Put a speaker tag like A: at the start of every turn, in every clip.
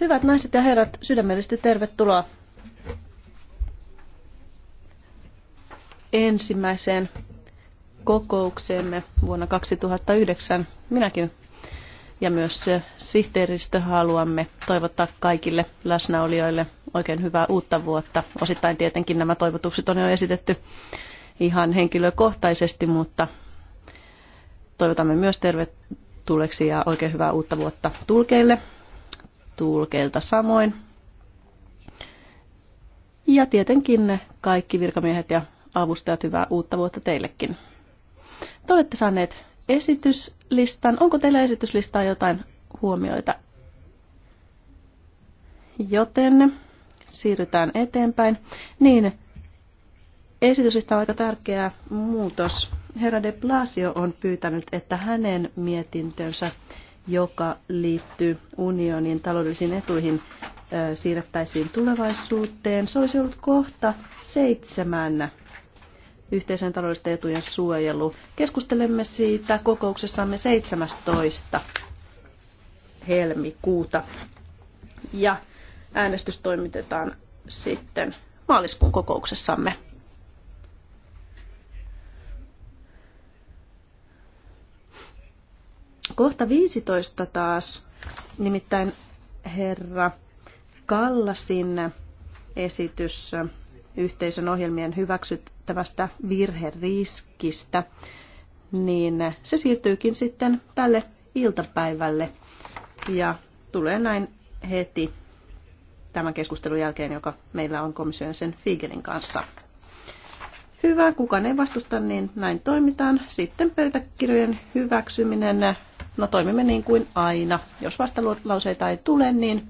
A: Hyvät naiset ja herrat, sydämellisesti tervetuloa ensimmäiseen kokoukseemme vuonna 2009. Minäkin ja myös sihteeristö haluamme toivottaa kaikille läsnäolijoille oikein hyvää uutta vuotta. Osittain tietenkin nämä toivotukset on jo esitetty ihan henkilökohtaisesti, mutta toivotamme myös tervetuloa tuleksi ja oikein hyvää uutta vuotta tulkeille. Tulkeilta samoin. Ja tietenkin kaikki virkamiehet ja avustajat, hyvää uutta vuotta teillekin. Te olette saaneet esityslistan. Onko teillä esityslistaa jotain huomioita? Joten siirrytään eteenpäin. Niin, Esitysistä on aika tärkeä muutos. Herra de Blasio on pyytänyt, että hänen mietintönsä, joka liittyy unionin taloudellisiin etuihin, siirrettäisiin tulevaisuuteen. Se olisi ollut kohta seitsemän yhteisen taloudellisten etujen suojelu. Keskustelemme siitä kokouksessamme 17. helmikuuta. Ja äänestys toimitetaan sitten maaliskuun kokouksessamme. Kohta 15 taas, nimittäin herra Kallasin esitys yhteisön ohjelmien hyväksyttävästä virheriskistä, niin se siirtyykin sitten tälle iltapäivälle ja tulee näin heti tämän keskustelun jälkeen, joka meillä on komission sen Figelin kanssa. Hyvä, kukaan ei vastusta, niin näin toimitaan. Sitten pöytäkirjojen hyväksyminen No toimimme niin kuin aina. Jos vastalauseita ei tule, niin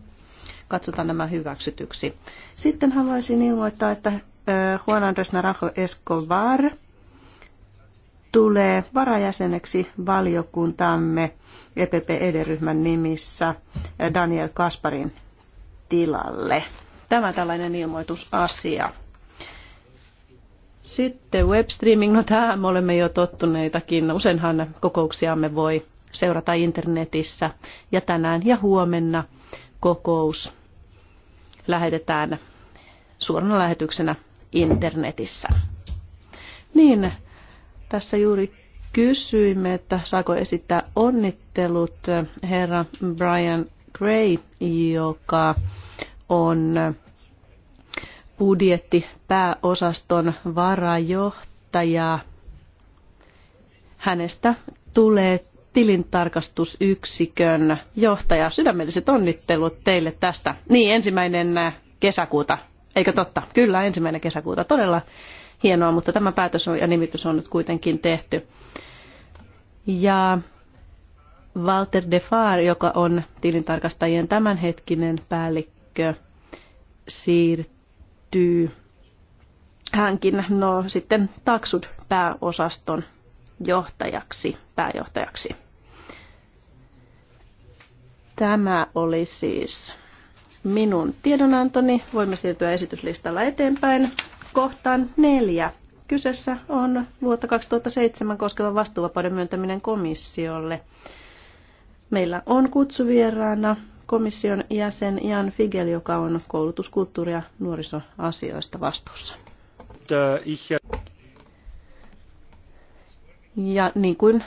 A: katsotaan nämä hyväksytyksi. Sitten haluaisin ilmoittaa, että Juan Andres Naranjo Escobar tulee varajäseneksi valiokuntamme EPP-ederyhmän nimissä Daniel Kasparin tilalle. Tämä tällainen ilmoitusasia. Sitten webstreaming, no tähän me olemme jo tottuneitakin. Useinhan kokouksiamme voi seurata internetissä. Ja tänään ja huomenna kokous lähetetään suorana lähetyksenä internetissä. Niin, tässä juuri kysyimme, että saako esittää onnittelut herra Brian Gray, joka on budjettipääosaston varajohtaja. Hänestä tulee tilintarkastusyksikön johtaja. Sydämelliset onnittelut teille tästä. Niin, ensimmäinen äh, kesäkuuta. Eikö totta? Kyllä, ensimmäinen kesäkuuta. Todella hienoa, mutta tämä päätös on, ja nimitys on nyt kuitenkin tehty. Ja Walter de Far, joka on tilintarkastajien tämänhetkinen päällikkö, siirtyy hänkin no, sitten taksud pääosaston johtajaksi, pääjohtajaksi. Tämä oli siis minun tiedonantoni. Voimme siirtyä esityslistalla eteenpäin. Kohtaan neljä. Kyseessä on vuotta 2007 koskeva vastuuvapauden myöntäminen komissiolle. Meillä on kutsuvieraana komission jäsen Jan Figel, joka on koulutus-, kulttuuri- ja nuorisoasioista vastuussa. Ja niin kuin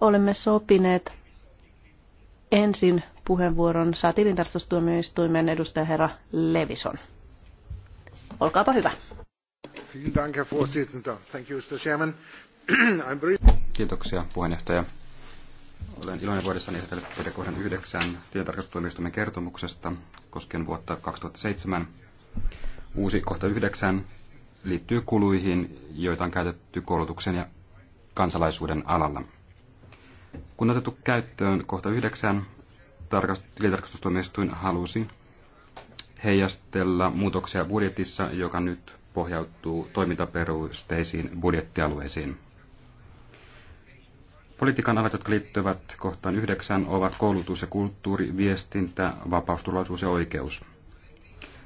A: olemme sopineet, ensin puheenvuoron saa tilintarkastustuomioistuimen edustaja herra Levison.
B: Olkaapa hyvä.
C: Kiitoksia puheenjohtaja. Olen iloinen vuodessani esitellä teille kohdan yhdeksän tilintarkastustuomioistuimen kertomuksesta koskien vuotta 2007. Uusi kohta yhdeksän liittyy kuluihin, joita on käytetty koulutuksen ja kansalaisuuden alalla. Kun otettu käyttöön kohta yhdeksän, tilintarkastustuomioistuin halusi heijastella muutoksia budjetissa, joka nyt pohjautuu toimintaperusteisiin budjettialueisiin. Politiikan alat, jotka liittyvät kohtaan yhdeksän, ovat koulutus ja kulttuuri, viestintä, vapaus, ja oikeus.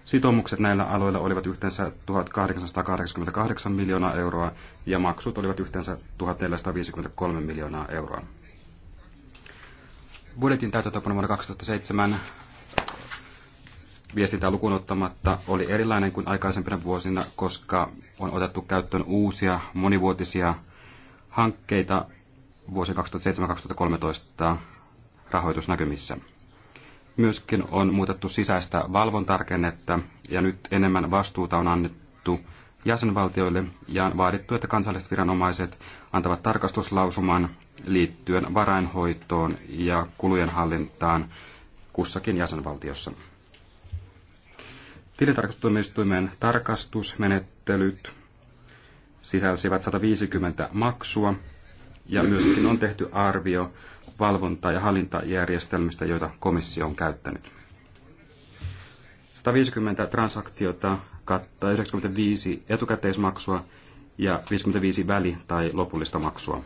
C: Sitoumukset näillä aloilla olivat yhteensä 1888 miljoonaa euroa ja maksut olivat yhteensä 1453 miljoonaa euroa. Budjetin täytäntöönpano vuonna 2007 viestintää lukuun ottamatta oli erilainen kuin aikaisempina vuosina, koska on otettu käyttöön uusia monivuotisia hankkeita vuosi 2007-2013 rahoitusnäkymissä. Myöskin on muutettu sisäistä valvontarkennetta ja nyt enemmän vastuuta on annettu jäsenvaltioille ja on vaadittu, että kansalliset viranomaiset antavat tarkastuslausuman liittyen varainhoitoon ja kulujen hallintaan kussakin jäsenvaltiossa. Tilintarkastustuomioistuimen tarkastusmenettelyt sisälsivät 150 maksua ja myöskin on tehty arvio valvonta- ja hallintajärjestelmistä, joita komissio on käyttänyt. 150 transaktiota kattaa 95 etukäteismaksua ja 55 väli- tai lopullista maksua.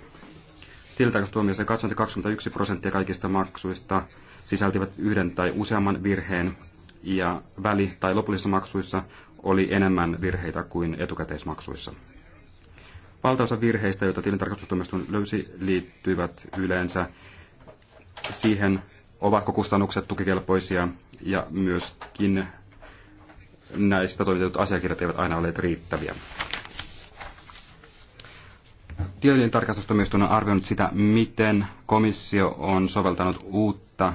C: Tilintarkastustuomioistuin 21 prosenttia kaikista maksuista sisältivät yhden tai useamman virheen, ja väli- tai lopullisissa maksuissa oli enemmän virheitä kuin etukäteismaksuissa. Valtaosa virheistä, joita tilintarkastustuomioistuin löysi, liittyvät yleensä siihen, ovatko kustannukset tukikelpoisia ja myöskin näistä toimitetut asiakirjat eivät aina ole riittäviä. Tietojen tarkastustoimiston on arvioinut sitä, miten komissio on soveltanut uutta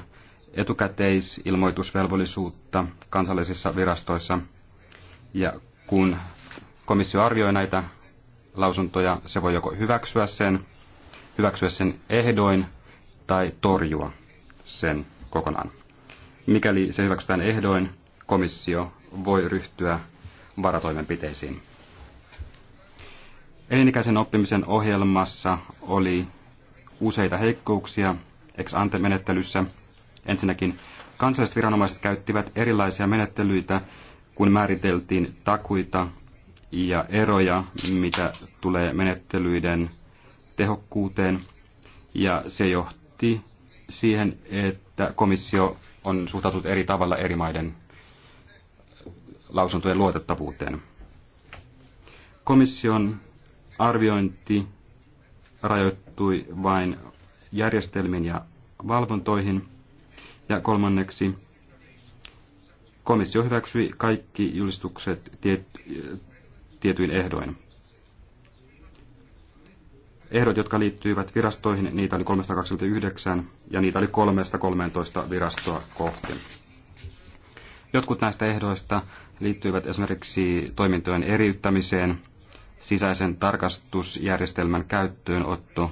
C: etukäteisilmoitusvelvollisuutta kansallisissa virastoissa. Ja kun komissio arvioi näitä lausuntoja, se voi joko hyväksyä sen, hyväksyä sen ehdoin tai torjua sen kokonaan. Mikäli se hyväksytään ehdoin, komissio voi ryhtyä varatoimenpiteisiin. Elinikäisen oppimisen ohjelmassa oli useita heikkouksia ex ante menettelyssä. Ensinnäkin kansalliset viranomaiset käyttivät erilaisia menettelyitä, kun määriteltiin takuita ja eroja, mitä tulee menettelyiden tehokkuuteen. Ja se johti siihen, että komissio on suhtautunut eri tavalla eri maiden lausuntojen luotettavuuteen. Komission arviointi rajoittui vain järjestelmiin ja valvontoihin. Ja kolmanneksi komissio hyväksyi kaikki julistukset tiet, tietyin ehdoin. Ehdot, jotka liittyivät virastoihin, niitä oli 329 ja niitä oli 313 virastoa kohti. Jotkut näistä ehdoista liittyivät esimerkiksi toimintojen eriyttämiseen, sisäisen tarkastusjärjestelmän käyttöönotto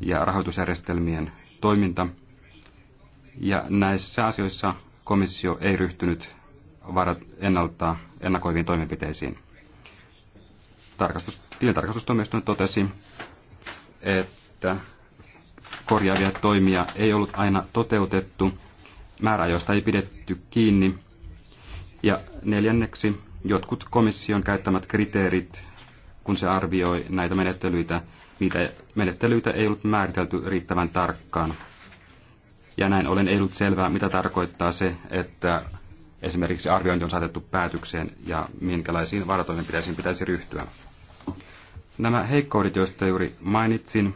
C: ja rahoitusjärjestelmien toiminta. Ja näissä asioissa komissio ei ryhtynyt varat ennalta ennakoiviin toimenpiteisiin tarkastus, tilintarkastustoimiston totesi, että korjaavia toimia ei ollut aina toteutettu, määräajoista ei pidetty kiinni, ja neljänneksi jotkut komission käyttämät kriteerit, kun se arvioi näitä menettelyitä, niitä menettelyitä ei ollut määritelty riittävän tarkkaan. Ja näin ollen ei ollut selvää, mitä tarkoittaa se, että esimerkiksi arviointi on saatettu päätökseen ja minkälaisiin varatoimenpiteisiin pitäisi ryhtyä. Nämä heikkoudet, joista juuri mainitsin,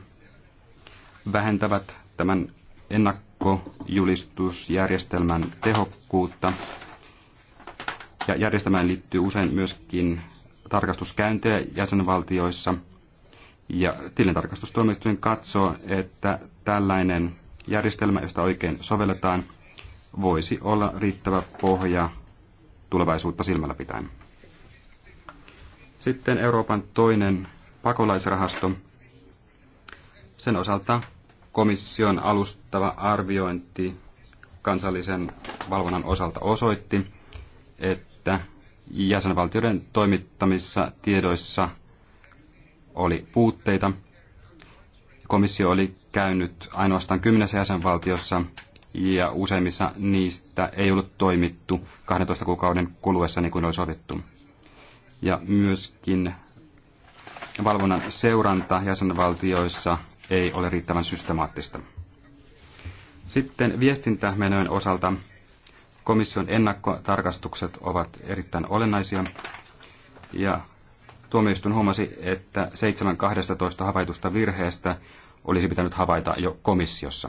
C: vähentävät tämän ennakkojulistusjärjestelmän tehokkuutta. Ja järjestelmään liittyy usein myöskin tarkastuskäyntejä jäsenvaltioissa. Ja tilintarkastustuomioistuin katsoo, että tällainen järjestelmä, josta oikein sovelletaan, voisi olla riittävä pohja tulevaisuutta silmällä pitäen. Sitten Euroopan toinen pakolaisrahasto. Sen osalta komission alustava arviointi kansallisen valvonnan osalta osoitti, että jäsenvaltioiden toimittamissa tiedoissa oli puutteita. Komissio oli käynyt ainoastaan kymmenessä jäsenvaltiossa ja useimmissa niistä ei ollut toimittu 12 kuukauden kuluessa niin kuin oli sovittu. Ja myöskin valvonnan seuranta jäsenvaltioissa ei ole riittävän systemaattista. Sitten viestintämenojen osalta komission ennakkotarkastukset ovat erittäin olennaisia. Ja tuomioistuin huomasi, että 7.12. havaitusta virheestä olisi pitänyt havaita jo komissiossa.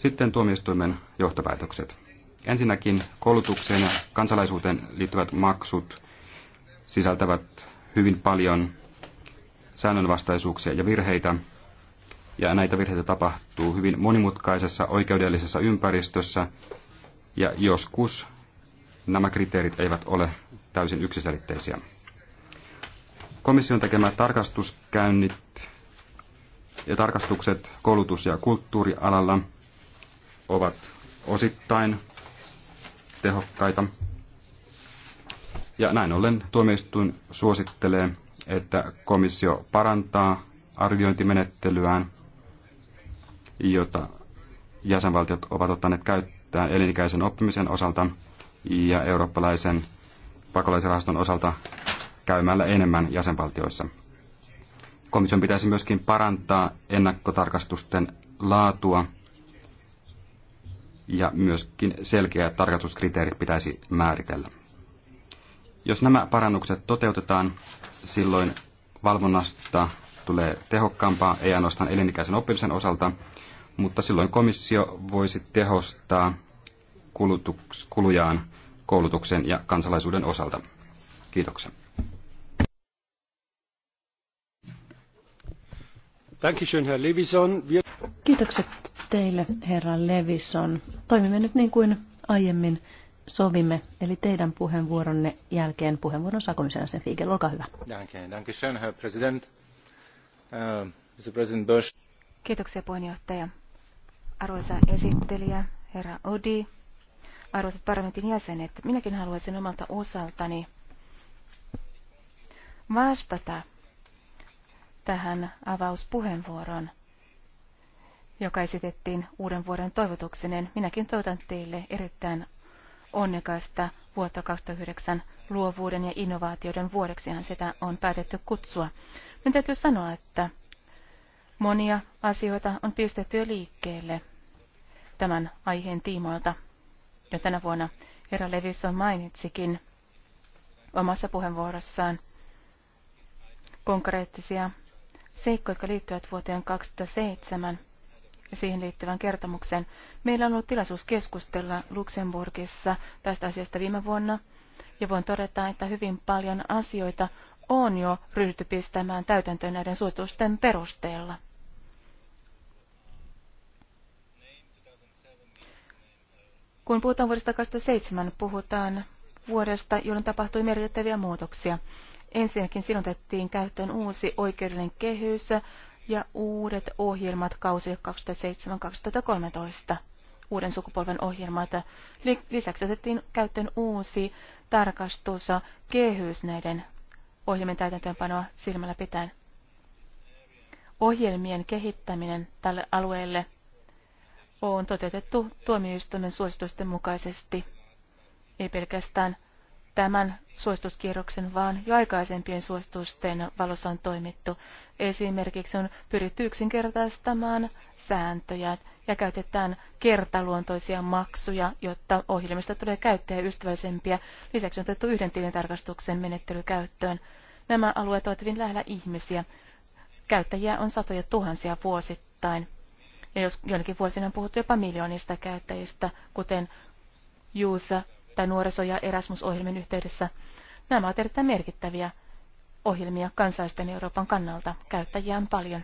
C: Sitten tuomioistuimen johtopäätökset. Ensinnäkin koulutukseen ja kansalaisuuteen liittyvät maksut sisältävät hyvin paljon säännönvastaisuuksia ja virheitä, ja näitä virheitä tapahtuu hyvin monimutkaisessa oikeudellisessa ympäristössä, ja joskus nämä kriteerit eivät ole täysin yksiselitteisiä. Komission tekemät tarkastuskäynnit ja tarkastukset koulutus- ja kulttuurialalla – ovat osittain tehokkaita. Ja näin ollen tuomioistuin suosittelee, että komissio parantaa arviointimenettelyään, jota jäsenvaltiot ovat ottaneet käyttää elinikäisen oppimisen osalta ja eurooppalaisen pakolaisrahaston osalta käymällä enemmän jäsenvaltioissa. Komission pitäisi myöskin parantaa ennakkotarkastusten laatua ja myöskin selkeät tarkastuskriteerit pitäisi määritellä. Jos nämä parannukset toteutetaan, silloin valvonnasta tulee tehokkaampaa, ei ainoastaan elinikäisen oppimisen osalta, mutta silloin komissio voisi tehostaa kulutuks, kulujaan koulutuksen ja kansalaisuuden osalta. Kiitoksia.
B: Kiitokset teille,
A: herra Levison. Toimimme nyt niin kuin aiemmin sovimme, eli teidän puheenvuoronne jälkeen puheenvuoron saa sen Fiegel. Olkaa hyvä. Ähm, Kiitoksia puheenjohtaja.
D: Arvoisa esittelijä, herra Odi, arvoisat parlamentin jäsenet, minäkin haluaisin omalta osaltani vastata tähän avauspuheenvuoroon joka esitettiin uuden vuoden toivotuksineen. Minäkin toivotan teille erittäin onnekasta vuotta 2009 luovuuden ja innovaatioiden vuodeksihan sitä on päätetty kutsua. Minun täytyy sanoa, että monia asioita on pistetty jo liikkeelle tämän aiheen tiimoilta jo tänä vuonna. Herra Levison mainitsikin omassa puheenvuorossaan konkreettisia seikkoja, jotka liittyvät vuoteen 2007 siihen liittyvän kertomuksen. Meillä on ollut tilaisuus keskustella Luxemburgissa tästä asiasta viime vuonna, ja voin todeta, että hyvin paljon asioita on jo ryhdytty pistämään täytäntöön näiden suositusten perusteella. Kun puhutaan vuodesta 2007, puhutaan vuodesta, jolloin tapahtui merkittäviä muutoksia. Ensinnäkin silloin otettiin käyttöön uusi oikeudellinen kehys ja uudet ohjelmat kausi 2007-2013 uuden sukupolven ohjelmat. Lisäksi otettiin käyttöön uusi tarkastus kehys näiden ohjelmien täytäntöönpanoa silmällä pitäen. Ohjelmien kehittäminen tälle alueelle on toteutettu tuomioistuimen suositusten mukaisesti, ei pelkästään tämän suosituskierroksen, vaan jo aikaisempien suositusten valossa on toimittu. Esimerkiksi on pyritty yksinkertaistamaan sääntöjä ja käytetään kertaluontoisia maksuja, jotta ohjelmista tulee ystävällisempiä, Lisäksi on otettu yhden tilintarkastuksen menettely käyttöön. Nämä alueet ovat hyvin lähellä ihmisiä. Käyttäjiä on satoja tuhansia vuosittain. Ja jos jonkin vuosina on puhuttu jopa miljoonista käyttäjistä, kuten Juusa tai nuoriso- ja Erasmus-ohjelmien yhteydessä. Nämä ovat erittäin merkittäviä ohjelmia kansalaisten Euroopan kannalta. Käyttäjiä on paljon.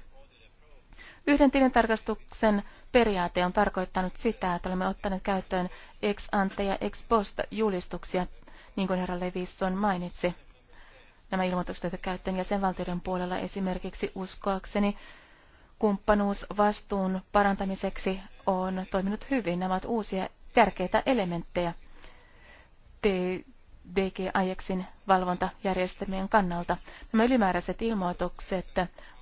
D: Yhden tilintarkastuksen periaate on tarkoittanut sitä, että olemme ottaneet käyttöön ex ante ja ex post julistuksia, niin kuin herra Levisson mainitsi. Nämä ilmoitukset otettu käyttöön jäsenvaltioiden puolella esimerkiksi uskoakseni kumppanuus vastuun parantamiseksi on toiminut hyvin. Nämä ovat uusia tärkeitä elementtejä DG Ajeksin valvontajärjestelmien kannalta. Nämä ylimääräiset ilmoitukset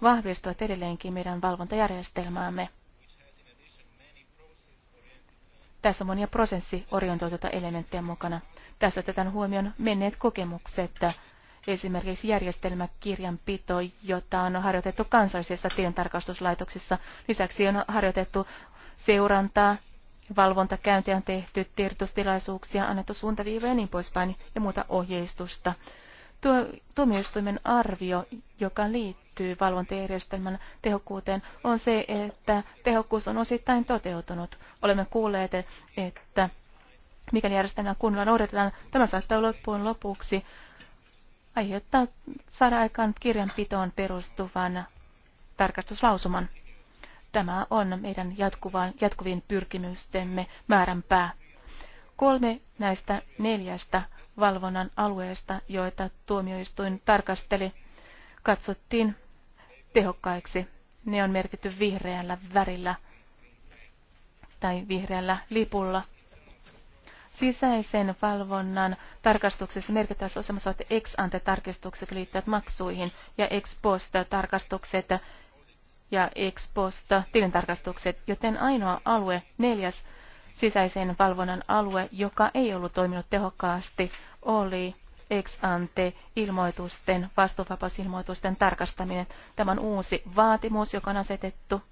D: vahvistavat edelleenkin meidän valvontajärjestelmäämme. Tässä on monia prosessiorientoituja elementtejä mukana. Tässä otetaan huomioon menneet kokemukset, esimerkiksi järjestelmäkirjanpito, jota on harjoitettu kansallisissa tilintarkastuslaitoksissa. Lisäksi on harjoitettu seurantaa valvontakäyntiä on tehty, tiedotustilaisuuksia, annettu suuntaviivoja ja niin poispäin ja muuta ohjeistusta. Tuo tuomioistuimen arvio, joka liittyy valvontajärjestelmän tehokkuuteen, on se, että tehokkuus on osittain toteutunut. Olemme kuulleet, että mikäli järjestelmää kunnolla noudatetaan, tämä saattaa loppuun lopuksi aiheuttaa saada aikaan kirjanpitoon perustuvan tarkastuslausuman. Tämä on meidän jatkuvaan, jatkuvien pyrkimystemme määränpää. Kolme näistä neljästä valvonnan alueesta, joita tuomioistuin tarkasteli, katsottiin tehokkaiksi. Ne on merkitty vihreällä värillä tai vihreällä lipulla. Sisäisen valvonnan tarkastuksessa merkittävässä osa ovat ex-ante-tarkistukset liittyvät maksuihin ja ex post-tarkastukset ja ex tilintarkastukset, joten ainoa alue, neljäs sisäisen valvonnan alue, joka ei ollut toiminut tehokkaasti, oli ex ante ilmoitusten, vastuuvapausilmoitusten tarkastaminen. Tämä on uusi vaatimus, joka on asetettu.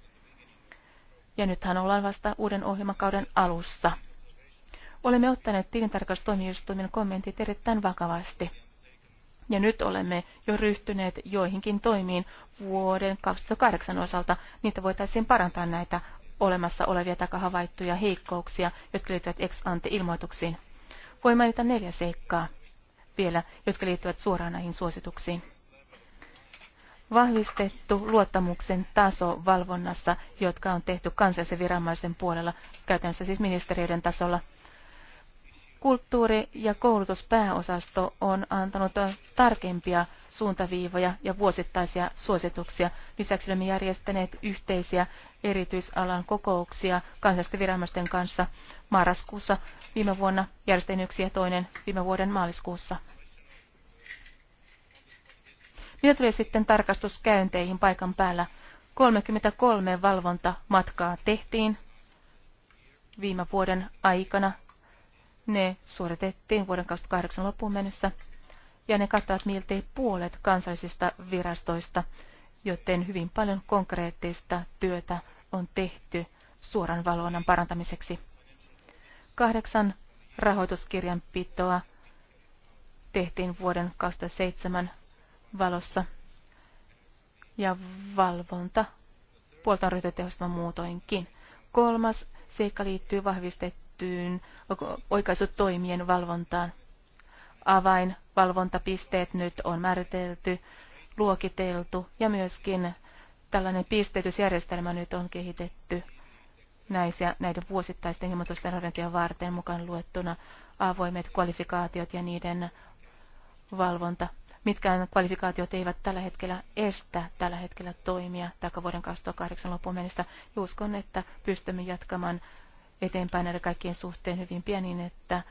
D: Ja nythän ollaan vasta uuden ohjelmakauden alussa. Olemme ottaneet tilintarkastustoimijoistuimen kommentit erittäin vakavasti. Ja nyt olemme jo ryhtyneet joihinkin toimiin vuoden 2008 osalta. Niitä voitaisiin parantaa näitä olemassa olevia tai havaittuja heikkouksia, jotka liittyvät ex ante ilmoituksiin. Voi mainita neljä seikkaa vielä, jotka liittyvät suoraan näihin suosituksiin. Vahvistettu luottamuksen taso valvonnassa, jotka on tehty kansallisen viranomaisen puolella, käytännössä siis ministeriöiden tasolla – Kulttuuri- ja koulutuspääosasto on antanut tarkempia suuntaviivoja ja vuosittaisia suosituksia. Lisäksi olemme järjestäneet yhteisiä erityisalan kokouksia kansallisten viranomaisten kanssa marraskuussa viime vuonna, järjestin yksi ja toinen viime vuoden maaliskuussa. Mitä tulee sitten tarkastuskäynteihin paikan päällä? 33 valvontamatkaa tehtiin viime vuoden aikana ne suoritettiin vuoden 2008 loppuun mennessä ja ne kattavat miltei puolet kansallisista virastoista, joten hyvin paljon konkreettista työtä on tehty suoran valvonnan parantamiseksi. Kahdeksan rahoituskirjanpitoa tehtiin vuoden 2007 valossa ja valvonta puolta on ryhty muutoinkin. Kolmas seikka liittyy vahvistettuun tiettyyn oikaisutoimien valvontaan. Avainvalvontapisteet nyt on määritelty, luokiteltu ja myöskin tällainen pisteytysjärjestelmä nyt on kehitetty näisiä, näiden vuosittaisten ilmoitusten arviointia varten mukaan luettuna avoimet kvalifikaatiot ja niiden valvonta. Mitkään kvalifikaatiot eivät tällä hetkellä estä tällä hetkellä toimia tai vuoden 2008 loppuun mennessä. uskon, että pystymme jatkamaan eteenpäin näiden kaikkien suhteen hyvin pieniin, että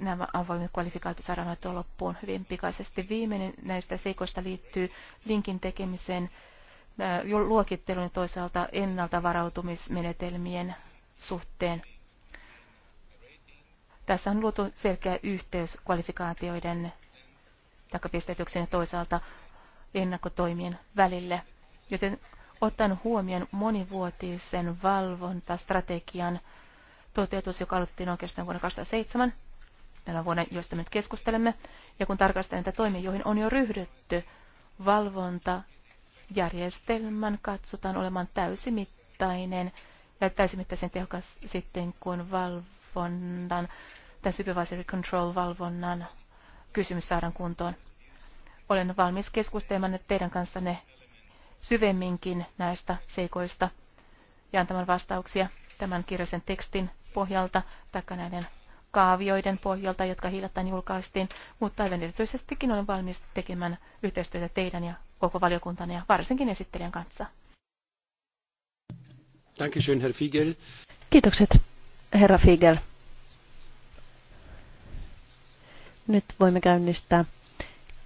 D: nämä avoimet kvalifikaatiot saadaan hoitoon loppuun hyvin pikaisesti. Viimeinen näistä seikoista liittyy linkin tekemiseen, luokittelun ja toisaalta ennalta varautumismenetelmien suhteen. Tässä on luotu selkeä yhteys kvalifikaatioiden takapisteytyksen ja toisaalta ennakkotoimien välille, joten otan huomioon monivuotisen valvontastrategian strategian toteutus, joka aloitettiin oikeastaan vuonna 2007, tänä vuonna, josta nyt keskustelemme, ja kun tarkastetaan niitä toimia, joihin on jo ryhdytty, valvontajärjestelmän katsotaan olemaan täysimittainen ja täysimittaisen tehokas sitten, kun valvonnan, tämän supervisory control valvonnan kysymys saadaan kuntoon. Olen valmis keskustelemaan teidän kanssanne syvemminkin näistä seikoista ja antamaan vastauksia tämän kirjallisen tekstin pohjalta tai näiden kaavioiden pohjalta, jotka hiljattain julkaistiin, mutta aivan erityisestikin olen valmis tekemään yhteistyötä teidän ja koko valiokuntanne ja varsinkin
A: esittelijän kanssa.
B: Dankeschön, Herr Fiegel. Kiitokset,
A: herra Fiegel. Nyt voimme käynnistää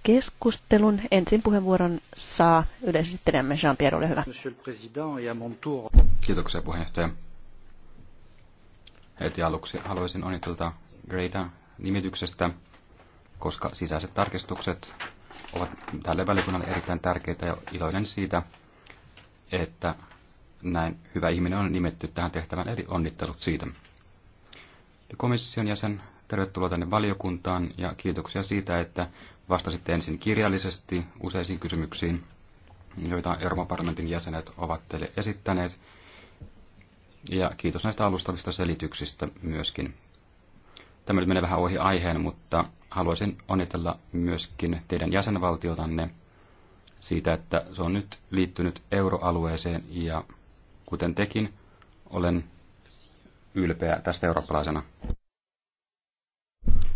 A: keskustelun. Ensin puheenvuoron saa yleisesittelijämme
B: Jean-Pierre, ole hyvä.
C: Kiitoksia puheenjohtaja. Heti aluksi haluaisin onnitella Greita nimityksestä, koska sisäiset tarkistukset ovat tälle välikunnalle erittäin tärkeitä ja iloinen siitä, että näin hyvä ihminen on nimetty tähän tehtävään, eli onnittelut siitä. Komission jäsen, tervetuloa tänne valiokuntaan ja kiitoksia siitä, että vastasitte ensin kirjallisesti useisiin kysymyksiin, joita Euroopan parlamentin jäsenet ovat teille esittäneet ja kiitos näistä alustavista selityksistä myöskin. Tämä nyt menee vähän ohi aiheen, mutta haluaisin onnitella myöskin teidän jäsenvaltiotanne siitä, että se on nyt liittynyt euroalueeseen ja kuten tekin, olen ylpeä tästä eurooppalaisena.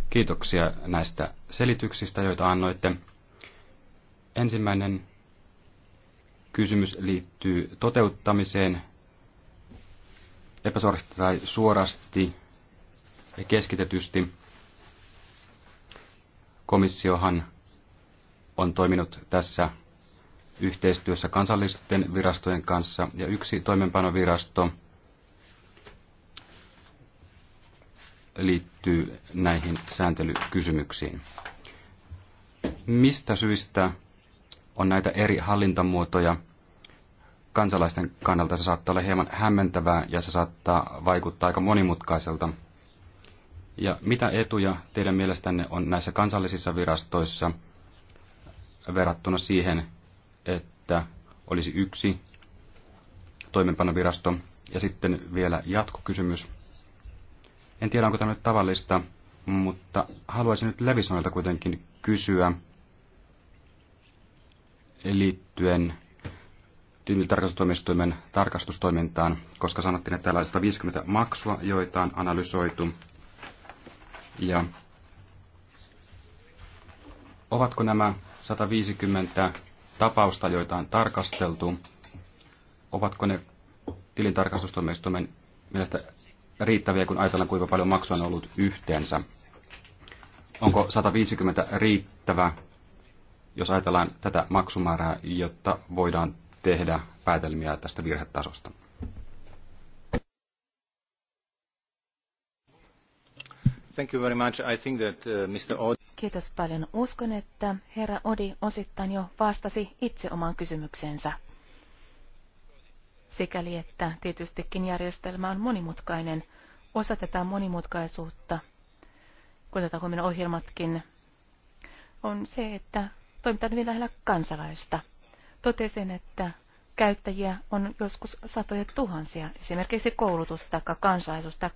C: Kiitoksia näistä selityksistä, joita annoitte. Ensimmäinen kysymys liittyy toteuttamiseen epäsuorasti tai suorasti ja keskitetysti. Komissiohan on toiminut tässä yhteistyössä kansallisten virastojen kanssa ja yksi toimenpanovirasto liittyy näihin sääntelykysymyksiin. Mistä syistä on näitä eri hallintamuotoja? kansalaisten kannalta se saattaa olla hieman hämmentävää ja se saattaa vaikuttaa aika monimutkaiselta. Ja mitä etuja teidän mielestänne on näissä kansallisissa virastoissa verrattuna siihen, että olisi yksi toimenpanovirasto? Ja sitten vielä jatkokysymys. En tiedä, onko tämä nyt tavallista, mutta haluaisin nyt Levisonilta kuitenkin kysyä liittyen tilintarkastustoimistoimen tarkastustoimintaan, koska sanottiin, että täällä 150 maksua, joita on analysoitu. Ja ovatko nämä 150 tapausta, joita on tarkasteltu, ovatko ne tilintarkastustoimistoimen mielestä riittäviä, kun ajatellaan, kuinka paljon maksua on ollut yhteensä? Onko 150 riittävä, jos ajatellaan tätä maksumäärää, jotta voidaan tehdä päätelmiä tästä virhetasosta.
B: Thank you very much. I think that, uh, Mr. Od... Kiitos
D: paljon. Uskon, että herra Odi osittain jo vastasi itse omaan kysymykseensä. Sikäli, että tietystikin järjestelmä on monimutkainen. Osa tätä monimutkaisuutta, kun tätä huomioon ohjelmatkin, on se, että toimitaan hyvin lähellä kansalaista – Totesin, että käyttäjiä on joskus satoja tuhansia, esimerkiksi koulutus- tai kansaisuus- tai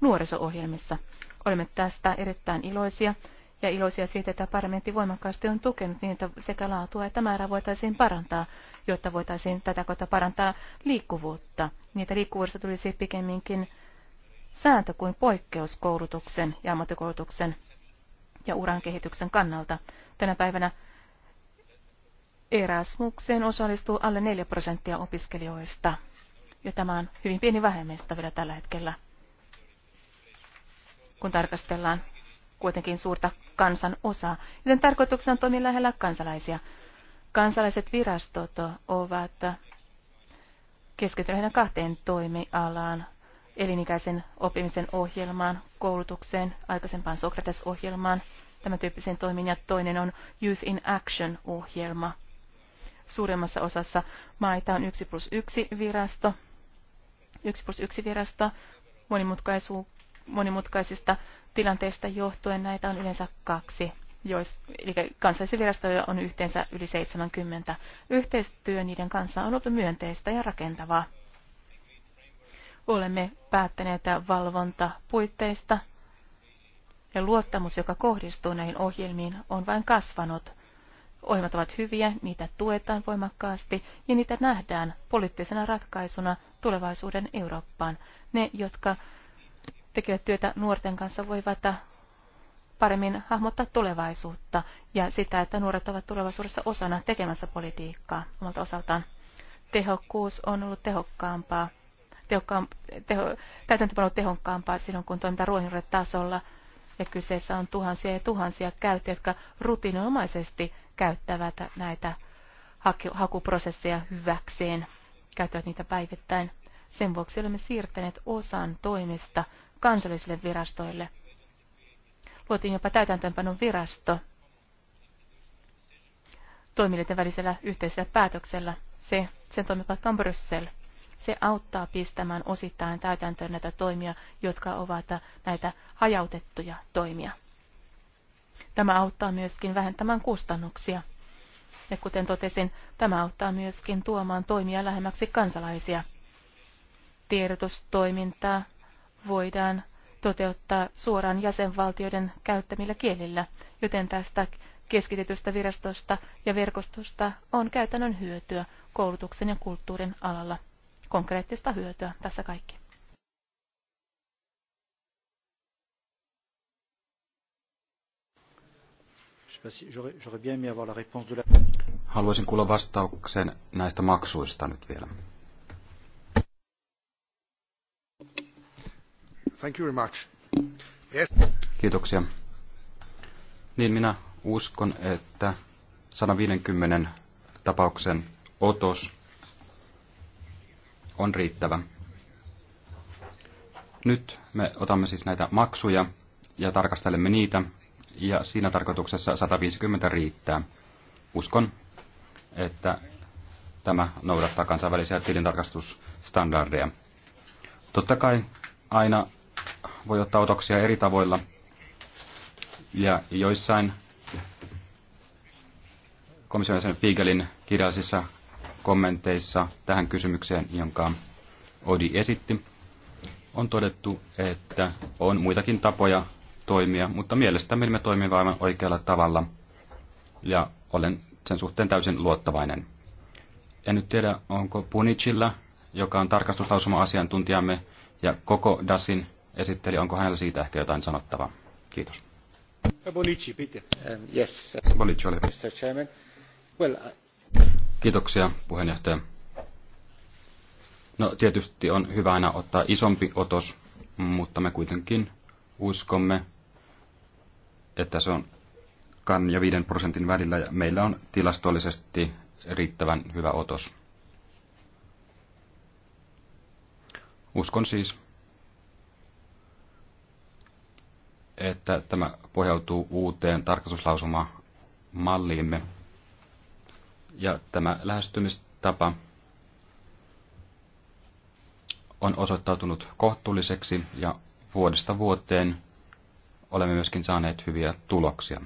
D: nuoriso-ohjelmissa. Olemme tästä erittäin iloisia ja iloisia siitä, että parlamentti voimakkaasti on tukenut niitä sekä laatua että määrää voitaisiin parantaa, jotta voitaisiin tätä kautta parantaa liikkuvuutta. Niitä liikkuvuudesta tulisi pikemminkin sääntö kuin poikkeus koulutuksen ja ammattikoulutuksen ja uran kehityksen kannalta. Tänä päivänä Erasmukseen osallistuu alle 4 prosenttia opiskelijoista, ja tämä on hyvin pieni vähemmistö vielä tällä hetkellä, kun tarkastellaan kuitenkin suurta kansan osaa, joten tarkoituksena on toimia lähellä kansalaisia. Kansalaiset virastot ovat keskittyneet kahteen toimialaan, elinikäisen oppimisen ohjelmaan, koulutukseen, aikaisempaan Sokrates-ohjelmaan, tämän tyyppisiin toimiin, ja toinen on Youth in Action-ohjelma. Suurimmassa osassa maita on 1 plus 1 virasto, 1 plus 1 virasto monimutkaisista tilanteista johtuen näitä on yleensä kaksi. Jos, eli kansallisia virastoja on yhteensä yli 70. Yhteistyö niiden kanssa on ollut myönteistä ja rakentavaa. Olemme päättäneet valvontapuitteista ja luottamus, joka kohdistuu näihin ohjelmiin, on vain kasvanut. Ohjelmat ovat hyviä, niitä tuetaan voimakkaasti ja niitä nähdään poliittisena ratkaisuna tulevaisuuden Eurooppaan. Ne, jotka tekevät työtä nuorten kanssa, voivat paremmin hahmottaa tulevaisuutta ja sitä, että nuoret ovat tulevaisuudessa osana tekemässä politiikkaa omalta osaltaan. Tehokkuus on ollut tehokkaampaa. Tehokkaam, teho, täytäntöpano on tehokkaampaa silloin, kun toiminta ruohonjuuritasolla tasolla ja kyseessä on tuhansia ja tuhansia käyttäjiä, jotka rutiinomaisesti käyttävät näitä hakuprosesseja hyväkseen, käyttävät niitä päivittäin. Sen vuoksi olemme siirtäneet osan toimista kansallisille virastoille. Luotiin jopa täytäntöönpanon virasto toimijoiden välisellä yhteisellä päätöksellä. Se, sen toimipaikka on Bryssel. Se auttaa pistämään osittain täytäntöön näitä toimia, jotka ovat näitä hajautettuja toimia. Tämä auttaa myöskin vähentämään kustannuksia. Ja kuten totesin, tämä auttaa myöskin tuomaan toimia lähemmäksi kansalaisia. Tiedotustoimintaa voidaan toteuttaa suoraan jäsenvaltioiden käyttämillä kielillä, joten tästä keskitetystä virastosta ja verkostosta on käytännön hyötyä koulutuksen ja kulttuurin alalla. Konkreettista hyötyä tässä kaikki.
C: Haluaisin kuulla vastauksen näistä maksuista nyt vielä.
B: Thank you very much. Yes.
C: Kiitoksia. Niin minä uskon, että 150 tapauksen otos on riittävä. Nyt me otamme siis näitä maksuja ja tarkastelemme niitä ja siinä tarkoituksessa 150 riittää. Uskon, että tämä noudattaa kansainvälisiä tilintarkastusstandardeja. Totta kai aina voi ottaa otoksia eri tavoilla ja joissain komission jäsen Fiegelin kirjallisissa kommenteissa tähän kysymykseen, jonka Odi esitti, on todettu, että on muitakin tapoja toimia, mutta mielestämme me toimimme aivan oikealla tavalla ja olen sen suhteen täysin luottavainen. En nyt tiedä, onko Punicilla, joka on tarkastuslausuma-asiantuntijamme, ja koko DASin esitteli, onko hänellä siitä ehkä jotain sanottavaa. Kiitos.
B: Bonici, bitte. Um, yes. Bonici, ole. Mr. Chairman. Well,
C: I... Kiitoksia, puheenjohtaja. No tietysti on hyvä aina ottaa isompi otos, mutta me kuitenkin uskomme että se on kan ja 5 prosentin välillä ja meillä on tilastollisesti riittävän hyvä otos. Uskon siis, että tämä pohjautuu uuteen tarkastuslausumamalliimme. Ja tämä lähestymistapa on osoittautunut kohtuulliseksi ja vuodesta vuoteen olemme myöskin saaneet hyviä tuloksia.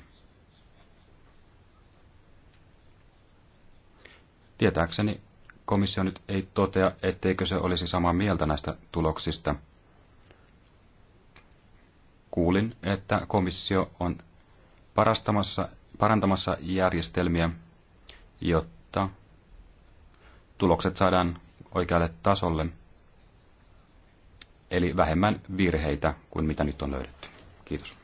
C: Tietääkseni komissio nyt ei totea, etteikö se olisi samaa mieltä näistä tuloksista. Kuulin, että komissio on parastamassa, parantamassa järjestelmiä, jotta tulokset saadaan oikealle tasolle, eli vähemmän virheitä kuin mitä nyt on löydetty. Kiitos.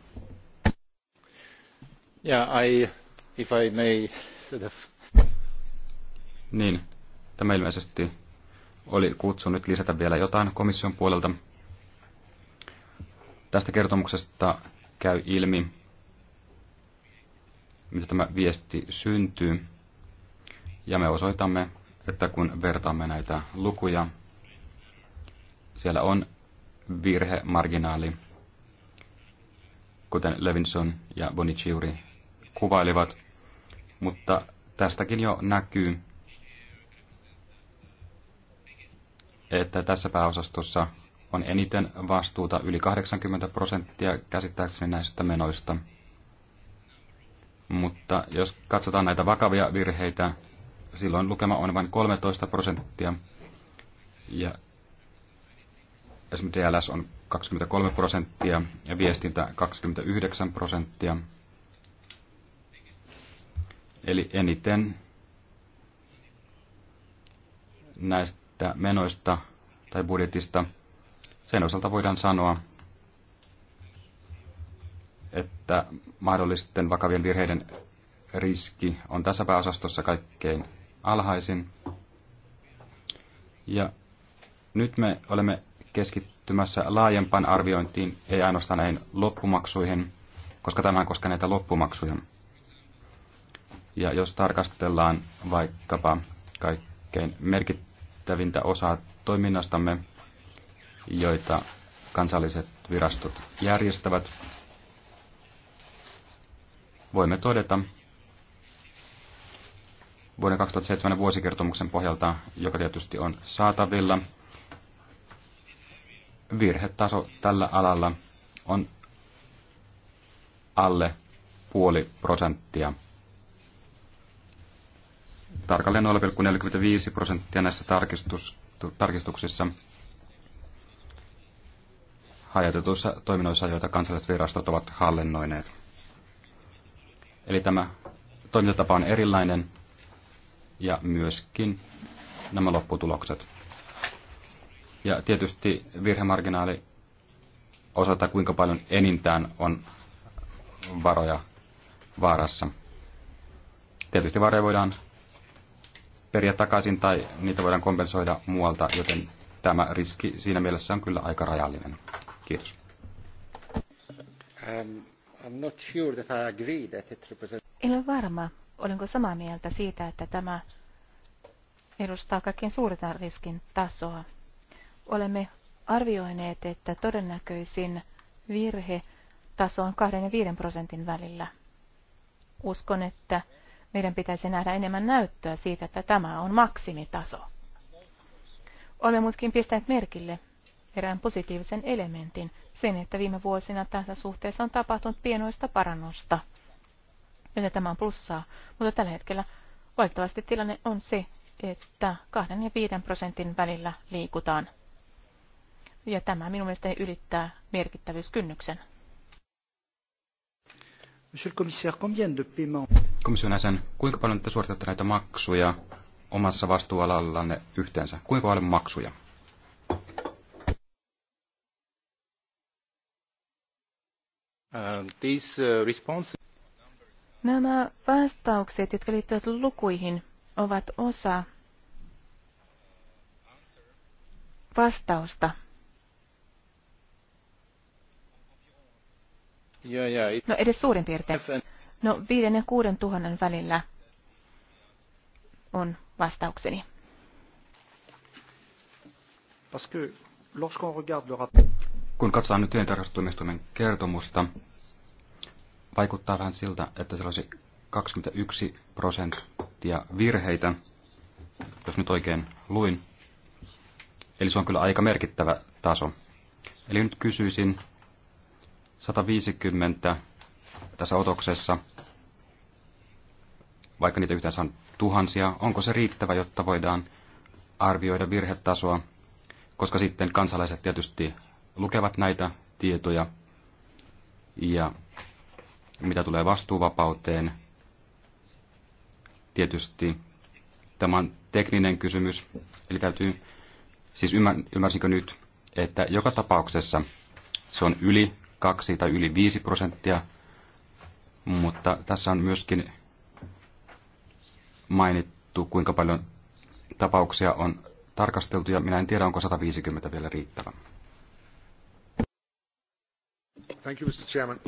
B: Yeah, I, if I may, sort of...
C: Niin, tämä ilmeisesti oli kutsu nyt lisätä vielä jotain komission puolelta. Tästä kertomuksesta käy ilmi, mitä tämä viesti syntyy. Ja me osoitamme, että kun vertaamme näitä lukuja, siellä on virhemarginaali kuten Levinson ja Bonicciuri kuvailivat. Mutta tästäkin jo näkyy, että tässä pääosastossa on eniten vastuuta yli 80 prosenttia käsittääkseni näistä menoista. Mutta jos katsotaan näitä vakavia virheitä, silloin lukema on vain 13 prosenttia. Ja esimerkiksi DLS on 23 prosenttia ja viestintä 29 prosenttia. Eli eniten näistä menoista tai budjetista sen osalta voidaan sanoa, että mahdollisten vakavien virheiden riski on tässä pääosastossa kaikkein alhaisin. Ja nyt me olemme keskittymässä laajempaan arviointiin, ei ainoastaan näihin loppumaksuihin, koska tämä koskee näitä loppumaksuja. Ja jos tarkastellaan vaikkapa kaikkein merkittävintä osaa toiminnastamme, joita kansalliset virastot järjestävät, voimme todeta vuoden 2007 vuosikertomuksen pohjalta, joka tietysti on saatavilla – virhetaso tällä alalla on alle puoli prosenttia. Tarkalleen 0,45 prosenttia näissä tarkistus, tarkistuksissa hajautetuissa toiminnoissa, joita kansalliset virastot ovat hallinnoineet. Eli tämä toimintatapa on erilainen ja myöskin nämä lopputulokset. Ja tietysti virhemarginaali osata, kuinka paljon enintään on varoja vaarassa. Tietysti varoja voidaan periä takaisin tai niitä voidaan kompensoida muualta, joten tämä riski siinä mielessä on kyllä aika rajallinen.
B: Kiitos. Um,
D: en ole varma, olenko samaa mieltä siitä, että tämä edustaa kaikkein suurinta riskin tasoa. Olemme arvioineet, että todennäköisin virhe taso on 2 ja 5 prosentin välillä. Uskon, että meidän pitäisi nähdä enemmän näyttöä siitä, että tämä on maksimitaso. Olemme muutkin pistäneet merkille erään positiivisen elementin, sen, että viime vuosina tässä suhteessa on tapahtunut pienoista parannusta. Joten tämä on plussaa, mutta tällä hetkellä valitettavasti tilanne on se, että 2 ja 5 prosentin välillä liikutaan. Ja tämä minun mielestäni ylittää merkittävyyskynnyksen.
B: Monsieur le commissaire, combien de paiements?
C: Komission jäsen, kuinka paljon te suoritatte näitä maksuja omassa vastuualallanne yhteensä? Kuinka paljon maksuja? Uh,
B: uh,
D: Nämä vastaukset, jotka liittyvät lukuihin, ovat osa vastausta No edes suurin piirtein. No viiden ja kuuden tuhannen välillä on vastaukseni.
B: Kun
C: katsotaan nyt tilintarkastustuomioistuimen kertomusta, vaikuttaa vähän siltä, että siellä olisi 21 prosenttia virheitä, jos nyt oikein luin. Eli se on kyllä aika merkittävä taso. Eli nyt kysyisin, 150 tässä otoksessa, vaikka niitä yhteensä on tuhansia, onko se riittävä, jotta voidaan arvioida virhetasoa, koska sitten kansalaiset tietysti lukevat näitä tietoja ja mitä tulee vastuuvapauteen, tietysti tämä on tekninen kysymys, eli täytyy, siis ymmär, ymmärsinkö nyt, että joka tapauksessa se on yli 2 tai yli 5 prosenttia, mutta tässä on myöskin mainittu, kuinka paljon tapauksia on tarkasteltu, ja minä en tiedä, onko 150 vielä riittävä.
B: Thank you, Mr. Chairman.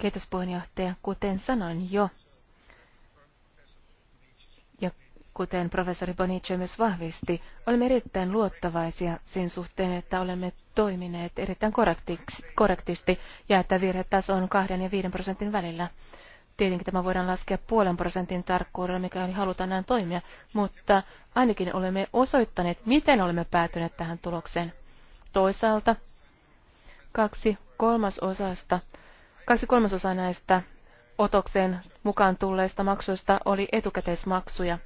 D: Kiitos puheenjohtaja. Kuten sanoin jo, kuten professori Bonice myös vahvisti, olemme erittäin luottavaisia sen suhteen, että olemme toimineet erittäin korrektisti ja että virhetaso on 2 ja 5 prosentin välillä. Tietenkin tämä voidaan laskea puolen prosentin tarkkuudella, mikäli halutaan näin toimia, mutta ainakin olemme osoittaneet, miten olemme päätyneet tähän tulokseen. Toisaalta kaksi kolmasosasta, kaksi kolmasosaa näistä otokseen mukaan tulleista maksuista oli etukäteismaksuja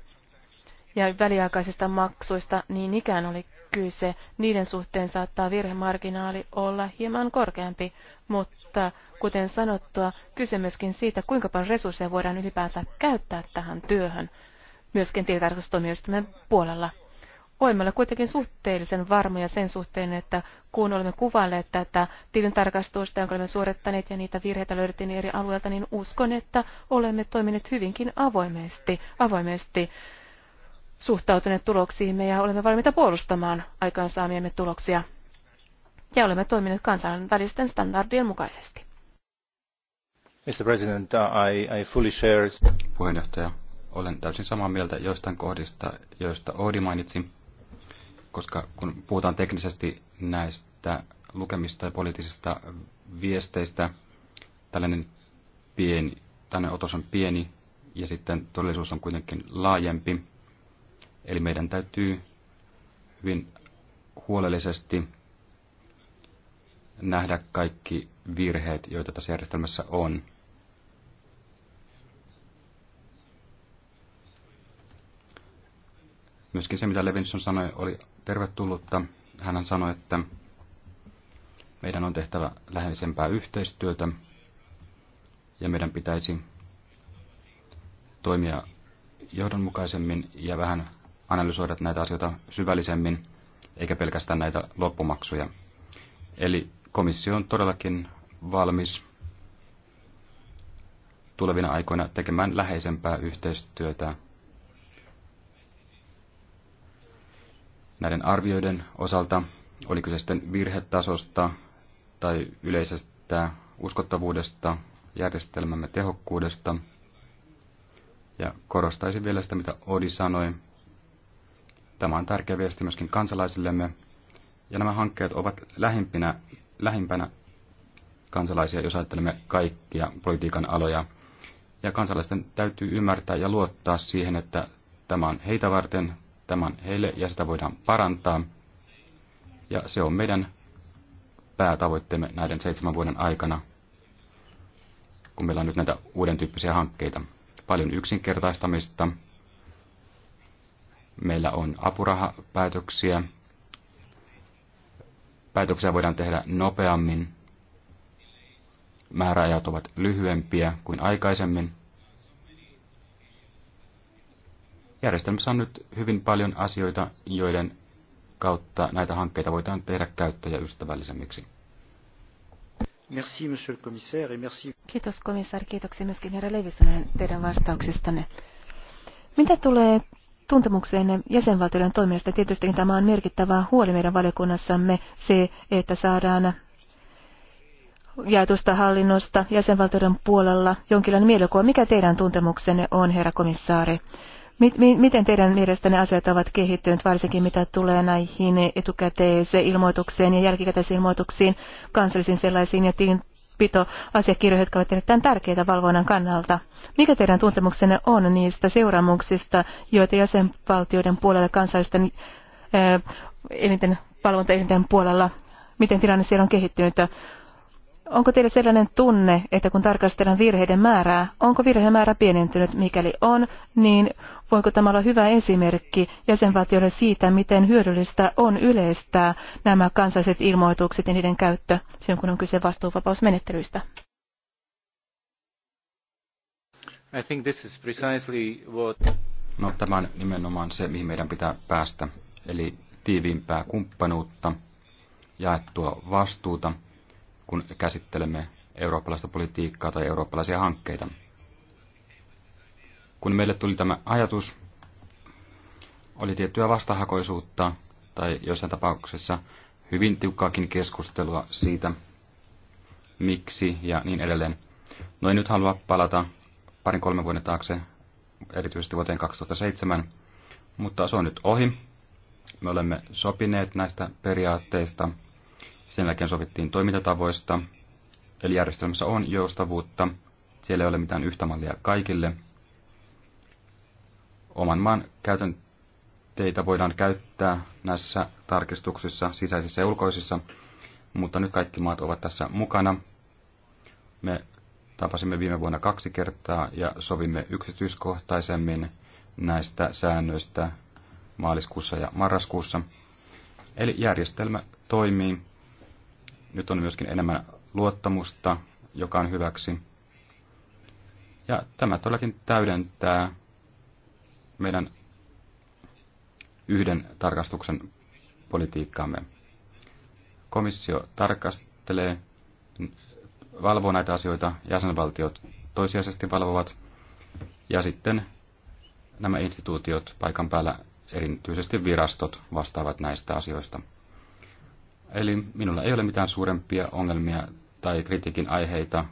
D: ja väliaikaisista maksuista niin ikään oli kyse. Niiden suhteen saattaa virhemarginaali olla hieman korkeampi, mutta kuten sanottua, kyse myöskin siitä, kuinka paljon resursseja voidaan ylipäänsä käyttää tähän työhön, myöskin tilintarkastustoimijoistamme puolella. Voimme olla kuitenkin suhteellisen varmoja sen suhteen, että kun olemme kuvailleet tätä tilintarkastusta, jonka olemme suorittaneet ja niitä virheitä löydettiin eri alueilta, niin uskon, että olemme toimineet hyvinkin avoimesti, avoimesti suhtautuneet tuloksiimme ja olemme valmiita puolustamaan aikaansaamiemme tuloksia. Ja olemme toimineet kansainvälisten standardien mukaisesti.
B: Mr. President, I, I fully
C: share... Puheenjohtaja, olen täysin samaa mieltä joistain kohdista, joista Oodi mainitsi, koska kun puhutaan teknisesti näistä lukemista ja poliittisista viesteistä, tällainen pieni, tällainen otos on pieni ja sitten todellisuus on kuitenkin laajempi. Eli meidän täytyy hyvin huolellisesti nähdä kaikki virheet, joita tässä järjestelmässä on. Myöskin se, mitä Levinson sanoi, oli tervetullutta. Hän sanoi, että meidän on tehtävä läheisempää yhteistyötä ja meidän pitäisi toimia johdonmukaisemmin ja vähän analysoida näitä asioita syvällisemmin, eikä pelkästään näitä loppumaksuja. Eli komissio on todellakin valmis tulevina aikoina tekemään läheisempää yhteistyötä näiden arvioiden osalta, oli se sitten virhetasosta tai yleisestä uskottavuudesta, järjestelmämme tehokkuudesta. Ja korostaisin vielä sitä, mitä Odi sanoi Tämä on tärkeä viesti myöskin kansalaisillemme. Ja nämä hankkeet ovat lähimpinä, lähimpänä kansalaisia, jos ajattelemme kaikkia politiikan aloja. Ja kansalaisten täytyy ymmärtää ja luottaa siihen, että tämä on heitä varten, tämä on heille ja sitä voidaan parantaa. Ja se on meidän päätavoitteemme näiden seitsemän vuoden aikana, kun meillä on nyt näitä uuden tyyppisiä hankkeita. Paljon yksinkertaistamista, Meillä on apurahapäätöksiä. Päätöksiä voidaan tehdä nopeammin. Määräajat ovat lyhyempiä kuin aikaisemmin. Järjestelmässä on nyt hyvin paljon asioita, joiden kautta näitä hankkeita voidaan tehdä käyttäjäystävällisemmiksi.
B: Merci, monsieur le commissaire, et merci.
D: Kiitos komissaari, kiitoksia myöskin herra Levisonen teidän vastauksistanne. Mitä tulee tuntemukseen jäsenvaltioiden toiminnasta. Tietysti tämä on merkittävä huoli meidän valiokunnassamme se, että saadaan jaetusta hallinnosta jäsenvaltioiden puolella jonkinlainen mielikuva. Mikä teidän tuntemuksenne on, herra komissaari? Miten teidän mielestänne asiat ovat kehittyneet, varsinkin mitä tulee näihin etukäteiseen ilmoitukseen ja jälkikäteisiin ilmoituksiin, kansallisiin sellaisiin ja asiakirjoja, jotka ovat erittäin tärkeitä valvonnan kannalta. Mikä teidän tuntemuksenne on niistä seuraamuksista, joita jäsenvaltioiden puolella kansallisten eh, elinten, valvontaelinten puolella, miten tilanne siellä on kehittynyt? Onko teillä sellainen tunne, että kun tarkastellaan virheiden määrää, onko määrä pienentynyt? Mikäli on, niin Voiko tämä olla hyvä esimerkki jäsenvaltioille siitä, miten hyödyllistä on yleistää nämä kansalliset ilmoitukset ja niiden käyttö silloin, kun on kyse vastuuvapausmenettelyistä?
B: I think this is precisely what...
C: No, tämä on nimenomaan se, mihin meidän pitää päästä, eli tiiviimpää kumppanuutta, jaettua vastuuta, kun käsittelemme eurooppalaista politiikkaa tai eurooppalaisia hankkeita. Kun meille tuli tämä ajatus, oli tiettyä vastahakoisuutta tai joissain tapauksessa hyvin tiukkaakin keskustelua siitä, miksi ja niin edelleen. No en nyt halua palata parin kolmen vuoden taakse, erityisesti vuoteen 2007, mutta se on nyt ohi. Me olemme sopineet näistä periaatteista. Sen jälkeen sovittiin toimintatavoista, eli järjestelmässä on joustavuutta. Siellä ei ole mitään yhtä mallia kaikille, oman maan käytön teitä voidaan käyttää näissä tarkistuksissa, sisäisissä ja ulkoisissa, mutta nyt kaikki maat ovat tässä mukana. Me tapasimme viime vuonna kaksi kertaa ja sovimme yksityiskohtaisemmin näistä säännöistä maaliskuussa ja marraskuussa. Eli järjestelmä toimii. Nyt on myöskin enemmän luottamusta, joka on hyväksi. Ja tämä todellakin täydentää meidän yhden tarkastuksen politiikkaamme. Komissio tarkastelee, valvoo näitä asioita, jäsenvaltiot toisiaisesti valvovat ja sitten nämä instituutiot paikan päällä, erityisesti virastot, vastaavat näistä asioista. Eli minulla ei ole mitään suurempia ongelmia tai kritiikin aiheita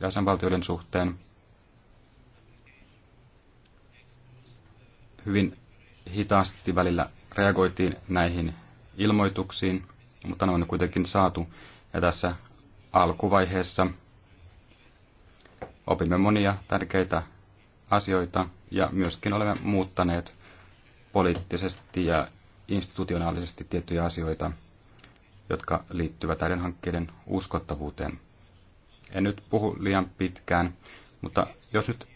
C: jäsenvaltioiden suhteen. hyvin hitaasti välillä reagoitiin näihin ilmoituksiin, mutta ne on kuitenkin saatu. Ja tässä alkuvaiheessa opimme monia tärkeitä asioita ja myöskin olemme muuttaneet poliittisesti ja institutionaalisesti tiettyjä asioita, jotka liittyvät näiden hankkeiden uskottavuuteen. En nyt puhu liian pitkään, mutta jos nyt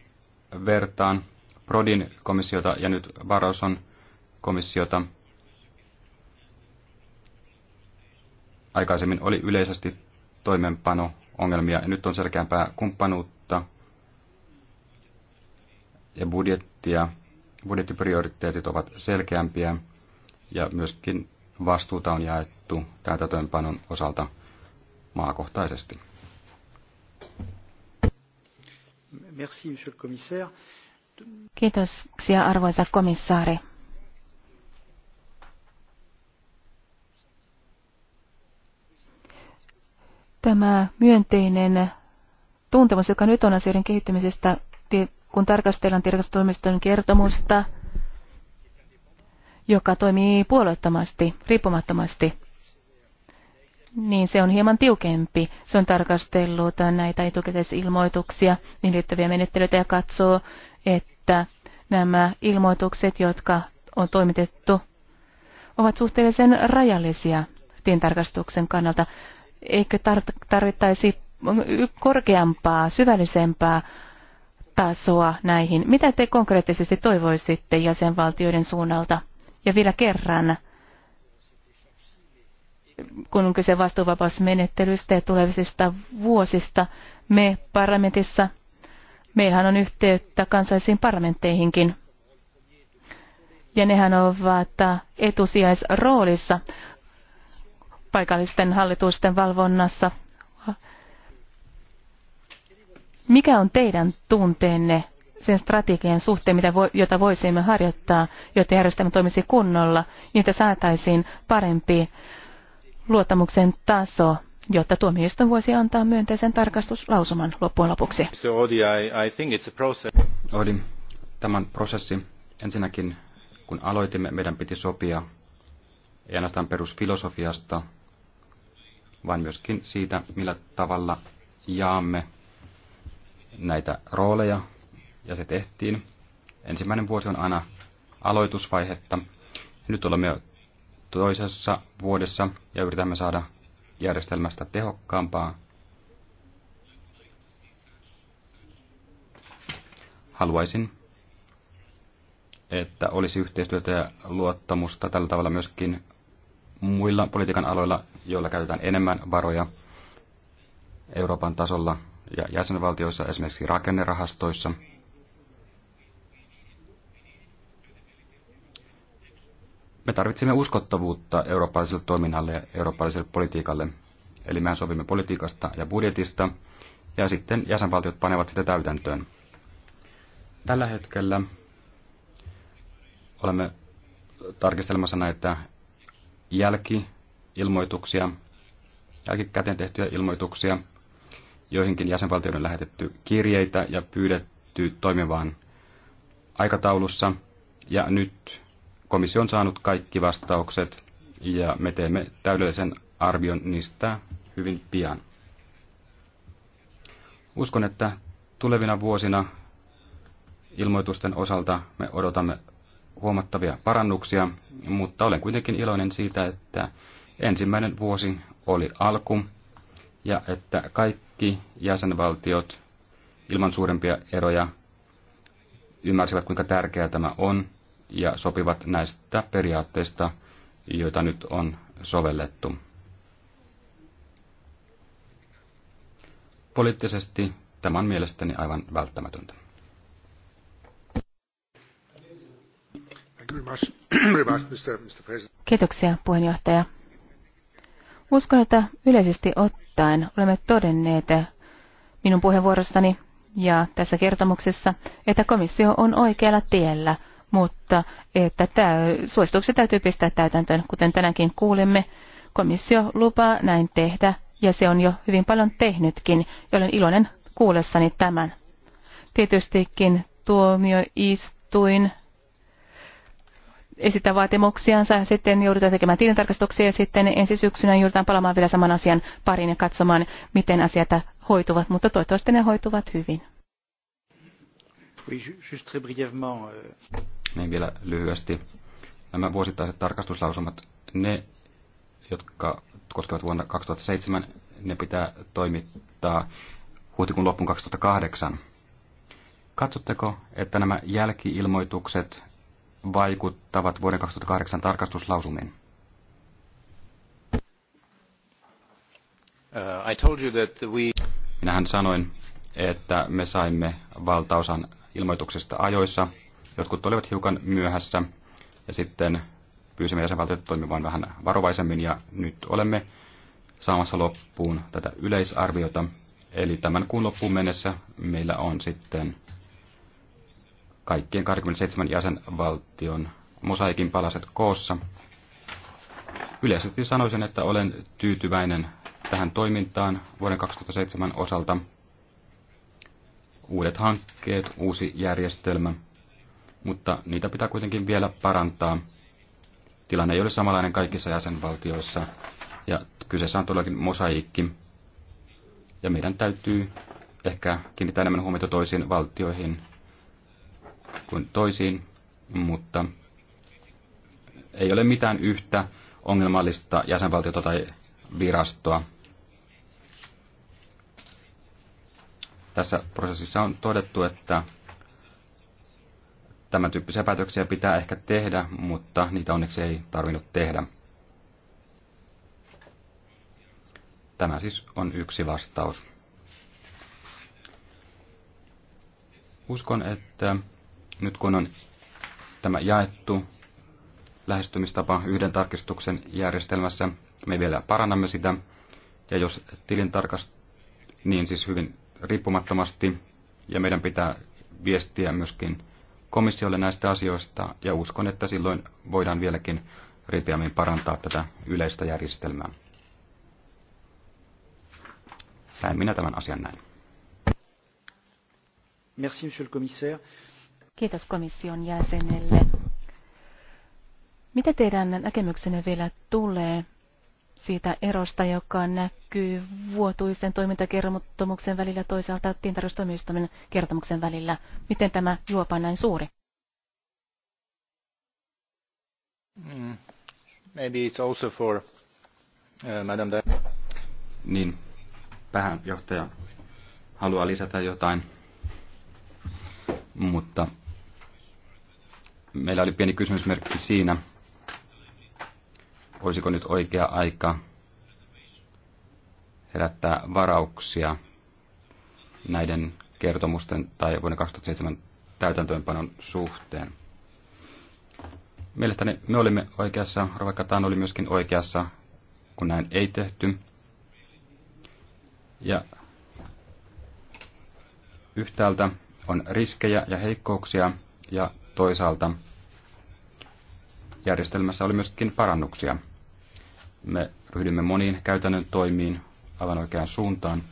C: vertaan Prodin komissiota ja nyt Barroson komissiota. Aikaisemmin oli yleisesti toimenpano ongelmia. Nyt on selkeämpää kumppanuutta ja budjettia. Budjettiprioriteetit ovat selkeämpiä ja myöskin vastuuta on jaettu täytäntöönpanon osalta maakohtaisesti.
B: Merci, monsieur le commissaire.
D: Kiitoksia arvoisa komissaari. Tämä myönteinen tuntemus, joka nyt on asioiden kehittämisestä, kun tarkastellaan tarkastustoimiston kertomusta, joka toimii puolueettomasti, riippumattomasti, niin se on hieman tiukempi. Se on tarkastellut näitä etukäteisilmoituksia, niin liittyviä menettelyitä ja katsoo, että nämä ilmoitukset, jotka on toimitettu, ovat suhteellisen rajallisia tilintarkastuksen kannalta. Eikö tarvittaisi korkeampaa, syvällisempää tasoa näihin? Mitä te konkreettisesti toivoisitte jäsenvaltioiden suunnalta? Ja vielä kerran, kun on kyse vastuuvapausmenettelystä ja tulevisista vuosista, me parlamentissa Meillähän on yhteyttä kansallisiin parlamentteihinkin. Ja nehän ovat etusijaisroolissa paikallisten hallitusten valvonnassa. Mikä on teidän tunteenne sen strategian suhteen, mitä vo, jota voisimme harjoittaa, jotta järjestelmä toimisi kunnolla, niin että saataisiin parempi luottamuksen taso jotta tuomioistuin voisi antaa myönteisen tarkastuslausuman loppujen lopuksi.
C: Odi, tämän prosessi ensinnäkin, kun aloitimme, meidän piti sopia ei ainoastaan perusfilosofiasta, vaan myöskin siitä, millä tavalla jaamme näitä rooleja, ja se tehtiin. Ensimmäinen vuosi on aina aloitusvaihetta. Nyt olemme jo toisessa vuodessa ja yritämme saada järjestelmästä tehokkaampaa. Haluaisin, että olisi yhteistyötä ja luottamusta tällä tavalla myöskin muilla politiikan aloilla, joilla käytetään enemmän varoja Euroopan tasolla ja jäsenvaltioissa, esimerkiksi rakennerahastoissa – Me tarvitsemme uskottavuutta eurooppalaiselle toiminnalle ja eurooppalaiselle politiikalle. Eli mehän sovimme politiikasta ja budjetista, ja sitten jäsenvaltiot panevat sitä täytäntöön. Tällä hetkellä olemme tarkistelemassa näitä jälki-ilmoituksia, jälkikäteen tehtyjä ilmoituksia, joihinkin jäsenvaltioiden lähetetty kirjeitä ja pyydetty toimivaan aikataulussa. Ja nyt Komissio on saanut kaikki vastaukset ja me teemme täydellisen arvion niistä hyvin pian. Uskon, että tulevina vuosina ilmoitusten osalta me odotamme huomattavia parannuksia, mutta olen kuitenkin iloinen siitä, että ensimmäinen vuosi oli alku ja että kaikki jäsenvaltiot ilman suurempia eroja ymmärsivät, kuinka tärkeää tämä on ja sopivat näistä periaatteista, joita nyt on sovellettu. Poliittisesti tämä on mielestäni aivan välttämätöntä.
D: Kiitoksia puheenjohtaja. Uskon, että yleisesti ottaen olemme todenneet minun puheenvuorossani ja tässä kertomuksessa, että komissio on oikealla tiellä – mutta että tämä suositukset täytyy pistää täytäntöön, kuten tänäänkin kuulemme, Komissio lupaa näin tehdä ja se on jo hyvin paljon tehnytkin, joten iloinen kuullessani tämän. Tietystikin tuomioistuin esittää vaatimuksiansa ja sitten joudutaan tekemään tilintarkastuksia ja sitten ensi syksynä joudutaan palaamaan vielä saman asian pariin ja katsomaan, miten asiat hoituvat, mutta toivottavasti ne hoituvat hyvin.
B: Euh,
C: niin vielä lyhyesti. Nämä vuosittaiset tarkastuslausumat, ne, jotka koskevat vuonna 2007, ne pitää toimittaa huhtikuun loppuun 2008. Katsotteko, että nämä jälkiilmoitukset vaikuttavat vuoden 2008 tarkastuslausumiin?
B: Uh, I told you that we...
C: Minähän sanoin, että me saimme valtaosan ilmoituksesta ajoissa Jotkut olivat hiukan myöhässä ja sitten pyysimme jäsenvaltiot toimimaan vähän varovaisemmin ja nyt olemme saamassa loppuun tätä yleisarviota. Eli tämän kuun loppuun mennessä meillä on sitten kaikkien 27 jäsenvaltion mosaikin palaset koossa. Yleisesti sanoisin, että olen tyytyväinen tähän toimintaan vuoden 2007 osalta. Uudet hankkeet, uusi järjestelmä – mutta niitä pitää kuitenkin vielä parantaa. Tilanne ei ole samanlainen kaikissa jäsenvaltioissa, ja kyseessä on todellakin mosaikki. Ja meidän täytyy ehkä kiinnittää enemmän huomiota toisiin valtioihin kuin toisiin, mutta ei ole mitään yhtä ongelmallista jäsenvaltiota tai virastoa. Tässä prosessissa on todettu, että Tämän tyyppisiä päätöksiä pitää ehkä tehdä, mutta niitä onneksi ei tarvinnut tehdä. Tämä siis on yksi vastaus. Uskon, että nyt kun on tämä jaettu lähestymistapa yhden tarkistuksen järjestelmässä, me vielä parannamme sitä. Ja jos tilin tarkast... niin siis hyvin riippumattomasti, ja meidän pitää viestiä myöskin komissiolle näistä asioista ja uskon, että silloin voidaan vieläkin ripeämmin parantaa tätä yleistä järjestelmää. Näin minä tämän asian näin.
B: Merci, monsieur le commissaire.
D: Kiitos komission jäsenelle. Mitä teidän näkemyksenne vielä tulee siitä erosta, joka näkyy vuotuisen toimintakertomuksen välillä toisaalta tilintarkastustoimistoimen kertomuksen välillä. Miten tämä juopa on näin suuri?
B: Mm. Maybe it's also for uh, Madame De... Niin,
C: johtaja haluaa lisätä jotain, mutta meillä oli pieni kysymysmerkki siinä, Olisiko nyt oikea aika herättää varauksia näiden kertomusten tai vuoden 2007 täytäntöönpanon suhteen? Mielestäni me olimme oikeassa, vaikka Taan oli myöskin oikeassa, kun näin ei tehty. Ja yhtäältä on riskejä ja heikkouksia ja toisaalta järjestelmässä oli myöskin parannuksia. Me ryhdymme moniin käytännön toimiin aivan oikeaan suuntaan.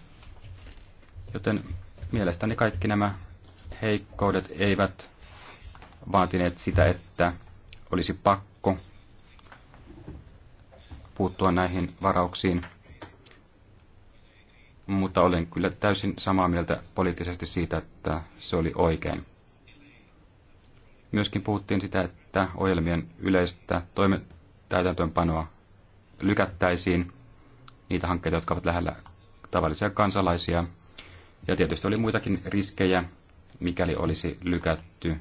C: Joten mielestäni kaikki nämä heikkoudet eivät vaatineet sitä, että olisi pakko puuttua näihin varauksiin. Mutta olen kyllä täysin samaa mieltä poliittisesti siitä, että se oli oikein. Myöskin puhuttiin sitä, että ohjelmien yleistä toimet täytäntöönpanoa lykättäisiin niitä hankkeita, jotka ovat lähellä tavallisia kansalaisia. Ja tietysti oli muitakin riskejä, mikäli olisi lykätty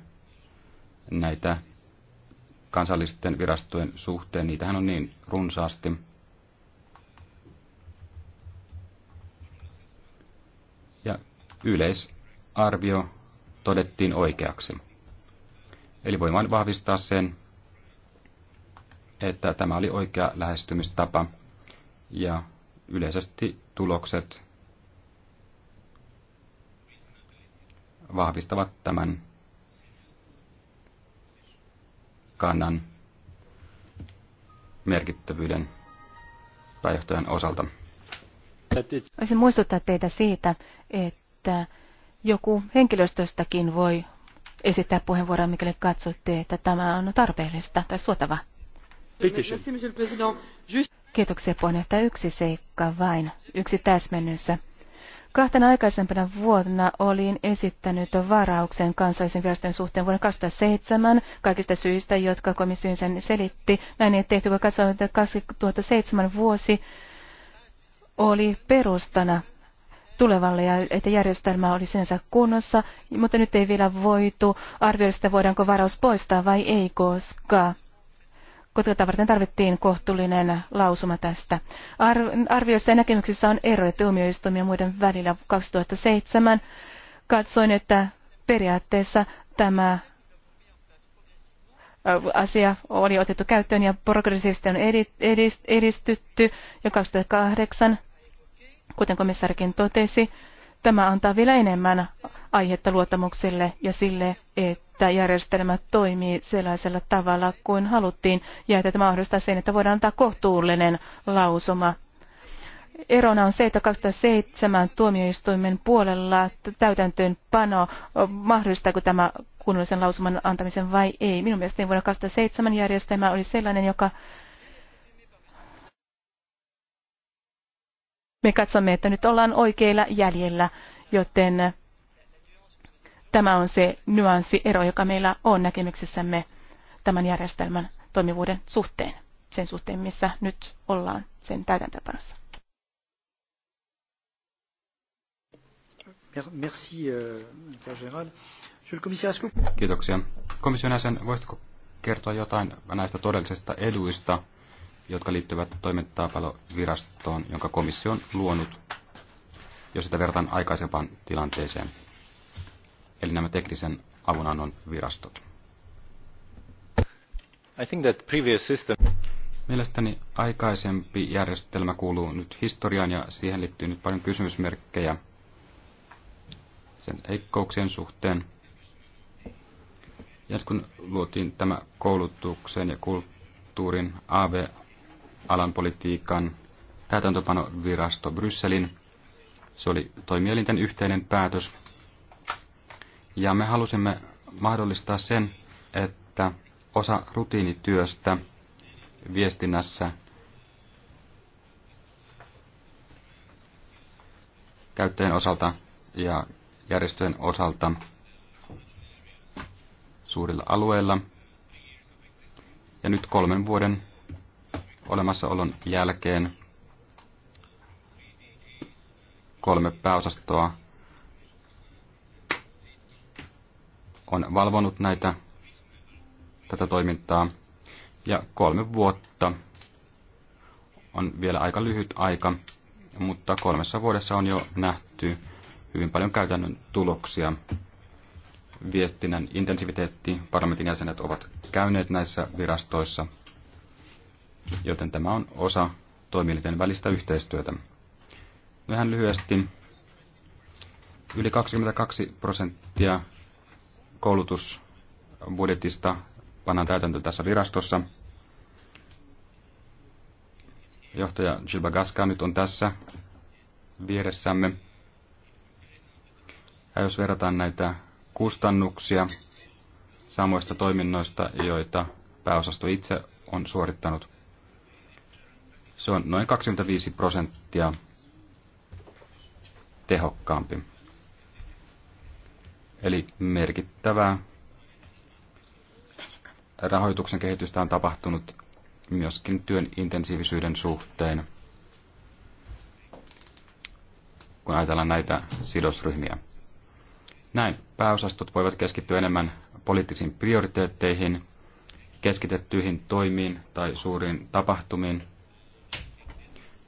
C: näitä kansallisten virastojen suhteen. Niitähän on niin runsaasti. Ja yleisarvio todettiin oikeaksi. Eli voin vain vahvistaa sen, että tämä oli oikea lähestymistapa ja yleisesti tulokset vahvistavat tämän kannan merkittävyyden pääjohtajan osalta.
D: Voisin muistuttaa teitä siitä, että joku henkilöstöstäkin voi esittää puheenvuoron, mikäli katsotte, että tämä on tarpeellista tai suotavaa. Kiitoksia puheenjohtaja. Yksi seikka vain, yksi täsmennys. Kahtena aikaisempana vuonna olin esittänyt varauksen kansallisen viraston suhteen vuonna 2007 kaikista syistä, jotka komission sen selitti. Näin ei tehty, kun katsoin, että 2007 vuosi oli perustana tulevalle ja että järjestelmä oli sinänsä kunnossa, mutta nyt ei vielä voitu arvioida sitä, voidaanko varaus poistaa vai ei, koska tätä varten tarvittiin kohtuullinen lausuma tästä. Arvioissa ja näkemyksissä on eroja tuomioistuimien muiden välillä 2007. Katsoin, että periaatteessa tämä äh, asia oli otettu käyttöön ja progressiivisesti on edistytty jo 2008, kuten komissarikin totesi. Tämä antaa vielä enemmän aihetta luottamukselle ja sille, että että järjestelmä toimii sellaisella tavalla kuin haluttiin ja että tämä mahdollistaa sen, että voidaan antaa kohtuullinen lausuma. Erona on se, että 2007 tuomioistuimen puolella täytäntöönpano, mahdollistaako tämä kunnollisen lausuman antamisen vai ei. Minun mielestäni vuonna 2007 järjestelmä oli sellainen, joka me katsomme, että nyt ollaan oikeilla jäljellä, joten Tämä on se nyanssiero, joka meillä on näkemyksessämme tämän järjestelmän toimivuuden suhteen, sen suhteen, missä nyt ollaan sen täytäntöönpanossa.
B: Merci, euh,
C: Kiitoksia. Komission jäsen, voisitko kertoa jotain näistä todellisista eduista, jotka liittyvät toimintapalvirastoon, jonka komissio on luonut, jos sitä vertaan aikaisempaan tilanteeseen? eli nämä teknisen avunannon virastot.
B: I think that previous system...
C: Mielestäni aikaisempi järjestelmä kuuluu nyt historiaan ja siihen liittyy nyt paljon kysymysmerkkejä sen heikkouksien suhteen. Ja kun luotiin tämä koulutuksen ja kulttuurin AV-alan politiikan täytäntöpanovirasto Brysselin, se oli toimielinten yhteinen päätös ja me halusimme mahdollistaa sen, että osa rutiinityöstä viestinnässä käyttäjän osalta ja järjestöjen osalta suurilla alueilla. Ja nyt kolmen vuoden olemassaolon jälkeen kolme pääosastoa on valvonut näitä, tätä toimintaa. Ja kolme vuotta on vielä aika lyhyt aika, mutta kolmessa vuodessa on jo nähty hyvin paljon käytännön tuloksia. Viestinnän intensiviteetti, parlamentin jäsenet ovat käyneet näissä virastoissa, joten tämä on osa toimielinten välistä yhteistyötä. Vähän lyhyesti, yli 22 prosenttia koulutusbudjetista pannaan täytäntö tässä virastossa. Johtaja Gilba Gaska nyt on tässä vieressämme. Ja jos verrataan näitä kustannuksia samoista toiminnoista, joita pääosasto itse on suorittanut, se on noin 25 prosenttia tehokkaampi. Eli merkittävää rahoituksen kehitystä on tapahtunut myöskin työn intensiivisyyden suhteen, kun ajatellaan näitä sidosryhmiä. Näin pääosastot voivat keskittyä enemmän poliittisiin prioriteetteihin, keskitettyihin toimiin tai suuriin tapahtumiin.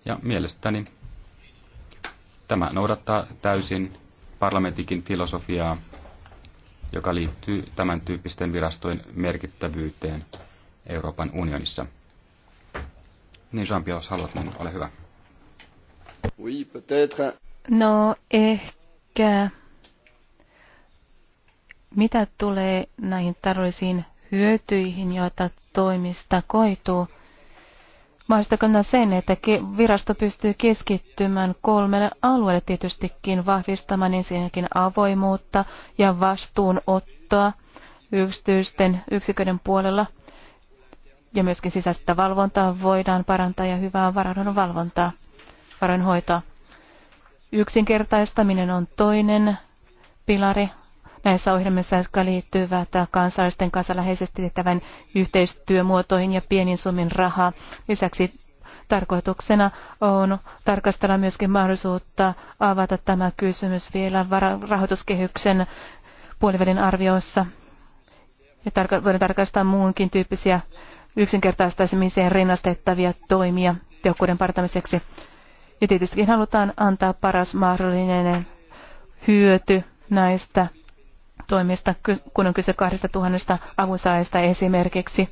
C: Ja mielestäni tämä noudattaa täysin parlamentikin filosofiaa joka liittyy tämän tyyppisten virastojen merkittävyyteen Euroopan unionissa. Niin jean jos haluat, niin ole hyvä.
D: no ehkä. Mitä tulee näihin taloudellisiin hyötyihin, joita toimista koituu, mahdollistakaa sen, että virasto pystyy keskittymään kolmelle alueelle tietystikin vahvistamaan ensinnäkin avoimuutta ja vastuunottoa yksityisten yksiköiden puolella. Ja myöskin sisäistä valvontaa voidaan parantaa ja hyvää varaudun valvontaa, varoinhoitoa. Yksinkertaistaminen on toinen pilari näissä ohjelmissa, jotka liittyvät kansalaisten kanssa läheisesti tehtävän yhteistyömuotoihin ja pienin summin rahaa. Lisäksi tarkoituksena on tarkastella myöskin mahdollisuutta avata tämä kysymys vielä rahoituskehyksen puolivälin arvioissa. Ja tarko- voidaan tarkastaa muunkin tyyppisiä yksinkertaistaisemiseen rinnastettavia toimia tehokkuuden parantamiseksi. Ja tietysti halutaan antaa paras mahdollinen hyöty näistä toimista, kun on kyse 2000 avunsaajasta esimerkiksi.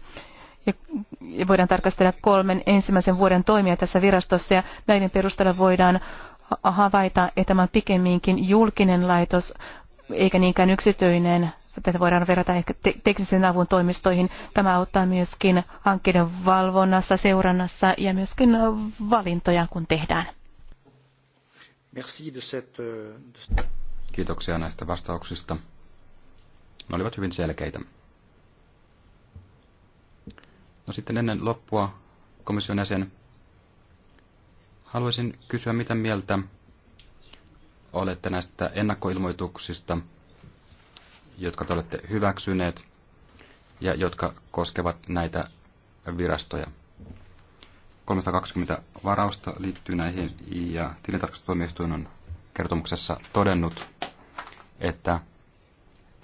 D: Ja voidaan tarkastella kolmen ensimmäisen vuoden toimia tässä virastossa ja näiden perusteella voidaan havaita, että tämä on pikemminkin julkinen laitos eikä niinkään yksityinen. Tätä voidaan verrata ehkä te- teknisen avun toimistoihin. Tämä auttaa myöskin hankkeiden valvonnassa, seurannassa ja myöskin valintoja, kun tehdään.
B: Euh,
C: Kiitoksia näistä vastauksista. Ne olivat hyvin selkeitä. No sitten ennen loppua komission jäsen haluaisin kysyä, mitä mieltä olette näistä ennakkoilmoituksista, jotka te olette hyväksyneet ja jotka koskevat näitä virastoja. 320 varausta liittyy näihin ja tilintarkastustuomioistuin on kertomuksessa todennut, että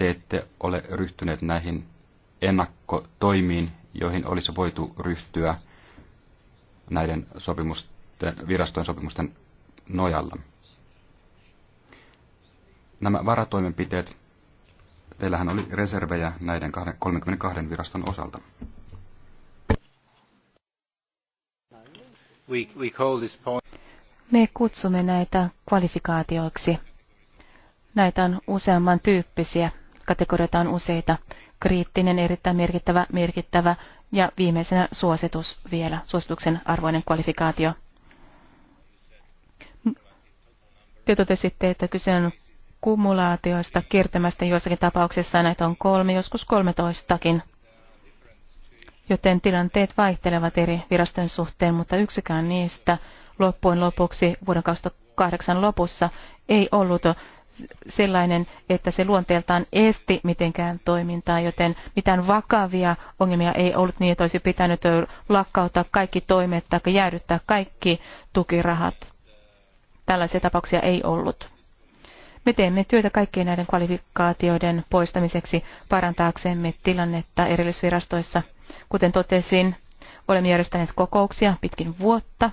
C: te ette ole ryhtyneet näihin ennakkotoimiin, joihin olisi voitu ryhtyä näiden sopimusten, virastojen sopimusten nojalla. Nämä varatoimenpiteet, teillähän oli reservejä näiden 32 viraston osalta.
D: Me kutsumme näitä kvalifikaatioiksi. Näitä on useamman tyyppisiä Kategorioita on useita. Kriittinen, erittäin merkittävä, merkittävä ja viimeisenä suositus vielä, suosituksen arvoinen kvalifikaatio. Te totesitte, että kyse on kumulaatioista, kiertämästä joissakin tapauksissa näitä on kolme, joskus kolmetoistakin. Joten tilanteet vaihtelevat eri virastojen suhteen, mutta yksikään niistä loppujen lopuksi vuoden 2008 lopussa ei ollut sellainen, että se luonteeltaan esti mitenkään toimintaa, joten mitään vakavia ongelmia ei ollut niin, että olisi pitänyt lakkauttaa kaikki toimet tai jäädyttää kaikki tukirahat. Tällaisia tapauksia ei ollut. Me teemme työtä kaikkien näiden kvalifikaatioiden poistamiseksi parantaaksemme tilannetta erillisvirastoissa. Kuten totesin, olemme järjestäneet kokouksia pitkin vuotta.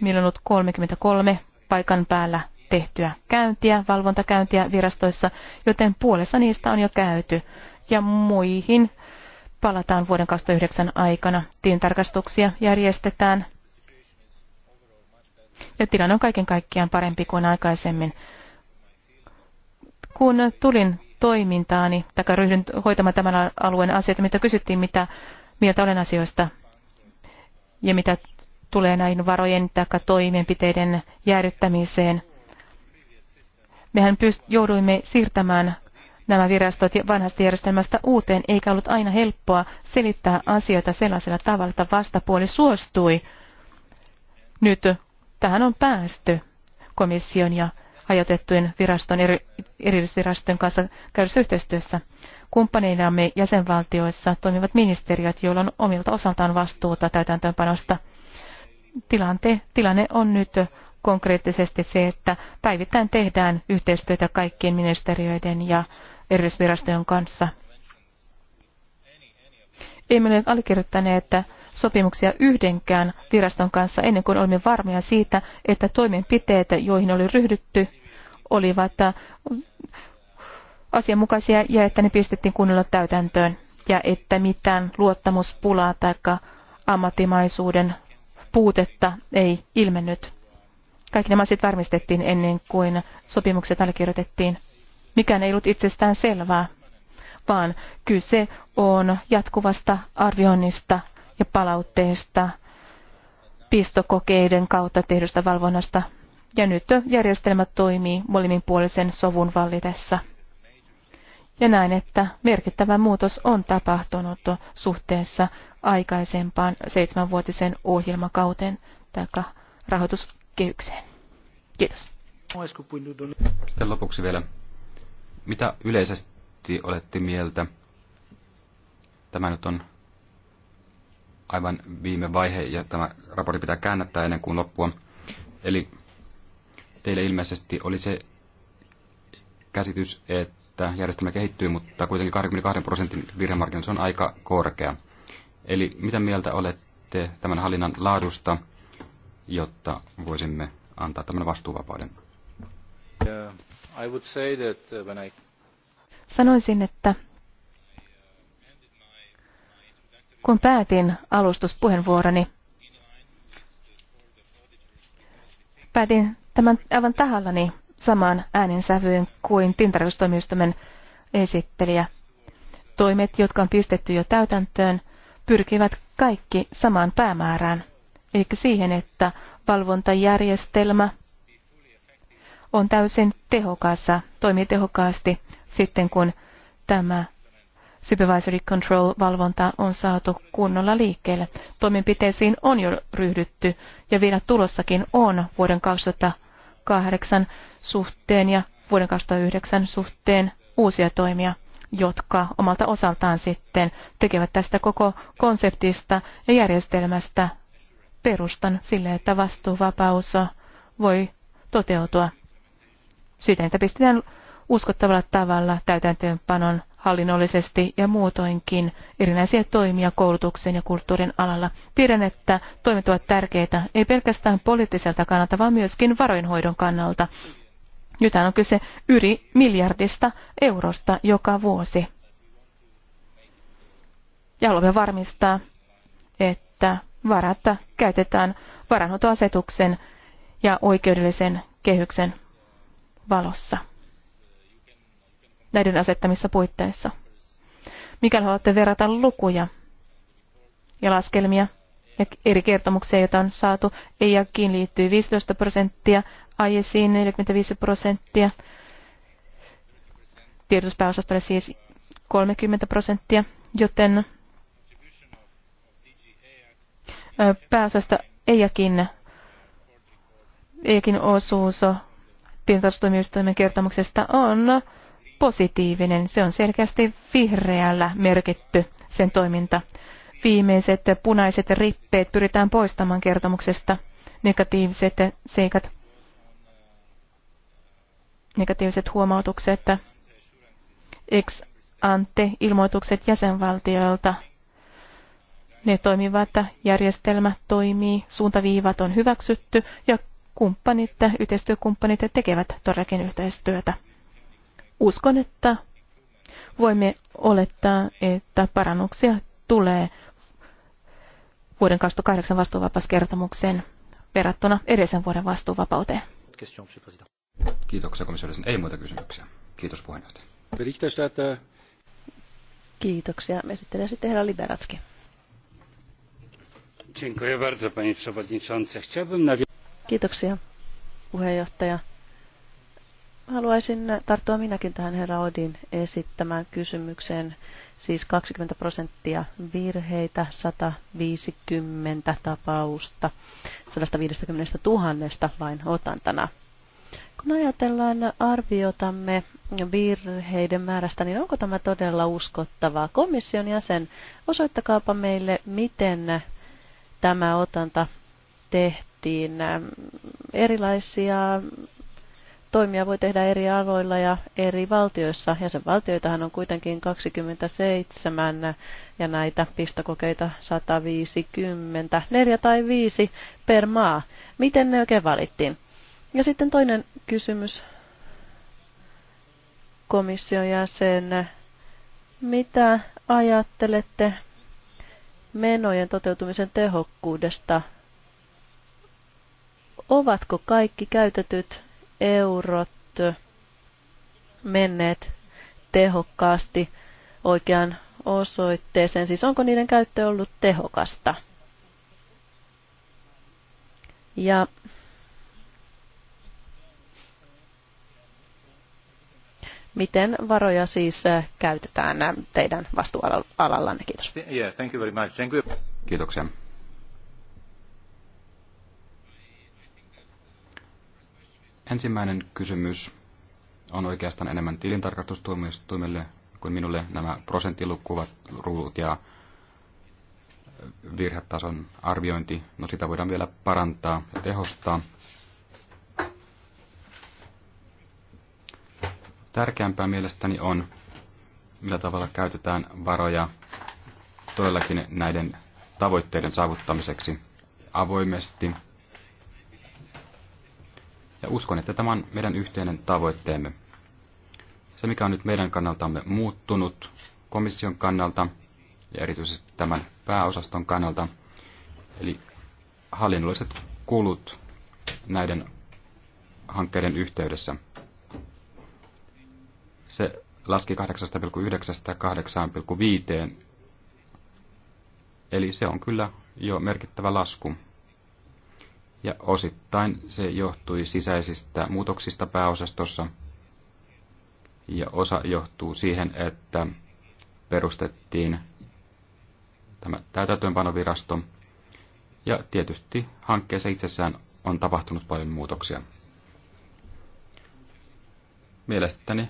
D: Meillä on ollut 33 paikan päällä tehtyä käyntiä, valvontakäyntiä virastoissa, joten puolessa niistä on jo käyty ja muihin palataan vuoden 2009 aikana. Tilintarkastuksia järjestetään ja tilanne on kaiken kaikkiaan parempi kuin aikaisemmin. Kun tulin toimintaani, tai ryhdyn hoitamaan tämän alueen asioita, mitä kysyttiin, mitä mieltä olen asioista ja mitä tulee näihin varojen tai toimenpiteiden jäädyttämiseen. Mehän pyst- jouduimme siirtämään nämä virastot vanhasta järjestelmästä uuteen, eikä ollut aina helppoa selittää asioita sellaisella tavalla, että vastapuoli suostui. Nyt tähän on päästy komission ja hajotettujen viraston, eri, erillisviraston kanssa käydyssä yhteistyössä. Kumppaneinamme jäsenvaltioissa toimivat ministeriöt, joilla on omilta osaltaan vastuuta täytäntöönpanosta tilante, tilanne on nyt konkreettisesti se, että päivittäin tehdään yhteistyötä kaikkien ministeriöiden ja erillisvirastojen kanssa. Emme ole allekirjoittaneet sopimuksia yhdenkään viraston kanssa ennen kuin olimme varmoja siitä, että toimenpiteet, joihin oli ryhdytty, olivat äh, asianmukaisia ja että ne pistettiin kunnolla täytäntöön ja että mitään luottamuspulaa tai ammattimaisuuden puutetta ei ilmennyt. Kaikki nämä asiat varmistettiin ennen kuin sopimukset allekirjoitettiin. Mikään ei ollut itsestään selvää, vaan kyse on jatkuvasta arvioinnista ja palautteesta, pistokokeiden kautta tehdystä valvonnasta. Ja nyt järjestelmä toimii molemminpuolisen sovun vallitessa ja näin, että merkittävä muutos on tapahtunut suhteessa aikaisempaan seitsemänvuotiseen ohjelmakauteen tai rahoituskehykseen. Kiitos.
C: Sitten lopuksi vielä. Mitä yleisesti olette mieltä? Tämä nyt on aivan viime vaihe ja tämä raportti pitää käännättää ennen kuin loppua. Eli teille ilmeisesti oli se käsitys, että että järjestelmä kehittyy, mutta kuitenkin 22 prosentin virhemarkkinoissa on aika korkea. Eli mitä mieltä olette tämän hallinnan laadusta, jotta voisimme antaa tämän vastuuvapauden?
B: Uh, uh,
D: Sanoisin, että kun päätin alustuspuheenvuoroni, päätin tämän aivan tahallani samaan äänensävyyn kuin tintarkastustoimistomen esittelijä. Toimet, jotka on pistetty jo täytäntöön, pyrkivät kaikki samaan päämäärään, eli siihen, että valvontajärjestelmä on täysin tehokas, toimii tehokkaasti sitten, kun tämä supervisory control-valvonta on saatu kunnolla liikkeelle. Toimenpiteisiin on jo ryhdytty ja vielä tulossakin on vuoden 2000 2008 suhteen ja vuoden 2009 suhteen uusia toimia, jotka omalta osaltaan sitten tekevät tästä koko konseptista ja järjestelmästä perustan sille, että vastuuvapaus voi toteutua siten, että pistetään uskottavalla tavalla täytäntöönpanon hallinnollisesti ja muutoinkin erinäisiä toimia koulutuksen ja kulttuurin alalla. Tiedän, että toimet ovat tärkeitä ei pelkästään poliittiselta kannalta, vaan myöskin varoinhoidon kannalta. Nyt on kyse yli miljardista eurosta joka vuosi. Ja haluamme varmistaa, että varat käytetään varanhoitoasetuksen ja oikeudellisen kehyksen valossa näiden asettamissa puitteissa. Mikäli haluatte verrata lukuja ja laskelmia ja eri kertomuksia, joita on saatu, EIAKin liittyy 15 prosenttia, aiesiin 45 prosenttia, tiedotuspääosastolle siis 30 prosenttia, joten pääosasta EIAKin, EIAKin osuus tilintarkastustoimijoistoimen kertomuksesta on positiivinen. Se on selkeästi vihreällä merkitty sen toiminta. Viimeiset punaiset rippeet pyritään poistamaan kertomuksesta. Negatiiviset seikat, negatiiviset huomautukset, ex ante ilmoitukset jäsenvaltioilta. Ne toimivat, järjestelmä toimii, suuntaviivat on hyväksytty ja kumppanit, yhteistyökumppanit tekevät todellakin yhteistyötä uskon, että voimme olettaa, että parannuksia tulee vuoden 2008 vastuuvapauskertomukseen verrattuna
A: edellisen vuoden vastuuvapauteen.
C: Kiitoksia komissiolle. Ei muita kysymyksiä. Kiitos
B: puheenjohtaja.
A: Kiitoksia. Esittelen sitten herra Liberatski. Kiitoksia puheenjohtaja. Haluaisin tarttua minäkin tähän herra Odin esittämään kysymykseen. Siis 20 prosenttia virheitä, 150 tapausta, 150 000 vain otantana. Kun ajatellaan arviotamme virheiden määrästä, niin onko tämä todella uskottavaa? Komission jäsen, osoittakaapa meille, miten tämä otanta tehtiin. Erilaisia Toimia voi tehdä eri aloilla ja eri valtioissa. Jäsenvaltioitahan on kuitenkin 27 ja näitä pistokokeita 150, 4 tai 5 per maa. Miten ne oikein valittiin? Ja sitten toinen kysymys komission jäsen. Mitä ajattelette menojen toteutumisen tehokkuudesta? Ovatko kaikki käytetyt eurot menneet tehokkaasti oikeaan osoitteeseen? Siis onko niiden käyttö ollut tehokasta? Ja miten varoja siis äh, käytetään äh, teidän vastuualallanne?
C: Kiitos. Yeah, thank you
B: very much. Thank you.
C: Kiitoksia. Ensimmäinen kysymys on oikeastaan enemmän tilintarkastustuomioistuimelle kuin minulle nämä prosenttilukkuvat ruut ja virhetason arviointi. No sitä voidaan vielä parantaa ja tehostaa. Tärkeämpää mielestäni on, millä tavalla käytetään varoja todellakin näiden tavoitteiden saavuttamiseksi avoimesti ja uskon, että tämä on meidän yhteinen tavoitteemme. Se, mikä on nyt meidän kannaltamme muuttunut komission kannalta ja erityisesti tämän pääosaston kannalta, eli hallinnolliset kulut näiden hankkeiden yhteydessä. Se laski 8,9-8,5, eli se on kyllä jo merkittävä lasku ja osittain se johtui sisäisistä muutoksista pääosastossa, ja osa johtuu siihen, että perustettiin tämä täytäntöönpanovirasto, ja tietysti hankkeessa itsessään on tapahtunut paljon muutoksia. Mielestäni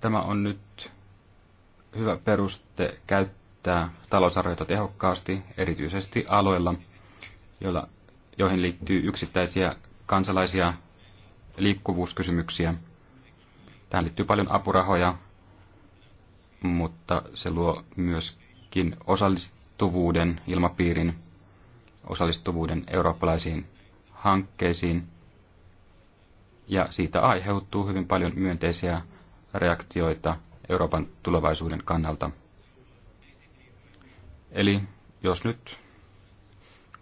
C: tämä on nyt hyvä peruste käyttää talousarvioita tehokkaasti, erityisesti aloilla – joilla, joihin liittyy yksittäisiä kansalaisia liikkuvuuskysymyksiä. Tähän liittyy paljon apurahoja, mutta se luo myöskin osallistuvuuden ilmapiirin, osallistuvuuden eurooppalaisiin hankkeisiin. Ja siitä aiheutuu hyvin paljon myönteisiä reaktioita Euroopan tulevaisuuden kannalta. Eli jos nyt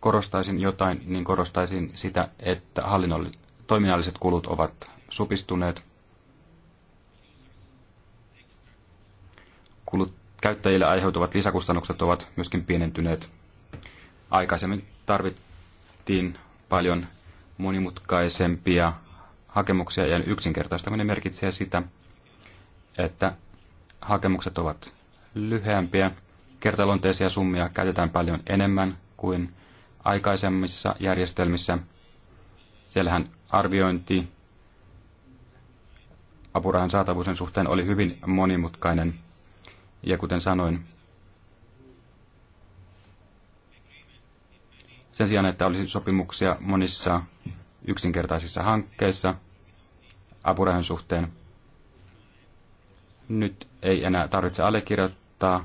C: korostaisin jotain, niin korostaisin sitä, että hallinnoll- toiminnalliset kulut ovat supistuneet. Kulut käyttäjille aiheutuvat lisäkustannukset ovat myöskin pienentyneet. Aikaisemmin tarvittiin paljon monimutkaisempia hakemuksia ja yksinkertaistaminen merkitsee sitä, että hakemukset ovat lyhyempiä, Kertalonteisia summia käytetään paljon enemmän kuin aikaisemmissa järjestelmissä. Siellähän arviointi apurahan saatavuuden suhteen oli hyvin monimutkainen. Ja kuten sanoin, sen sijaan, että olisi sopimuksia monissa yksinkertaisissa hankkeissa apurahan suhteen, nyt ei enää tarvitse allekirjoittaa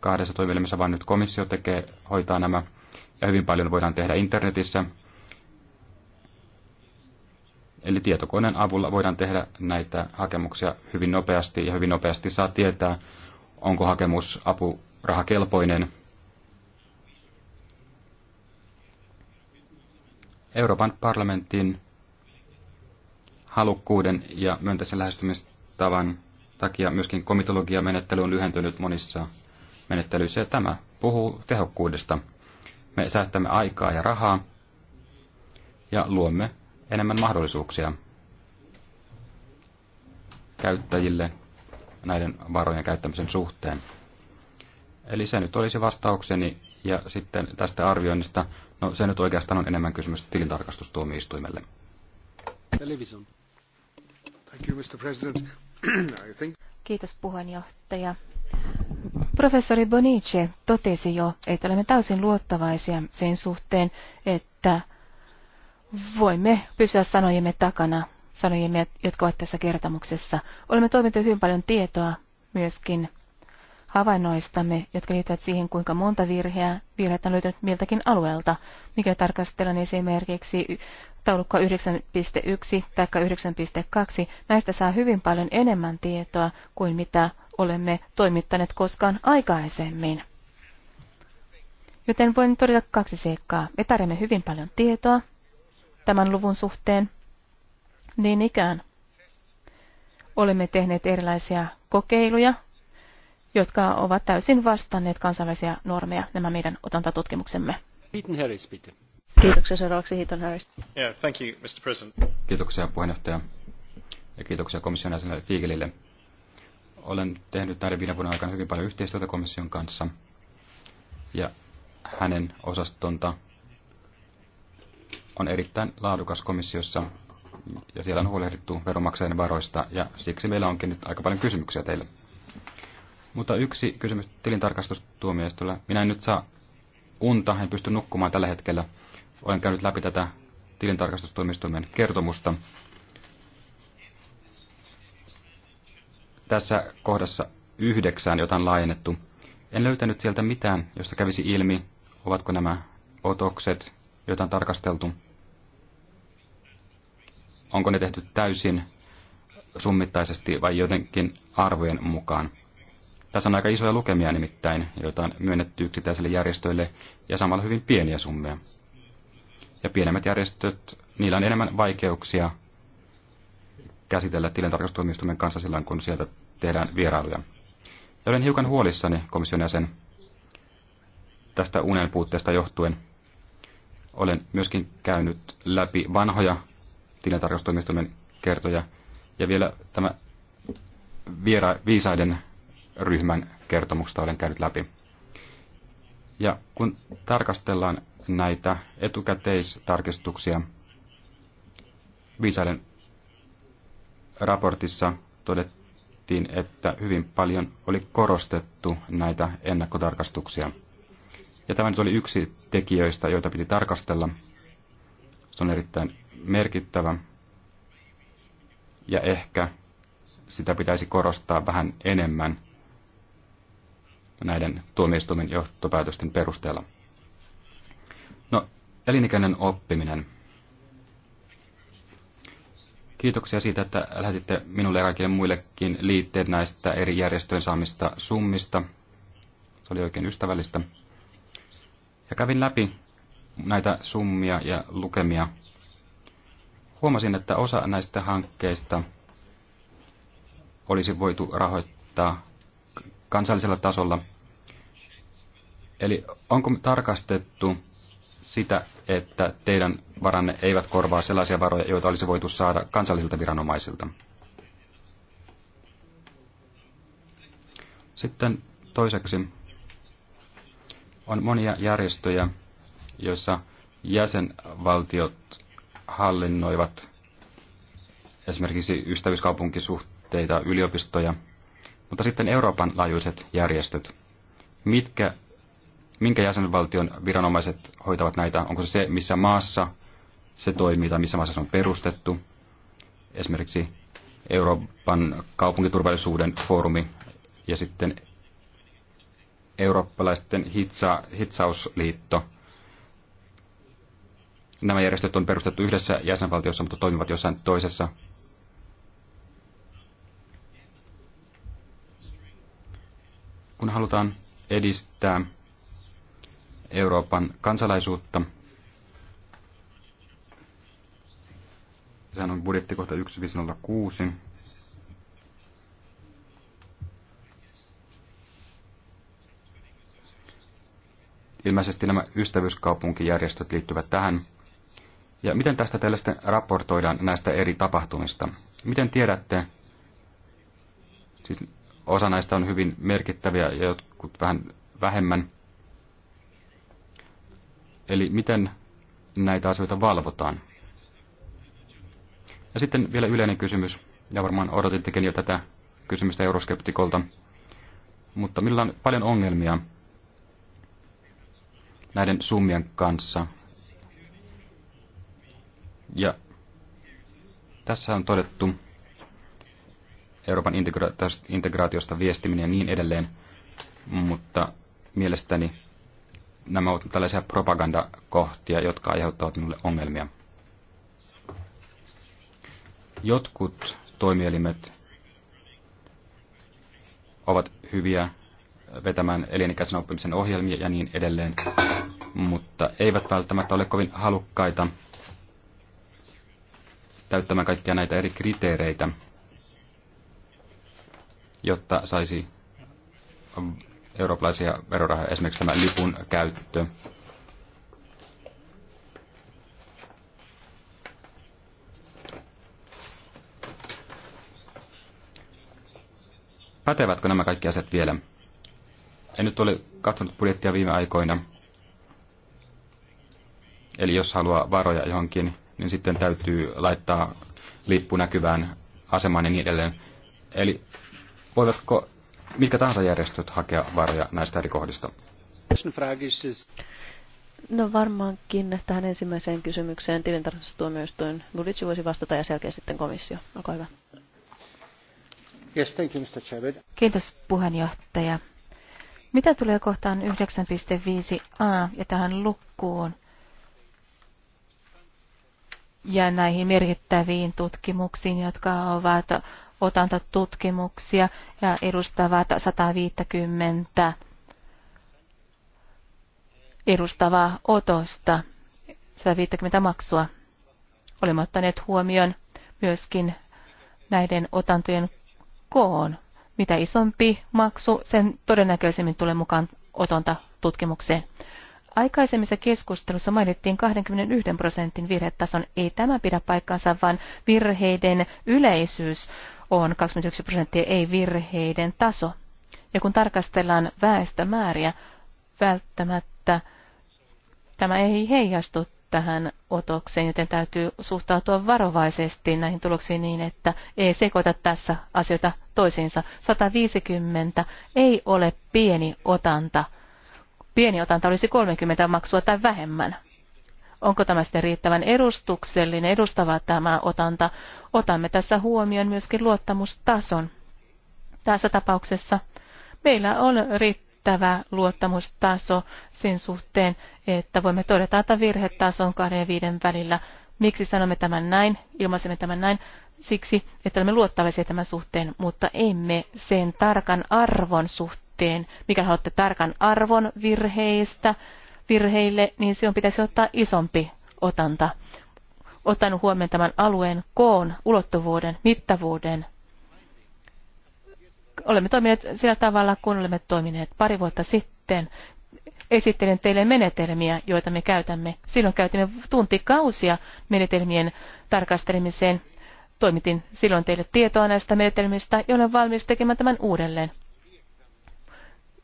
C: kahdessa toimielimessä, vaan nyt komissio tekee, hoitaa nämä ja hyvin paljon voidaan tehdä internetissä. Eli tietokoneen avulla voidaan tehdä näitä hakemuksia hyvin nopeasti ja hyvin nopeasti saa tietää, onko hakemus apurahakelpoinen. Euroopan parlamentin halukkuuden ja myönteisen lähestymistavan takia myöskin komitologiamenettely on lyhentynyt monissa menettelyissä ja tämä puhuu tehokkuudesta. Me säästämme aikaa ja rahaa ja luomme enemmän mahdollisuuksia käyttäjille näiden varojen käyttämisen suhteen. Eli se nyt olisi vastaukseni ja sitten tästä arvioinnista, no se nyt oikeastaan on enemmän kysymys tilintarkastustuomioistuimelle.
B: Television. Thank you, Mr. President. I think...
D: Kiitos puheenjohtaja. Professori Bonice totesi jo, että olemme täysin luottavaisia sen suhteen, että voimme pysyä sanojemme takana, sanojemme, jotka ovat tässä kertomuksessa. Olemme toimineet hyvin paljon tietoa myöskin havainnoistamme, jotka liittyvät siihen, kuinka monta virheä, virheitä on löytynyt miltäkin alueelta, mikä tarkastellaan esimerkiksi taulukko 9.1 tai 9.2. Näistä saa hyvin paljon enemmän tietoa kuin mitä olemme toimittaneet koskaan aikaisemmin. Joten voin todeta kaksi seikkaa. Me tarjomme hyvin paljon tietoa tämän luvun suhteen. Niin ikään olemme tehneet erilaisia kokeiluja jotka ovat täysin vastanneet kansainvälisiä normeja, nämä meidän otantatutkimuksemme. Harris, Kiitoksia seuraavaksi
A: Hiton Harris.
B: Yeah, thank you, Mr. President.
C: Kiitoksia puheenjohtaja ja kiitoksia komission jäsenelle Fiegelille. Olen tehnyt näiden viiden vuoden aikana hyvin paljon yhteistyötä komission kanssa ja hänen osastonta on erittäin laadukas komissiossa ja siellä on huolehdittu veronmaksajien varoista ja siksi meillä onkin nyt aika paljon kysymyksiä teille. Mutta yksi kysymys tilintarkastustuomioistolla. Minä en nyt saa unta, en pysty nukkumaan tällä hetkellä. Olen käynyt läpi tätä tilintarkastustuomioistuimen kertomusta. Tässä kohdassa yhdeksään, jota on laajennettu. En löytänyt sieltä mitään, josta kävisi ilmi, ovatko nämä otokset, joita on tarkasteltu, onko ne tehty täysin summittaisesti vai jotenkin arvojen mukaan. Tässä on aika isoja lukemia nimittäin, joita on myönnetty yksittäisille järjestöille ja samalla hyvin pieniä summia. Ja pienemmät järjestöt, niillä on enemmän vaikeuksia käsitellä tilintarkastustuomioistuimen kanssa silloin, kun sieltä tehdään vierailuja. Ja olen hiukan huolissani komission jäsen tästä unen puutteesta johtuen. Olen myöskin käynyt läpi vanhoja tilintarkastustoimistomen kertoja ja vielä tämä viera, viisaiden ryhmän kertomuksesta olen käynyt läpi. Ja kun tarkastellaan näitä etukäteistarkistuksia, Viisailen raportissa todettiin, että hyvin paljon oli korostettu näitä ennakkotarkastuksia. Ja tämä nyt oli yksi tekijöistä, joita piti tarkastella. Se on erittäin merkittävä. Ja ehkä sitä pitäisi korostaa vähän enemmän näiden tuomioistuimen johtopäätösten perusteella. No, elinikäinen oppiminen. Kiitoksia siitä, että lähetitte minulle ja kaikille muillekin liitteet näistä eri järjestöjen saamista summista. Se oli oikein ystävällistä. Ja kävin läpi näitä summia ja lukemia. Huomasin, että osa näistä hankkeista olisi voitu rahoittaa kansallisella tasolla. Eli onko tarkastettu sitä, että teidän varanne eivät korvaa sellaisia varoja, joita olisi voitu saada kansallisilta viranomaisilta? Sitten toiseksi on monia järjestöjä, joissa jäsenvaltiot hallinnoivat esimerkiksi ystävyyskaupunkisuhteita, yliopistoja – mutta sitten Euroopan laajuiset järjestöt. Mitkä, minkä jäsenvaltion viranomaiset hoitavat näitä? Onko se se, missä maassa se toimii tai missä maassa se on perustettu? Esimerkiksi Euroopan kaupunkiturvallisuuden foorumi ja sitten eurooppalaisten hitsa, hitsausliitto. Nämä järjestöt on perustettu yhdessä jäsenvaltiossa, mutta toimivat jossain toisessa kun halutaan edistää Euroopan kansalaisuutta, sehän on budjettikohta 1506, ilmeisesti nämä ystävyyskaupunkijärjestöt liittyvät tähän. Ja miten tästä teille sitten raportoidaan näistä eri tapahtumista? Miten tiedätte, siis Osa näistä on hyvin merkittäviä ja jotkut vähän vähemmän. Eli miten näitä asioita valvotaan? Ja sitten vielä yleinen kysymys, ja varmaan odotittekin jo tätä kysymystä euroskeptikolta, mutta millä on paljon ongelmia näiden summien kanssa. Ja tässä on todettu, Euroopan integraatiosta viestiminen ja niin edelleen, mutta mielestäni nämä ovat tällaisia propagandakohtia, jotka aiheuttavat minulle ongelmia. Jotkut toimielimet ovat hyviä vetämään elinikäisen oppimisen ohjelmia ja niin edelleen, mutta eivät välttämättä ole kovin halukkaita täyttämään kaikkia näitä eri kriteereitä, jotta saisi eurooppalaisia verorahoja, esimerkiksi tämä lipun käyttö. Pätevätkö nämä kaikki asiat vielä? En nyt ole katsonut budjettia viime aikoina. Eli jos haluaa varoja johonkin, niin sitten täytyy laittaa lippu näkyvään asemaan ja niin edelleen. Eli voivatko mitkä tahansa järjestöt hakea varoja näistä eri kohdista?
A: No varmaankin tähän ensimmäiseen kysymykseen tilintarkastustuomioistuin Bulitsi voisi vastata ja sen sitten komissio. Olkaa hyvä.
B: Yes, thank you, Mr. Chairman.
A: Kiitos
D: puheenjohtaja. Mitä tulee kohtaan 9.5a ja tähän lukkuun ja näihin merkittäviin tutkimuksiin, jotka ovat otantatutkimuksia ja edustavat 150 edustavaa otosta, 150 maksua. Olemme ottaneet huomioon myöskin näiden otantojen koon. Mitä isompi maksu, sen todennäköisemmin tulee mukaan otonta tutkimukseen. Aikaisemmissa keskustelussa mainittiin 21 prosentin virhetason. Ei tämä pidä paikkaansa, vaan virheiden yleisyys on 21 prosenttia ei-virheiden taso. Ja kun tarkastellaan väestömääriä, välttämättä tämä ei heijastu tähän otokseen, joten täytyy suhtautua varovaisesti näihin tuloksiin niin, että ei sekoita tässä asioita toisiinsa. 150 ei ole pieni otanta. Pieni otanta olisi 30 maksua tai vähemmän. Onko tämä sitten riittävän edustuksellinen, edustava tämä otanta? Otamme tässä huomioon myöskin luottamustason. Tässä tapauksessa meillä on riittävä luottamustaso sen suhteen, että voimme todeta, että virhetaso on kahden ja viiden välillä. Miksi sanomme tämän näin, ilmaisemme tämän näin? Siksi, että olemme luottavaisia tämän suhteen, mutta emme sen tarkan arvon suhteen. Mikä haluatte tarkan arvon virheistä, virheille, niin silloin pitäisi ottaa isompi otanta. Ottanut huomioon tämän alueen koon, ulottuvuuden, mittavuuden. Olemme toimineet sillä tavalla, kun olemme toimineet pari vuotta sitten. Esittelen teille menetelmiä, joita me käytämme. Silloin käytimme tuntikausia menetelmien tarkastelemiseen. Toimitin silloin teille tietoa näistä menetelmistä ja olen valmis tekemään tämän uudelleen.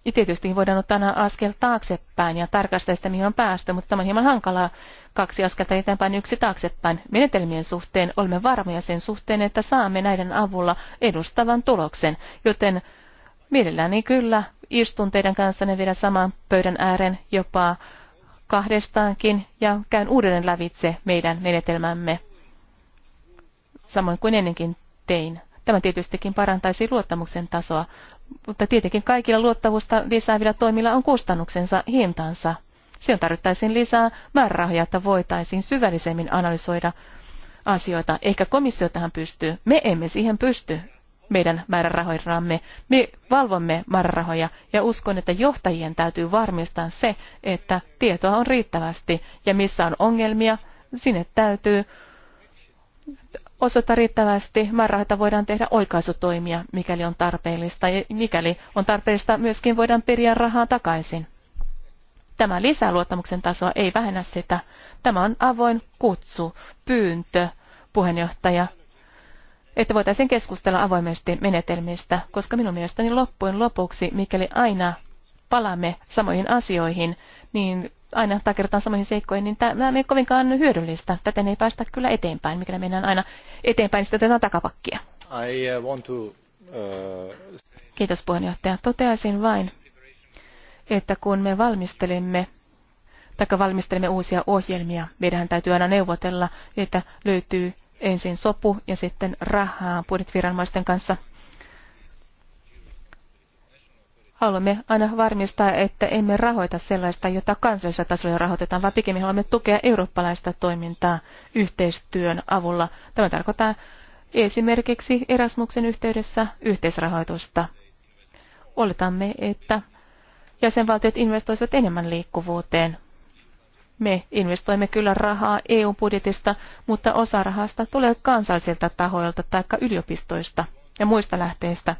D: Ja tietysti voidaan ottaa aina askel taaksepäin ja tarkastaa sitä, mihin on päästy, mutta tämä on hieman hankalaa. Kaksi askelta eteenpäin, yksi taaksepäin. Menetelmien suhteen olemme varmoja sen suhteen, että saamme näiden avulla edustavan tuloksen, joten mielelläni kyllä istun teidän kanssanne vielä saman pöydän ääreen jopa kahdestaankin ja käyn uudelleen lävitse meidän menetelmämme, samoin kuin ennenkin tein. Tämä tietystikin parantaisi luottamuksen tasoa, mutta tietenkin kaikilla luottavuusta lisäävillä toimilla on kustannuksensa hintansa. Siihen tarvittaisiin lisää määrärahoja, että voitaisiin syvällisemmin analysoida asioita. Ehkä komissio tähän pystyy. Me emme siihen pysty meidän määrärahoillamme. Me valvomme määrärahoja ja uskon, että johtajien täytyy varmistaa se, että tietoa on riittävästi ja missä on ongelmia, sinne täytyy osoittaa riittävästi määrärahoita voidaan tehdä oikaisutoimia, mikäli on tarpeellista. Ja mikäli on tarpeellista, myöskin voidaan periä rahaa takaisin. Tämä lisää luottamuksen tasoa, ei vähennä sitä. Tämä on avoin kutsu, pyyntö, puheenjohtaja, että voitaisiin keskustella avoimesti menetelmistä, koska minun mielestäni loppujen lopuksi, mikäli aina palaamme samoihin asioihin, niin aina takertaan samoihin seikkoihin, niin tämä ei ole kovinkaan hyödyllistä. Tätä ei päästä kyllä eteenpäin, mikä mennään aina eteenpäin, niin sitä otetaan takapakkia.
B: I uh, want to, uh... Kiitos
D: puheenjohtaja. Toteaisin vain, että kun me valmistelimme tai valmistelemme uusia ohjelmia, meidän täytyy aina neuvotella, että löytyy ensin sopu ja sitten rahaa budjettiviranomaisten kanssa – haluamme aina varmistaa, että emme rahoita sellaista, jota kansallisella tasolla rahoitetaan, vaan pikemmin haluamme tukea eurooppalaista toimintaa yhteistyön avulla. Tämä tarkoittaa esimerkiksi Erasmuksen yhteydessä yhteisrahoitusta. Oletamme, että jäsenvaltiot investoisivat enemmän liikkuvuuteen. Me investoimme kyllä rahaa EU-budjetista, mutta osa rahasta tulee kansallisilta tahoilta tai yliopistoista ja muista lähteistä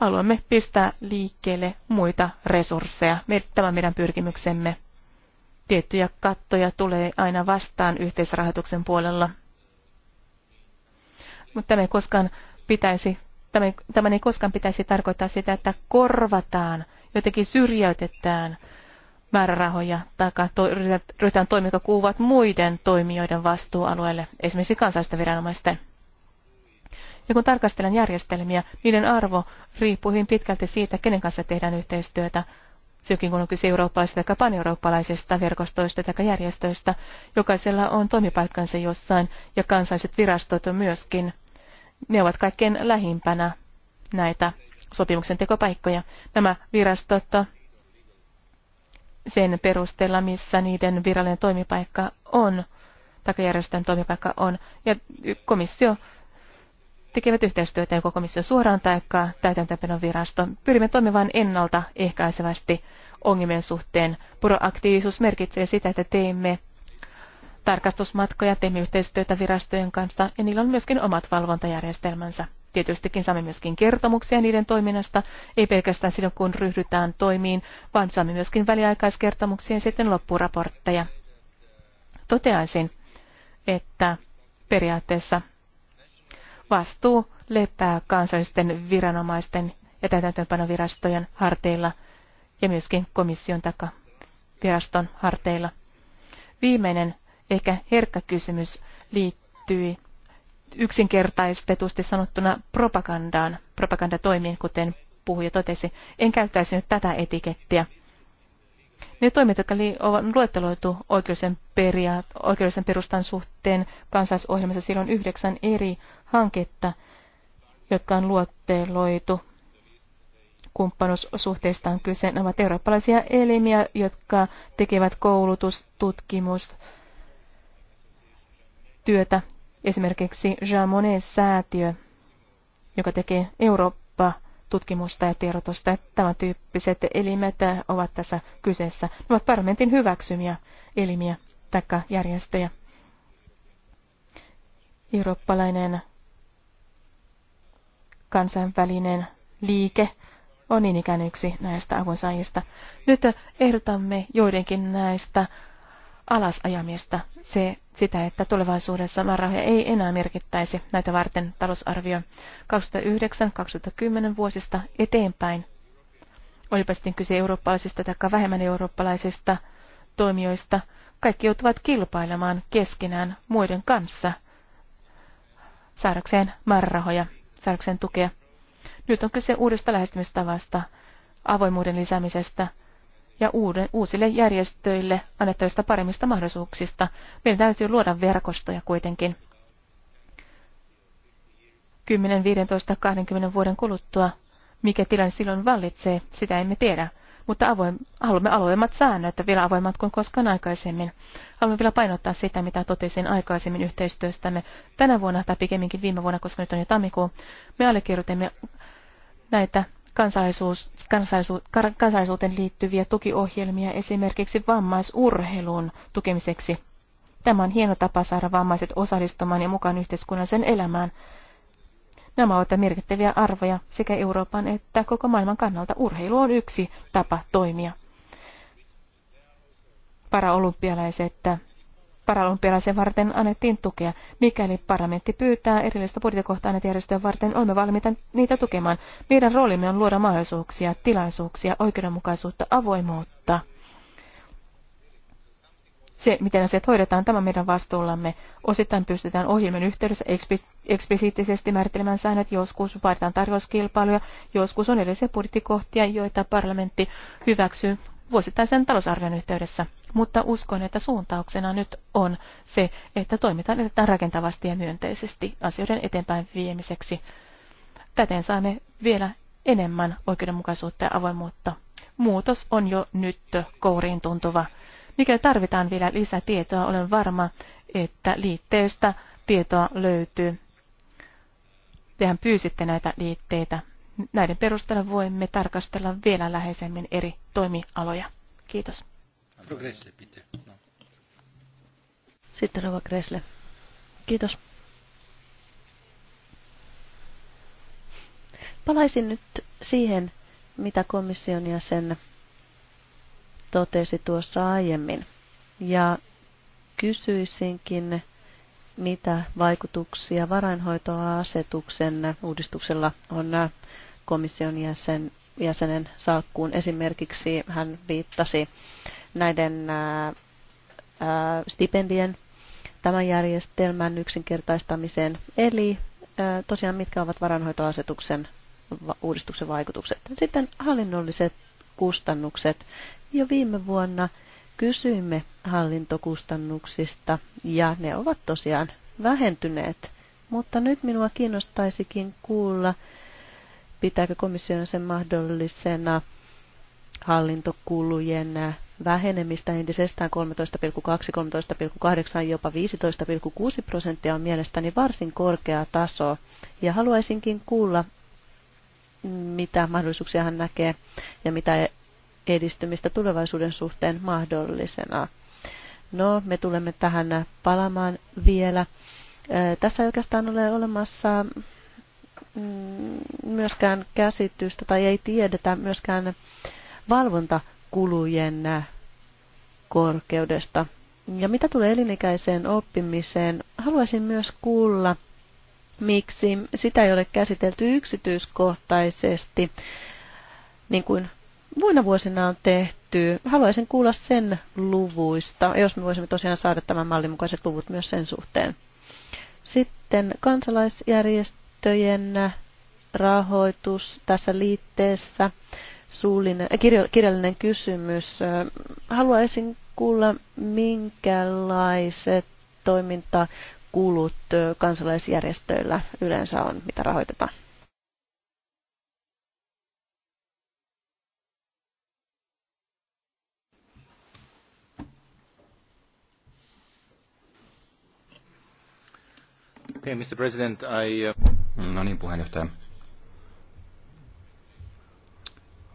D: haluamme pistää liikkeelle muita resursseja. Tämä meidän pyrkimyksemme. Tiettyjä kattoja tulee aina vastaan yhteisrahoituksen puolella. Mutta tämä ei koskaan pitäisi, tämä, ei, tämä ei koskaan pitäisi tarkoittaa sitä, että korvataan, jotenkin syrjäytetään määrärahoja tai to, ryhdytään kuuluvat muiden toimijoiden vastuualueelle, esimerkiksi kansallisten viranomaisten. Ja kun tarkastelen järjestelmiä, niiden arvo riippuu hyvin pitkälti siitä, kenen kanssa tehdään yhteistyötä. Silloin kun on kyse eurooppalaisista tai paneurooppalaisista verkostoista tai järjestöistä, jokaisella on toimipaikkansa jossain ja kansalliset virastot on myöskin. Ne ovat kaikkein lähimpänä näitä sopimuksen tekopaikkoja. Nämä virastot sen perusteella, missä niiden virallinen toimipaikka on, tai järjestön toimipaikka on. Ja komissio tekevät yhteistyötä joko komission suoraan tai täytäntöönpanon virasto. Pyrimme toimimaan ennalta ehkäisevästi ongelmien suhteen. Proaktiivisuus merkitsee sitä, että teemme tarkastusmatkoja, teemme yhteistyötä virastojen kanssa ja niillä on myöskin omat valvontajärjestelmänsä. Tietystikin saamme myöskin kertomuksia niiden toiminnasta, ei pelkästään silloin kun ryhdytään toimiin, vaan saamme myöskin väliaikaiskertomuksia ja sitten loppuraportteja. Toteaisin, että periaatteessa vastuu lepää kansallisten viranomaisten ja täytäntöönpanovirastojen harteilla ja myöskin komission taka viraston harteilla. Viimeinen ehkä herkkä kysymys liittyi yksinkertaistetusti sanottuna propagandaan, propagandatoimiin, kuten puhuja totesi. En käyttäisi nyt tätä etikettiä. Ne toimet, jotka ovat luetteloitu oikeuden, periaat, oikeuden perustan suhteen kansallisohjelmassa, siellä on yhdeksän eri hanketta, jotka on luetteloitu kumppanuussuhteistaan kyse. Ne ovat eurooppalaisia elimiä, jotka tekevät koulutus, tutkimus, työtä. Esimerkiksi Jean Monnet-säätiö, joka tekee Eurooppaa tutkimusta ja tiedotusta. Tämän tyyppiset elimet äh, ovat tässä kyseessä. Ne ovat parlamentin hyväksymiä elimiä tai järjestöjä. Eurooppalainen kansainvälinen liike on niin ikään yksi näistä avunsaajista. Nyt ehdotamme joidenkin näistä alasajamista. Se sitä, että tulevaisuudessa määrärahoja ei enää merkittäisi näitä varten talousarvio 2009-2010 vuosista eteenpäin. Olipa sitten kyse eurooppalaisista tai vähemmän eurooppalaisista toimijoista, kaikki joutuvat kilpailemaan keskenään muiden kanssa saadakseen määrärahoja, saadakseen tukea. Nyt on kyse uudesta lähestymistavasta, avoimuuden lisäämisestä – ja uusille järjestöille annettavista paremmista mahdollisuuksista. Meidän täytyy luoda verkostoja kuitenkin. 10, 15, 20 vuoden kuluttua, mikä tilanne silloin vallitsee, sitä emme tiedä. Mutta avoim, haluamme avoimmat säännöt, vielä avoimmat kuin koskaan aikaisemmin. Haluamme vielä painottaa sitä, mitä totesin aikaisemmin yhteistyöstämme tänä vuonna tai pikemminkin viime vuonna, koska nyt on jo tammikuu. Me allekirjoitimme näitä kansalaisuus, kansalaisuuteen liittyviä tukiohjelmia esimerkiksi vammaisurheilun tukemiseksi. Tämä on hieno tapa saada vammaiset osallistumaan ja mukaan yhteiskunnalliseen elämään. Nämä ovat merkittäviä arvoja sekä Euroopan että koko maailman kannalta. Urheilu on yksi tapa toimia. Paraolympialaiset paralympialaisen varten annettiin tukea. Mikäli parlamentti pyytää erillistä budjettikohtaa näitä järjestöjä varten, olemme valmiita niitä tukemaan. Meidän roolimme on luoda mahdollisuuksia, tilaisuuksia, oikeudenmukaisuutta, avoimuutta. Se, miten asiat hoidetaan, tämä meidän vastuullamme. Osittain pystytään ohjelman yhteydessä eksplisiittisesti määrittelemään säännöt, joskus vaaditaan tarjouskilpailuja, joskus on edellisiä budjettikohtia, joita parlamentti hyväksyy vuosittaisen talousarvion yhteydessä, mutta uskon, että suuntauksena nyt on se, että toimitaan erittäin rakentavasti ja myönteisesti asioiden eteenpäin viemiseksi. Täten saamme vielä enemmän oikeudenmukaisuutta ja avoimuutta. Muutos on jo nyt kouriin tuntuva. Mikäli tarvitaan vielä lisätietoa, olen varma, että liitteestä tietoa löytyy. Tehän pyysitte näitä liitteitä. Näiden perusteella voimme tarkastella vielä läheisemmin eri toimialoja. Kiitos.
B: No.
A: Sitten Rova Kresle. Kiitos. Palaisin nyt siihen, mitä komission jäsen totesi tuossa aiemmin. Ja kysyisinkin, mitä vaikutuksia varainhoitoasetuksen uudistuksella on komission jäsen, jäsenen salkkuun. Esimerkiksi hän viittasi näiden ää, äh, äh, stipendien tämän järjestelmän yksinkertaistamiseen. Eli ää, äh, tosiaan mitkä ovat varanhoitoasetuksen uudistuksen vaikutukset. Sitten hallinnolliset kustannukset. Jo viime vuonna kysyimme hallintokustannuksista ja ne ovat tosiaan vähentyneet. Mutta nyt minua kiinnostaisikin kuulla, pitääkö komission sen mahdollisena hallintokulujen vähenemistä entisestään 13,2-13,8 jopa 15,6 prosenttia on mielestäni varsin korkea taso. Ja haluaisinkin kuulla, mitä mahdollisuuksia hän näkee ja mitä edistymistä tulevaisuuden suhteen mahdollisena. No, me tulemme tähän palamaan vielä. Tässä ei oikeastaan ole olemassa myöskään käsitystä tai ei tiedetä myöskään valvontakulujen korkeudesta. Ja mitä tulee elinikäiseen oppimiseen, haluaisin myös kuulla, miksi sitä ei ole käsitelty yksityiskohtaisesti, niin kuin muina vuosina on tehty. Haluaisin kuulla sen luvuista, jos me voisimme tosiaan saada tämän mallin mukaiset luvut myös sen suhteen. Sitten kansalaisjärjestö järjestöjen rahoitus tässä liitteessä, suullinen, äh, kirjallinen kysymys. Äh, haluaisin kuulla, minkälaiset toimintakulut äh, kansalaisjärjestöillä yleensä on, mitä
B: rahoitetaan. Okay, Mr. President, I, uh... No
C: niin, puheenjohtaja.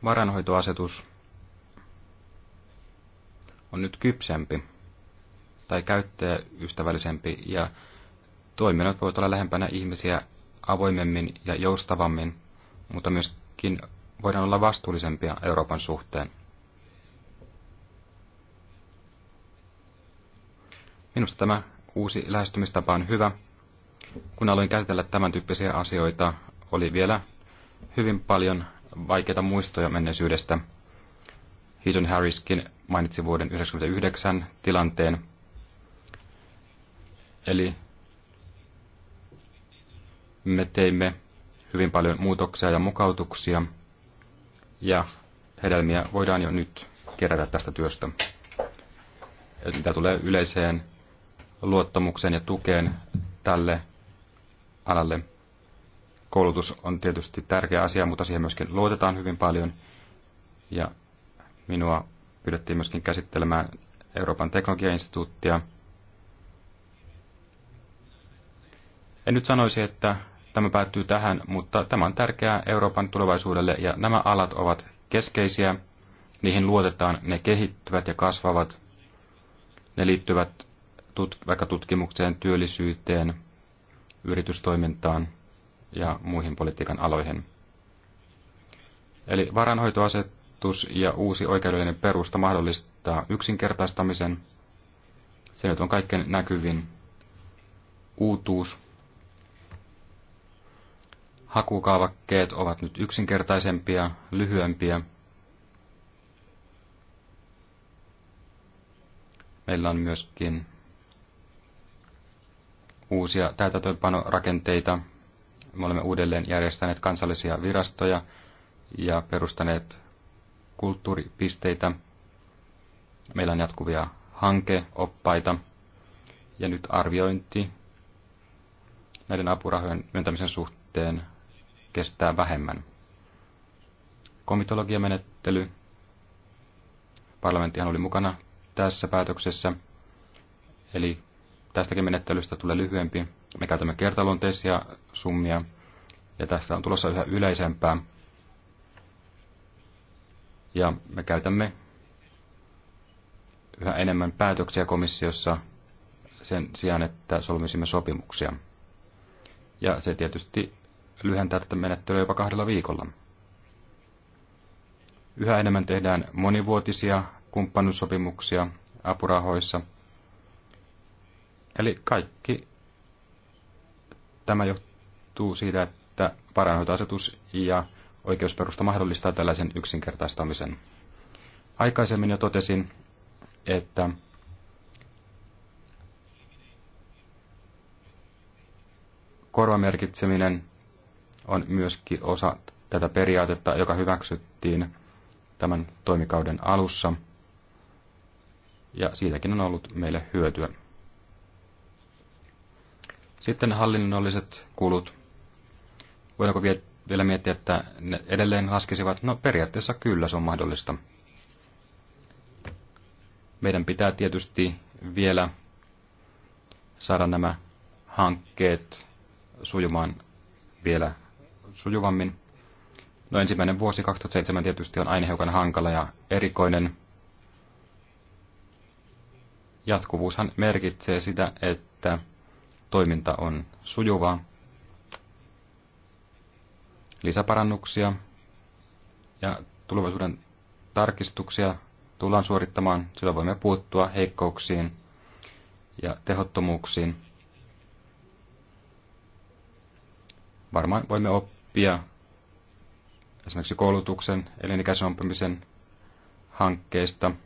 C: Varanhoitoasetus on nyt kypsempi tai käyttäjäystävällisempi ja toiminnot voivat olla lähempänä ihmisiä avoimemmin ja joustavammin, mutta myöskin voidaan olla vastuullisempia Euroopan suhteen. Minusta tämä uusi lähestymistapa on hyvä kun aloin käsitellä tämän tyyppisiä asioita, oli vielä hyvin paljon vaikeita muistoja menneisyydestä. Heaton Harriskin mainitsi vuoden 1999 tilanteen. Eli me teimme hyvin paljon muutoksia ja mukautuksia, ja hedelmiä voidaan jo nyt kerätä tästä työstä. Eli mitä tulee yleiseen luottamukseen ja tukeen tälle alalle. Koulutus on tietysti tärkeä asia, mutta siihen myöskin luotetaan hyvin paljon. Ja minua pyydettiin myöskin käsittelemään Euroopan teknologiainstituuttia. En nyt sanoisi, että tämä päättyy tähän, mutta tämä on tärkeää Euroopan tulevaisuudelle ja nämä alat ovat keskeisiä. Niihin luotetaan, ne kehittyvät ja kasvavat. Ne liittyvät tut- vaikka tutkimukseen, työllisyyteen, yritystoimintaan ja muihin politiikan aloihin. Eli varanhoitoasetus ja uusi oikeudellinen perusta mahdollistaa yksinkertaistamisen. Se nyt on kaikkein näkyvin uutuus. Hakukaavakkeet ovat nyt yksinkertaisempia, lyhyempiä. Meillä on myöskin uusia täytäntöönpanorakenteita. Me olemme uudelleen järjestäneet kansallisia virastoja ja perustaneet kulttuuripisteitä. Meillä on jatkuvia hankeoppaita ja nyt arviointi näiden apurahojen myöntämisen suhteen kestää vähemmän. Komitologiamenettely. Parlamenttihan oli mukana tässä päätöksessä, eli Tästäkin menettelystä tulee lyhyempi. Me käytämme kertaluonteisia summia ja tästä on tulossa yhä yleisempää. Ja me käytämme yhä enemmän päätöksiä komissiossa sen sijaan, että solmisimme sopimuksia. Ja se tietysti lyhentää tätä menettelyä jopa kahdella viikolla. Yhä enemmän tehdään monivuotisia kumppanuussopimuksia apurahoissa – Eli kaikki tämä johtuu siitä, että varainhoitoasetus ja oikeusperusta mahdollistaa tällaisen yksinkertaistamisen. Aikaisemmin jo totesin, että korvamerkitseminen on myöskin osa tätä periaatetta, joka hyväksyttiin tämän toimikauden alussa, ja siitäkin on ollut meille hyötyä. Sitten hallinnolliset kulut. Voidaanko vielä miettiä, että ne edelleen laskisivat? No periaatteessa kyllä se on mahdollista. Meidän pitää tietysti vielä saada nämä hankkeet sujumaan vielä sujuvammin. No ensimmäinen vuosi 2007 tietysti on aina hiukan hankala ja erikoinen. Jatkuvuushan merkitsee sitä, että toiminta on sujuvaa. Lisäparannuksia ja tulevaisuuden tarkistuksia tullaan suorittamaan, sillä voimme puuttua heikkouksiin ja tehottomuuksiin. Varmaan voimme oppia esimerkiksi koulutuksen, elinikäisen oppimisen hankkeista –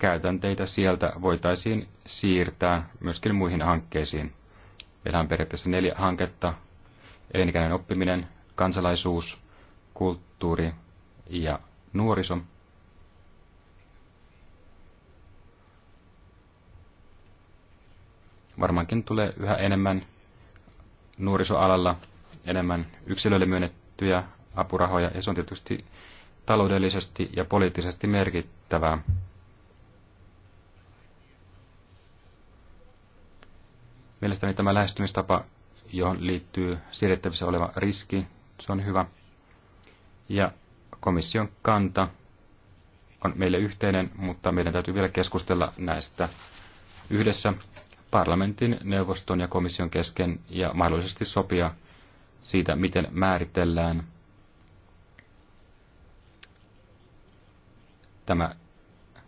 C: käytänteitä sieltä voitaisiin siirtää myöskin muihin hankkeisiin. Meillä on periaatteessa neljä hanketta. Elinikäinen oppiminen, kansalaisuus, kulttuuri ja nuoriso. Varmaankin tulee yhä enemmän nuorisoalalla enemmän yksilöille myönnettyjä apurahoja, ja se on tietysti taloudellisesti ja poliittisesti merkittävää Mielestäni tämä lähestymistapa, johon liittyy siirrettävissä oleva riski, se on hyvä. Ja komission kanta on meille yhteinen, mutta meidän täytyy vielä keskustella näistä yhdessä parlamentin, neuvoston ja komission kesken ja mahdollisesti sopia siitä, miten määritellään tämä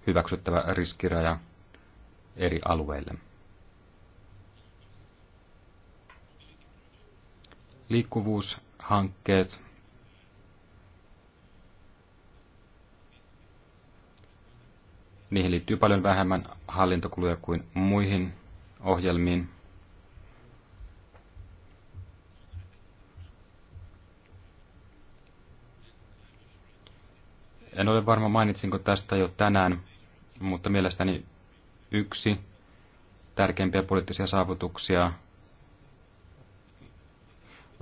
C: hyväksyttävä riskiraja eri alueille. liikkuvuushankkeet. Niihin liittyy paljon vähemmän hallintokuluja kuin muihin ohjelmiin. En ole varma mainitsinko tästä jo tänään, mutta mielestäni yksi tärkeimpiä poliittisia saavutuksia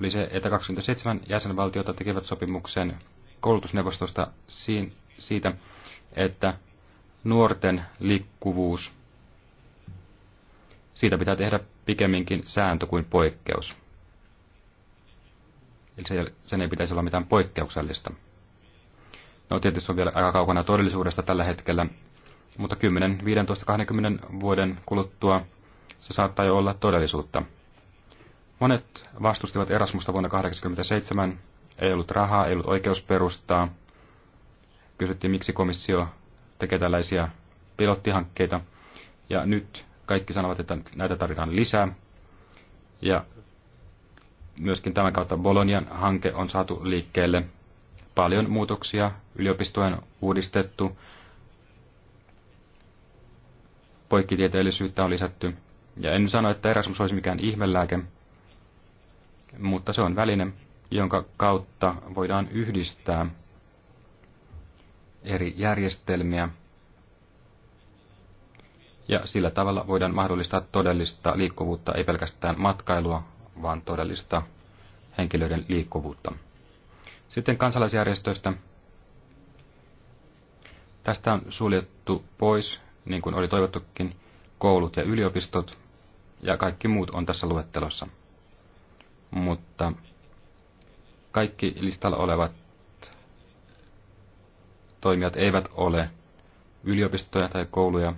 C: oli se, että 27 jäsenvaltiota tekevät sopimuksen koulutusneuvostosta siitä, että nuorten liikkuvuus, siitä pitää tehdä pikemminkin sääntö kuin poikkeus. Eli sen ei pitäisi olla mitään poikkeuksellista. No tietysti on vielä aika kaukana todellisuudesta tällä hetkellä, mutta 10, 15, 20 vuoden kuluttua se saattaa jo olla todellisuutta. Monet vastustivat Erasmusta vuonna 1987. Ei ollut rahaa, ei ollut oikeusperustaa. Kysyttiin, miksi komissio tekee tällaisia pilottihankkeita. Ja nyt kaikki sanovat, että näitä tarvitaan lisää. Ja myöskin tämän kautta Bolonian hanke on saatu liikkeelle. Paljon muutoksia, yliopistojen uudistettu, poikkitieteellisyyttä on lisätty. Ja en sano, että Erasmus olisi mikään ihmelääke, mutta se on väline, jonka kautta voidaan yhdistää eri järjestelmiä ja sillä tavalla voidaan mahdollistaa todellista liikkuvuutta, ei pelkästään matkailua, vaan todellista henkilöiden liikkuvuutta. Sitten kansalaisjärjestöistä. Tästä on suljettu pois, niin kuin oli toivottukin, koulut ja yliopistot, ja kaikki muut on tässä luettelossa mutta kaikki listalla olevat toimijat eivät ole yliopistoja tai kouluja.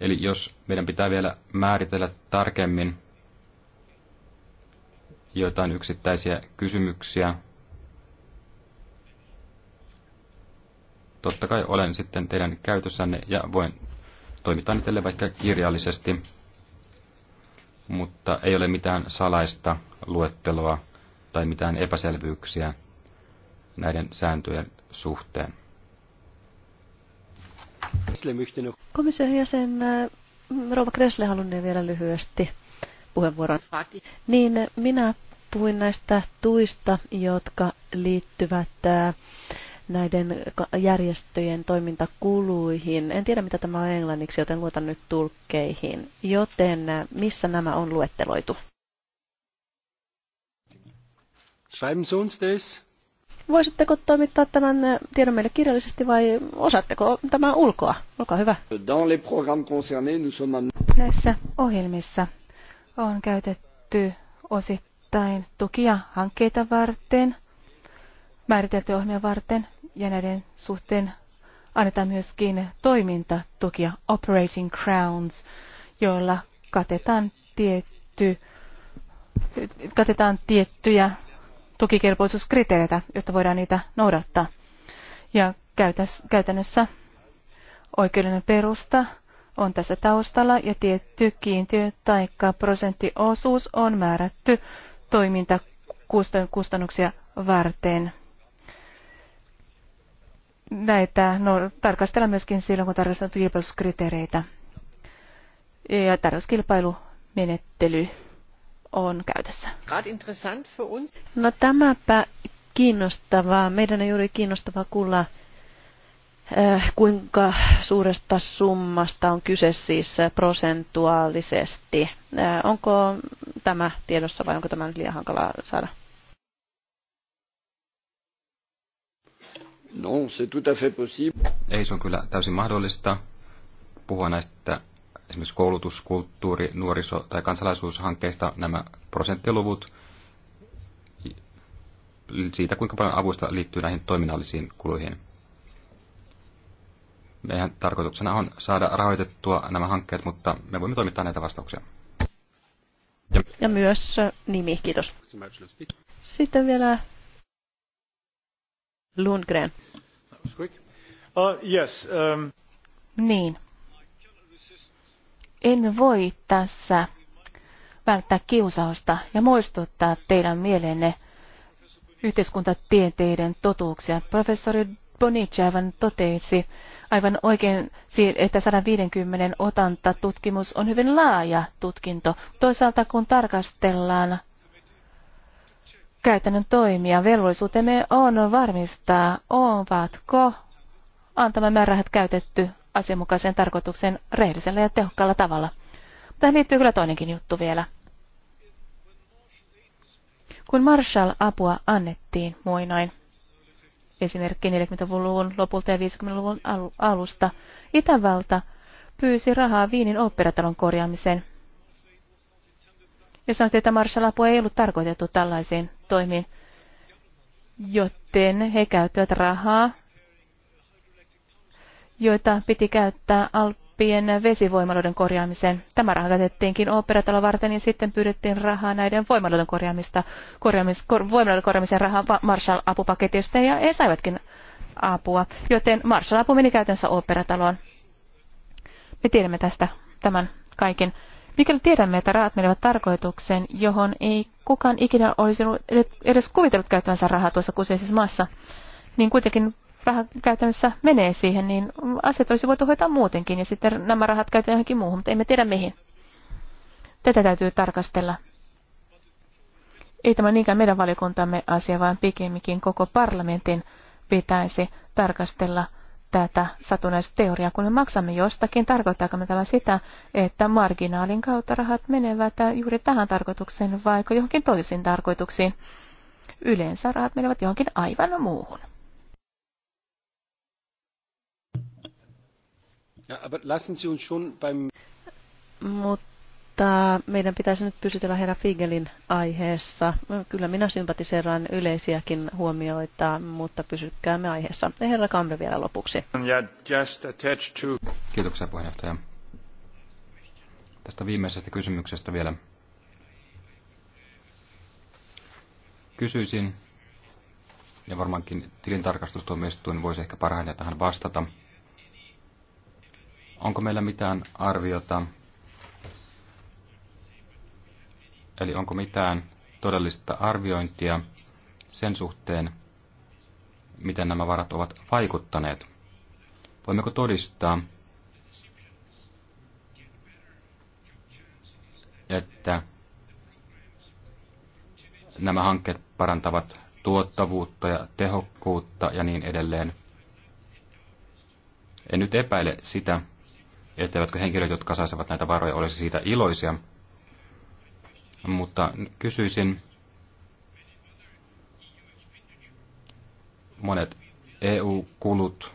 C: Eli jos meidän pitää vielä määritellä tarkemmin joitain yksittäisiä kysymyksiä, totta kai olen sitten teidän käytössänne ja voin toimittaa teille vaikka kirjallisesti mutta ei ole mitään salaista luetteloa tai mitään epäselvyyksiä näiden sääntöjen suhteen.
A: Komission jäsen äh, Rova Kresle halunnee vielä lyhyesti puheenvuoron. Niin äh, minä puhuin näistä tuista, jotka liittyvät äh, näiden järjestöjen toimintakuluihin. En tiedä, mitä tämä on englanniksi, joten luotan nyt tulkkeihin. Joten äh, missä nämä on luetteloitu?
B: Schreiben Sie uns das.
A: Voisitteko toimittaa tämän äh, tiedon meille kirjallisesti vai osaatteko tämä ulkoa? Olkaa hyvä.
B: Dans les programmes concernés, nous sommes...
A: Näissä ohjelmissa on
D: käytetty osittain tukia hankkeita varten, määriteltyä ohjelmia varten ja näiden suhteen annetaan myöskin toimintatukia, operating crowns, joilla katetaan, tietty, katetaan tiettyjä tukikelpoisuuskriteereitä, jotta voidaan niitä noudattaa. Ja käytännössä oikeudellinen perusta on tässä taustalla ja tietty kiintiö tai prosenttiosuus on määrätty toimintakustannuksia varten näitä no, tarkastellaan myöskin silloin, kun tarkastellaan kilpailukriteereitä. Ja tarjouskilpailumenettely on käytössä.
A: No tämäpä kiinnostavaa. Meidän on juuri kiinnostavaa kuulla, eh, kuinka suuresta summasta on kyse siis eh, prosentuaalisesti. Eh, onko tämä tiedossa vai onko tämä liian hankala saada
B: No, c'est tout à fait possible.
C: Ei, se on kyllä täysin mahdollista puhua näistä esimerkiksi koulutus, kulttuuri, nuoriso- tai kansalaisuushankkeista nämä prosenttiluvut siitä, kuinka paljon avusta liittyy näihin toiminnallisiin kuluihin. Meidän tarkoituksena on saada rahoitettua nämä hankkeet, mutta me voimme toimittaa näitä vastauksia. Ja,
A: ja myös nimi, kiitos. Sitten vielä Lundgren.
B: Uh, yes, um,
D: Niin. En voi tässä välttää kiusausta ja muistuttaa teidän mieleenne yhteiskuntatieteiden totuuksia. Professori Bonici aivan totesi aivan oikein, että 150 otanta tutkimus on hyvin laaja tutkinto. Toisaalta kun tarkastellaan käytännön toimia. Velvollisuutemme on varmistaa, ovatko antamme määrähät käytetty asianmukaiseen tarkoitukseen rehellisellä ja tehokkaalla tavalla. Tähän liittyy kyllä toinenkin juttu vielä. Kun Marshall-apua annettiin muinoin, esimerkki 40-luvun lopulta ja 50-luvun alusta, Itävalta pyysi rahaa Viinin oopperatalon korjaamiseen – ja sanottiin, että Marshall-apu ei ollut tarkoitettu tällaisiin toimiin, joten he käyttivät rahaa, joita piti käyttää Alppien vesivoimaloiden korjaamiseen. Tämä raha käytettiinkin operatalo varten ja sitten pyydettiin rahaa näiden voimaloiden, korjaamista, korjaamis, kor, voimaloiden korjaamisen rahaa Marshall-apupaketista ja he saivatkin apua, joten Marshall-apu meni käytännössä operataloon. Me tiedämme tästä tämän kaiken. Mikäli tiedämme, että rahat menevät tarkoitukseen, johon ei kukaan ikinä olisi edes kuvitellut käyttävänsä rahaa tuossa kuseisessa maassa, niin kuitenkin raha käytännössä menee siihen, niin asiat olisi voitu hoitaa muutenkin ja sitten nämä rahat käytetään johonkin muuhun, mutta emme tiedä mihin. Tätä täytyy tarkastella. Ei tämä niinkään meidän valiokuntamme asia, vaan pikemminkin koko parlamentin pitäisi tarkastella tätä teoriaa, Kun me maksamme jostakin, tarkoittaako me tämä sitä, että marginaalin kautta rahat menevät juuri tähän tarkoitukseen vai johonkin toisiin tarkoituksiin? Yleensä rahat menevät johonkin
A: aivan muuhun.
B: Ja, aber lassen Sie uns schon beim...
A: Mutta mutta meidän pitäisi nyt pysytellä herra Figelin aiheessa. Kyllä minä sympatiseeraan yleisiäkin huomioita, mutta pysykäämme aiheessa. Herra Kamre vielä lopuksi.
C: Kiitoksia puheenjohtaja. Tästä viimeisestä kysymyksestä vielä. Kysyisin, ja varmaankin tilintarkastustuomioistuin voisi ehkä parhaiten tähän vastata. Onko meillä mitään arviota Eli onko mitään todellista arviointia sen suhteen, miten nämä varat ovat vaikuttaneet? Voimmeko todistaa, että nämä hankkeet parantavat tuottavuutta ja tehokkuutta ja niin edelleen. En nyt epäile sitä, etteivätkö henkilöt, jotka saisivat näitä varoja, olisi siitä iloisia, mutta kysyisin, monet EU-kulut,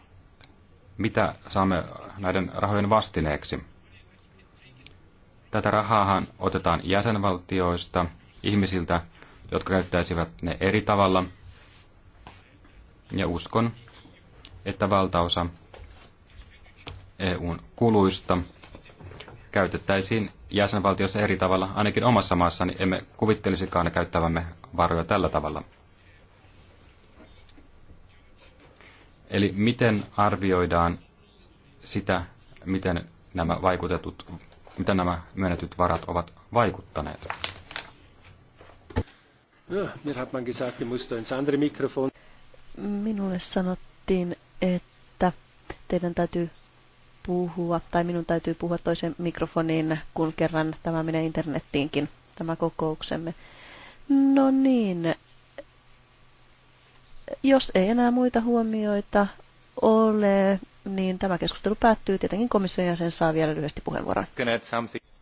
C: mitä saamme näiden rahojen vastineeksi? Tätä rahaahan otetaan jäsenvaltioista, ihmisiltä, jotka käyttäisivät ne eri tavalla. Ja uskon, että valtaosa EUn kuluista – käytettäisiin jäsenvaltiossa eri tavalla, ainakin omassa maassani emme kuvittelisikaan käyttävämme varoja tällä tavalla. Eli miten arvioidaan sitä, miten nämä vaikutetut, miten nämä myönnetyt varat ovat vaikuttaneet?
A: Minulle sanottiin, että teidän täytyy puhua, tai minun täytyy puhua toisen mikrofoniin, kun kerran tämä menee internettiinkin, tämä kokouksemme. No niin, jos ei enää muita huomioita ole, niin tämä keskustelu päättyy. Tietenkin komission jäsen saa vielä lyhyesti puheenvuoron.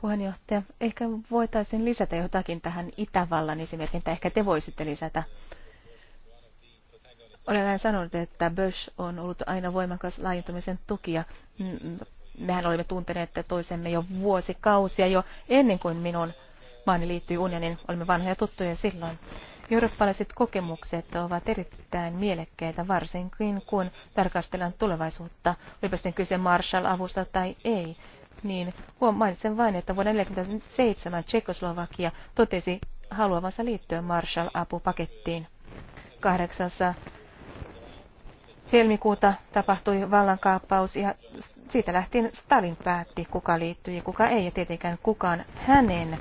A: Puheenjohtaja,
D: ehkä voitaisiin lisätä jotakin tähän Itävallan esimerkin, tai ehkä te voisitte lisätä olen aina sanonut, että Bush on ollut aina voimakas laajentumisen tukija. Mehän olimme tunteneet toisemme jo vuosikausia, jo ennen kuin minun maani liittyi unionin. Olimme vanhoja tuttuja silloin. Eurooppalaiset kokemukset ovat erittäin mielekkäitä, varsinkin kun tarkastellaan tulevaisuutta, olipa sitten kyse Marshall-avusta tai ei. Niin mainitsen vain, että vuonna 1947 Tsekoslovakia totesi haluavansa liittyä Marshall-apupakettiin. 8 helmikuuta tapahtui vallankaappaus ja siitä lähtien Stalin päätti, kuka liittyi, ja kuka ei. Ja tietenkään kukaan hänen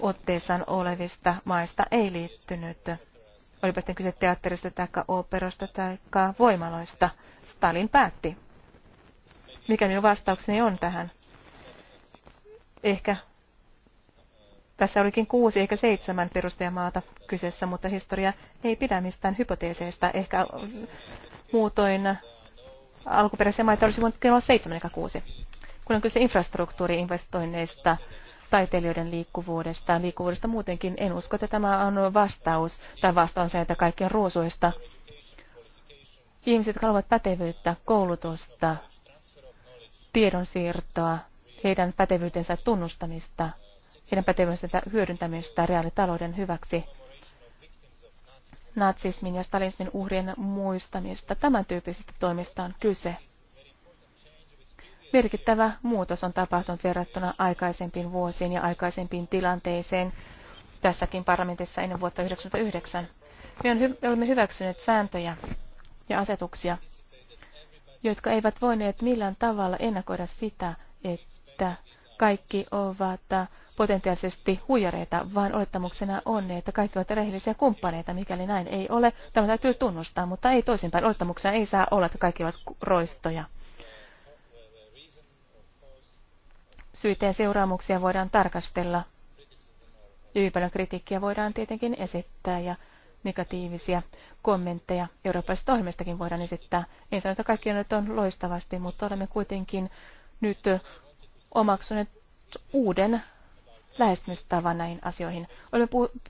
D: otteessaan olevista maista ei liittynyt. Olipa sitten kyse teatterista tai operosta tai voimaloista. Stalin päätti. Mikä minun vastaukseni on tähän? Ehkä tässä olikin kuusi eikä seitsemän perustajamaata kyseessä, mutta historia ei pidä mistään hypoteeseista. Ehkä Muutoin alkuperäisiä maita olisi voinut olla 7 eikä 6. Kun on kyse infrastruktuuriinvestoinneista, taiteilijoiden liikkuvuudesta, liikkuvuudesta muutenkin, en usko, että tämä on vastaus, tai on se, että kaikki on ruusuista. Ihmiset haluavat pätevyyttä, koulutusta, tiedonsiirtoa, heidän pätevyytensä tunnustamista, heidän pätevyytensä hyödyntämistä reaalitalouden hyväksi natsismin ja stalinismin uhrien muistamista. Tämän tyyppisistä toimista on kyse. Merkittävä muutos on tapahtunut verrattuna aikaisempiin vuosiin ja aikaisempiin tilanteisiin tässäkin parlamentissa ennen vuotta 1999. Me olemme hyväksyneet sääntöjä ja asetuksia, jotka eivät voineet millään tavalla ennakoida sitä, että kaikki ovat potentiaalisesti huijareita, vaan olettamuksena on, että kaikki ovat rehellisiä kumppaneita. Mikäli näin ei ole, tämä täytyy tunnustaa, mutta ei toisinpäin. Olettamuksena ei saa olla, että kaikki ovat roistoja. Syyteen seuraamuksia voidaan tarkastella. Hyvin kritiikkiä voidaan tietenkin esittää ja negatiivisia kommentteja eurooppalaisista ohjelmistakin voidaan esittää. En sano, että kaikki nyt on loistavasti, mutta olemme kuitenkin nyt omaksuneet uuden lähestymistavan näihin asioihin. Olemme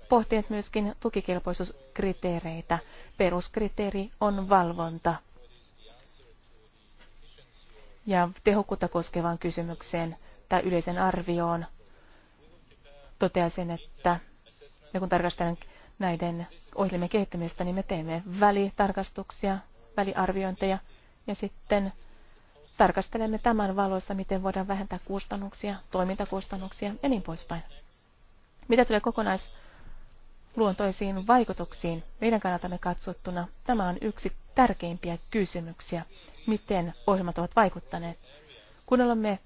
D: pohtineet myöskin tukikelpoisuuskriteereitä. Peruskriteeri on valvonta. Ja tehokkuutta koskevaan kysymykseen tai yleisen arvioon toteaisin, että ja kun tarkastellaan näiden ohjelmien kehittämistä, niin me teemme välitarkastuksia, väliarviointeja ja sitten tarkastelemme tämän valossa, miten voidaan vähentää kustannuksia, toimintakustannuksia ja niin poispäin. Mitä tulee kokonaisluontoisiin vaikutuksiin, meidän kannatamme katsottuna tämä on yksi tärkeimpiä kysymyksiä, miten ohjelmat ovat vaikuttaneet. Kun olemme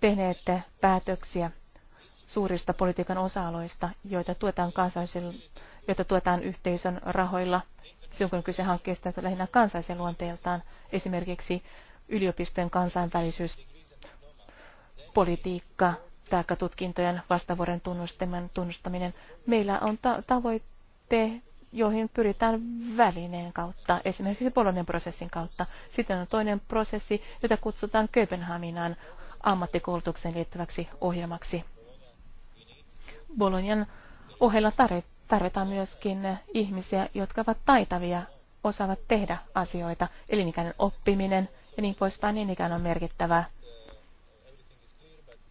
D: tehneet päätöksiä suurista politiikan osa-aloista, joita tuetaan, joita tuetaan yhteisön rahoilla, silloin kun kyse hankkeesta lähinnä kansaisen luonteeltaan, esimerkiksi yliopistojen kansainvälisyyspolitiikka taikka tutkintojen vastavuoren tunnustaminen. Meillä on ta- tavoitte, joihin pyritään välineen kautta, esimerkiksi Bolonian prosessin kautta. Sitten on toinen prosessi, jota kutsutaan Kööpenhaminan ammattikoulutukseen liittyväksi ohjelmaksi. Bolonian ohella tarvitaan myöskin ihmisiä, jotka ovat taitavia, osaavat tehdä asioita, elinikäinen oppiminen, ja niin poispäin, niin ikään on merkittävää.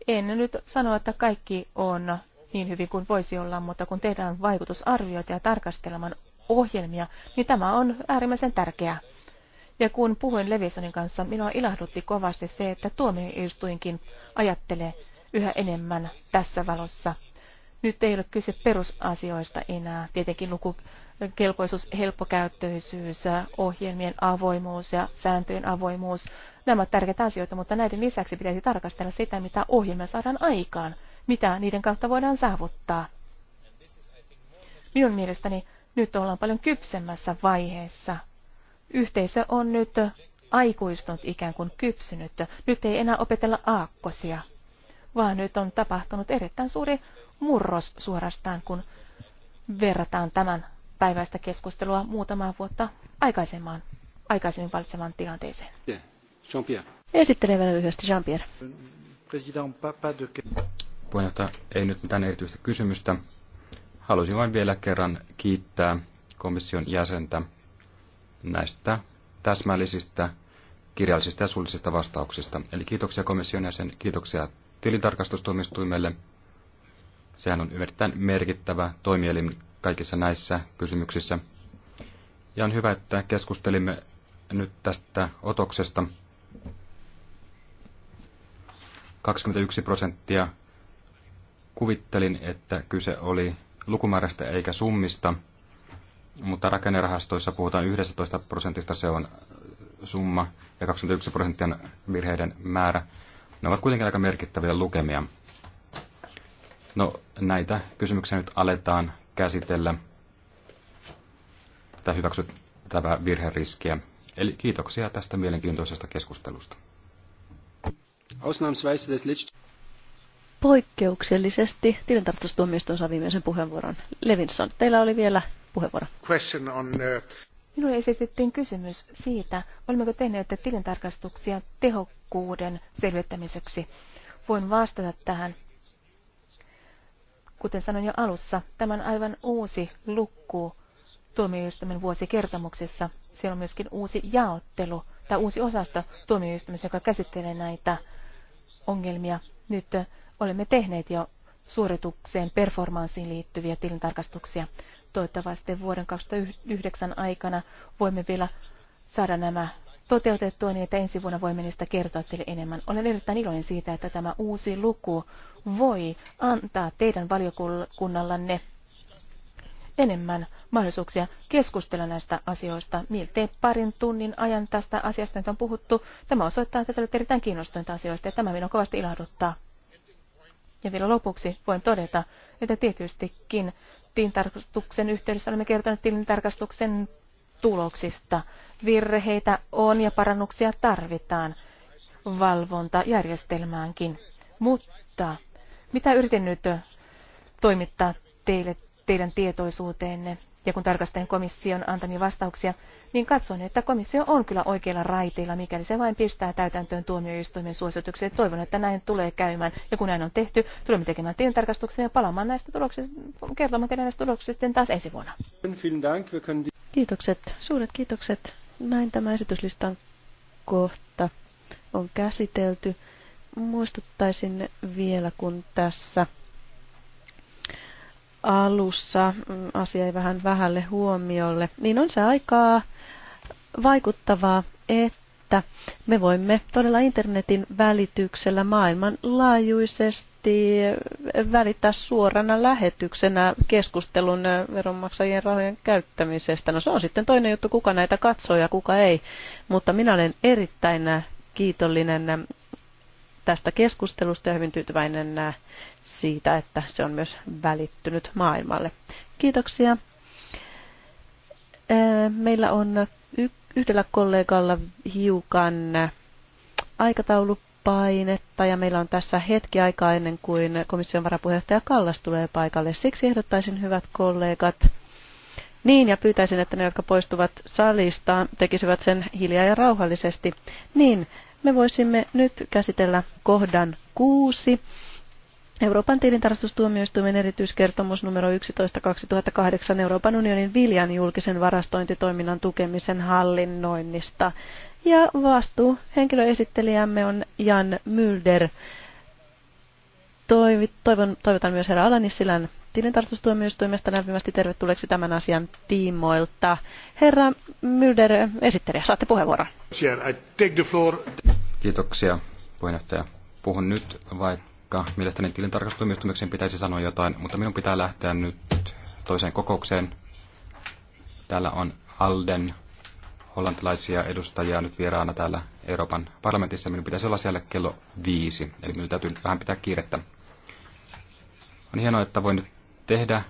D: En nyt sano, että kaikki on niin hyvin kuin voisi olla, mutta kun tehdään vaikutusarvioita ja tarkastelman ohjelmia, niin tämä on äärimmäisen tärkeää. Ja kun puhuin Levisonin kanssa, minua ilahdutti kovasti se, että tuomioistuinkin ajattelee yhä enemmän tässä valossa. Nyt ei ole kyse perusasioista enää. Tietenkin luku, kelpoisuus, helppokäyttöisyys, ohjelmien avoimuus ja sääntöjen avoimuus. Nämä ovat tärkeitä asioita, mutta näiden lisäksi pitäisi tarkastella sitä, mitä ohjelmia saadaan aikaan, mitä niiden kautta voidaan saavuttaa. Minun mielestäni nyt ollaan paljon kypsemmässä vaiheessa. Yhteisö on nyt aikuistunut ikään kuin kypsynyt. Nyt ei enää opetella aakkosia, vaan nyt on tapahtunut erittäin suuri murros suorastaan, kun verrataan tämän päiväistä keskustelua muutamaa vuotta aikaisemmin, aikaisemmin valitsemaan tilanteeseen. Jean-Pierre. Esittelen vielä lyhyesti
A: Jean-Pierre.
C: Puheenjohtaja, ei nyt mitään erityistä kysymystä. Haluaisin vain vielä kerran kiittää komission jäsentä näistä täsmällisistä kirjallisista ja suullisista vastauksista. Eli kiitoksia komission jäsen, kiitoksia tilintarkastustuomistuimelle. Sehän on erittäin merkittävä toimielin kaikissa näissä kysymyksissä. Ja on hyvä, että keskustelimme nyt tästä otoksesta. 21 prosenttia kuvittelin, että kyse oli lukumäärästä eikä summista, mutta rakennerahastoissa puhutaan 11 prosentista, se on summa, ja 21 prosenttia virheiden määrä. Ne ovat kuitenkin aika merkittäviä lukemia. No, näitä kysymyksiä nyt aletaan käsitellä tätä hyväksyttävää virheriskiä. Eli kiitoksia tästä mielenkiintoisesta keskustelusta.
A: Poikkeuksellisesti tilintarkastustuomioistuin saa viimeisen puheenvuoron. Levinson, teillä oli vielä
B: puheenvuoro. Uh, Minulle
D: esitettiin kysymys siitä, olemmeko tehneet tilintarkastuksia tehokkuuden selvittämiseksi. Voin vastata tähän. Kuten sanoin jo alussa, tämä on aivan uusi lukku tuomioistuimen vuosikertomuksessa. Siellä on myöskin uusi jaottelu tai uusi osasto tuomioistuimessa, joka käsittelee näitä ongelmia. Nyt olemme tehneet jo suoritukseen performanssiin liittyviä tilintarkastuksia. Toivottavasti vuoden 2009 aikana voimme vielä saada nämä toteutettua niin, että ensi vuonna voimme niistä kertoa teille enemmän. Olen erittäin iloinen siitä, että tämä uusi luku voi antaa teidän valiokunnallanne enemmän mahdollisuuksia keskustella näistä asioista. Miltei parin tunnin ajan tästä asiasta nyt on puhuttu. Tämä osoittaa, että olette erittäin kiinnostuneita asioista ja tämä minua kovasti ilahduttaa. Ja vielä lopuksi voin todeta, että tietystikin tilintarkastuksen yhteydessä olemme kertoneet tilintarkastuksen tuloksista. Virheitä on ja parannuksia tarvitaan valvontajärjestelmäänkin. Mutta mitä yritin nyt toimittaa teille, teidän tietoisuuteenne ja kun tarkastelen komission antamia vastauksia, niin katson, että komissio on kyllä oikeilla raiteilla, mikäli se vain pistää täytäntöön tuomioistuimen suositukset. Toivon, että näin tulee käymään. Ja kun näin on tehty, tulemme tekemään tilintarkastuksen ja palaamaan näistä tuloksista,
A: kertomaan teille näistä tuloksista sitten taas ensi vuonna. Kiitokset, suuret kiitokset. Näin tämä esityslistan kohta on käsitelty. Muistuttaisin vielä, kun tässä alussa mm, asia ei vähän vähälle huomiolle, niin on se aikaa vaikuttavaa, että me voimme todella internetin välityksellä maailmanlaajuisesti välittää suorana lähetyksenä keskustelun veronmaksajien rahojen käyttämisestä. No se on sitten toinen juttu, kuka näitä katsoo ja kuka ei, mutta minä olen erittäin kiitollinen tästä keskustelusta ja hyvin tyytyväinen äh, siitä, että se on myös välittynyt maailmalle. Kiitoksia. Äh, meillä on yhdellä kollegalla hiukan aikataulupainetta ja meillä on tässä hetki aikaa ennen kuin komission varapuheenjohtaja Kallas tulee paikalle. Siksi ehdottaisin hyvät kollegat, niin, ja pyytäisin, että ne, jotka poistuvat salista, tekisivät sen hiljaa ja rauhallisesti. Niin, me voisimme nyt käsitellä kohdan kuusi. Euroopan tilintarastustuomioistuimen erityiskertomus numero 11 2008 Euroopan unionin viljan julkisen varastointitoiminnan tukemisen hallinnoinnista. Ja vastuu henkilöesittelijämme on Jan Mylder. Toivon, toivotan myös herra Alanissilän tilintarkastustuomioistuimesta lämpimästi tervetulleeksi tämän asian tiimoilta. Herra Mylder, esittelijä, saatte puheenvuoron.
C: Kiitoksia, puheenjohtaja. Puhun nyt, vaikka mielestäni tilintarkastustuomioistuimeksen pitäisi sanoa jotain, mutta minun pitää lähteä nyt toiseen kokoukseen. Täällä on Alden hollantilaisia edustajia nyt vieraana täällä Euroopan parlamentissa. Minun pitäisi olla siellä kello viisi, eli minun täytyy vähän pitää kiirettä. On hienoa, että voin nyt tehdä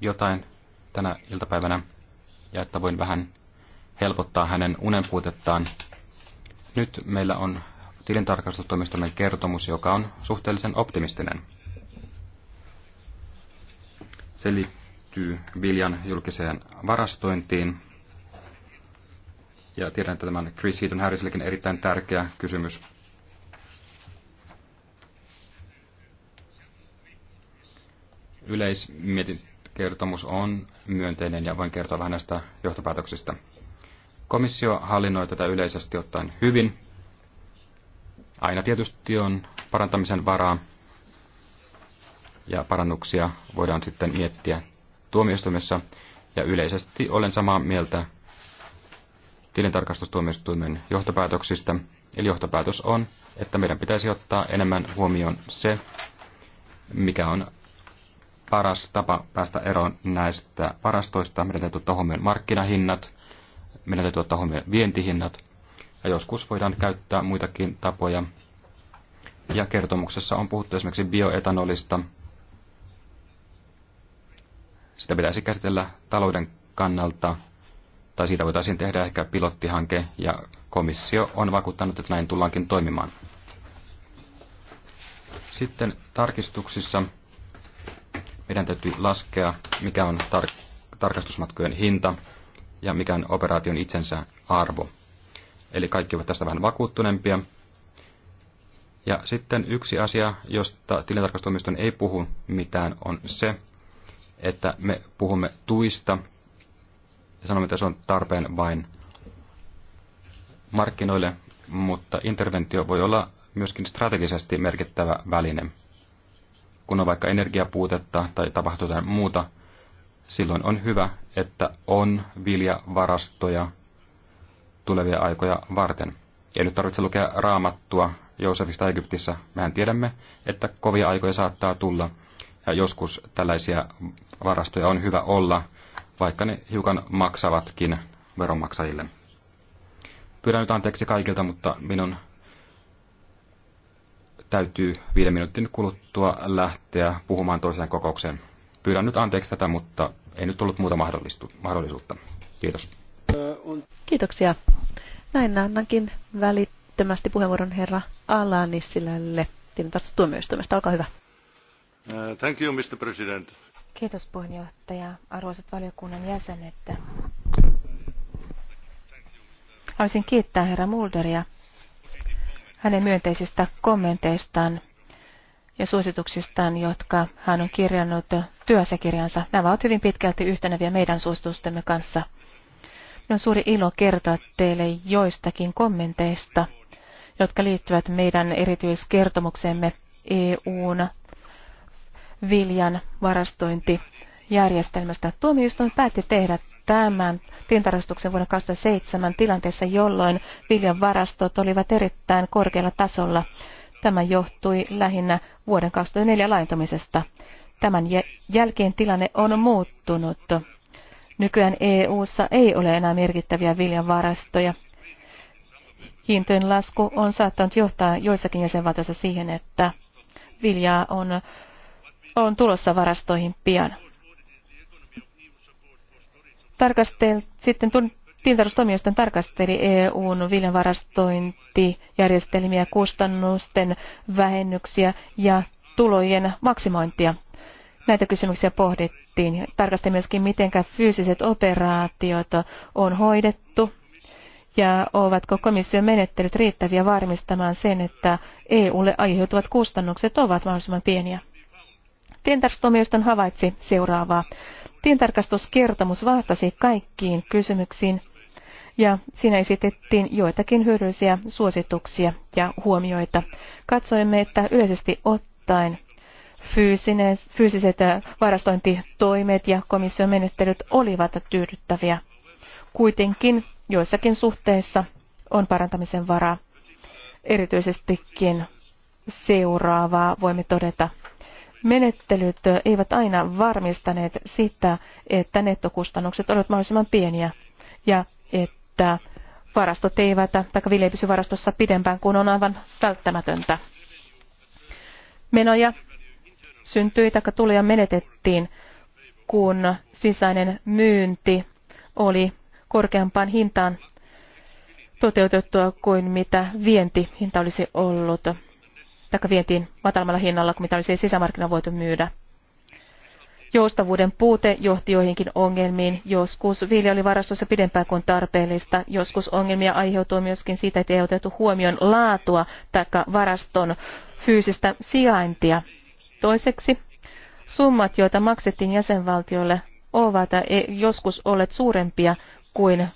C: jotain tänä iltapäivänä ja että voin vähän helpottaa hänen unenpuutettaan. Nyt meillä on tilintarkastustoimistomme kertomus, joka on suhteellisen optimistinen. Se liittyy viljan julkiseen varastointiin. Ja tiedän, että tämän Chris Heaton Harrisillekin erittäin tärkeä kysymys. yleismietikertomus on myönteinen ja voin kertoa vähän näistä johtopäätöksistä. Komissio hallinnoi tätä yleisesti ottaen hyvin. Aina tietysti on parantamisen varaa ja parannuksia voidaan sitten miettiä tuomioistuimessa. Ja yleisesti olen samaa mieltä tilintarkastustuomioistuimen johtopäätöksistä. Eli johtopäätös on, että meidän pitäisi ottaa enemmän huomioon se, mikä on paras tapa päästä eroon näistä varastoista. Meidän täytyy ottaa huomioon markkinahinnat, meidän täytyy ottaa huomioon vientihinnat, ja joskus voidaan käyttää muitakin tapoja. Ja kertomuksessa on puhuttu esimerkiksi bioetanolista. Sitä pitäisi käsitellä talouden kannalta, tai siitä voitaisiin tehdä ehkä pilottihanke, ja komissio on vakuuttanut, että näin tullaankin toimimaan. Sitten tarkistuksissa meidän täytyy laskea, mikä on tar- tarkastusmatkojen hinta ja mikä on operaation itsensä arvo. Eli kaikki ovat tästä vähän vakuuttuneempia. Ja sitten yksi asia, josta tilintarkastustoimiston ei puhu mitään, on se, että me puhumme tuista ja sanomme, että se on tarpeen vain markkinoille, mutta interventio voi olla myöskin strategisesti merkittävä väline kun on vaikka energiapuutetta tai tapahtuu jotain muuta, silloin on hyvä, että on viljavarastoja tulevia aikoja varten. Ei nyt tarvitse lukea raamattua Joosefista Egyptissä. Mehän tiedämme, että kovia aikoja saattaa tulla, ja joskus tällaisia varastoja on hyvä olla, vaikka ne hiukan maksavatkin veronmaksajille. Pyydän nyt anteeksi kaikilta, mutta minun täytyy viiden minuutin kuluttua lähteä puhumaan toiseen kokoukseen. Pyydän nyt anteeksi tätä, mutta ei nyt ollut muuta mahdollisuutta. Kiitos.
A: Kiitoksia. Näin annankin välittömästi puheenvuoron herra Alanissilälle tilintarkastustuomioistuimesta. Olkaa hyvä.
B: Uh, thank you, Mr. President.
D: Kiitos puheenjohtaja, arvoisat valiokunnan jäsenet. Haluaisin kiittää herra Mulderia hänen myönteisistä kommenteistaan ja suosituksistaan, jotka hän on kirjannut työsäkirjansa. Nämä ovat hyvin pitkälti yhteneviä meidän suositustemme kanssa. On suuri ilo kertoa teille joistakin kommenteista, jotka liittyvät meidän erityiskertomuksemme EUn viljan varastointijärjestelmästä. Tuomioistuin päätti tehdä tämän tilintarkastuksen vuonna 2007 tilanteessa, jolloin viljan varastot olivat erittäin korkealla tasolla. Tämä johtui lähinnä vuoden 2004 laajentumisesta. Tämän jälkeen tilanne on muuttunut. Nykyään EU:ssa ei ole enää merkittäviä viljan varastoja. Hintojen lasku on saattanut johtaa joissakin jäsenvaltioissa siihen, että viljaa on, on tulossa varastoihin pian tarkastel, sitten tilintarkastustoimijoiden tarkasteli EUn viljanvarastointijärjestelmiä, kustannusten vähennyksiä ja tulojen maksimointia. Näitä kysymyksiä pohdittiin. Tarkasti myöskin, miten fyysiset operaatiot on hoidettu ja ovatko komission menettelyt riittäviä varmistamaan sen, että EUlle aiheutuvat kustannukset ovat mahdollisimman pieniä. Tientarstomioston havaitsi seuraavaa. Tilintarkastuskertomus vastasi kaikkiin kysymyksiin ja siinä esitettiin joitakin hyödyllisiä suosituksia ja huomioita. Katsoimme, että yleisesti ottaen fyysiset äh, varastointitoimet ja komission menettelyt olivat tyydyttäviä. Kuitenkin joissakin suhteissa on parantamisen varaa. Erityisestikin seuraavaa voimme todeta menettelyt eivät aina varmistaneet sitä, että nettokustannukset olivat mahdollisimman pieniä ja että varastot eivät, tai ei pysy varastossa pidempään kuin on aivan välttämätöntä. Menoja syntyi tai tuloja menetettiin, kun sisäinen myynti oli korkeampaan hintaan toteutettua kuin mitä vientihinta olisi ollut tai vietiin matalammalla hinnalla kuin mitä olisi sisämarkkina voitu myydä. Joustavuuden puute johti joihinkin ongelmiin. Joskus vilja oli varastossa pidempään kuin tarpeellista. Joskus ongelmia aiheutuu myöskin siitä, että ei otettu huomioon laatua tai varaston fyysistä sijaintia. Toiseksi, summat, joita maksettiin jäsenvaltiolle, ovat e, joskus olleet suurempia kuin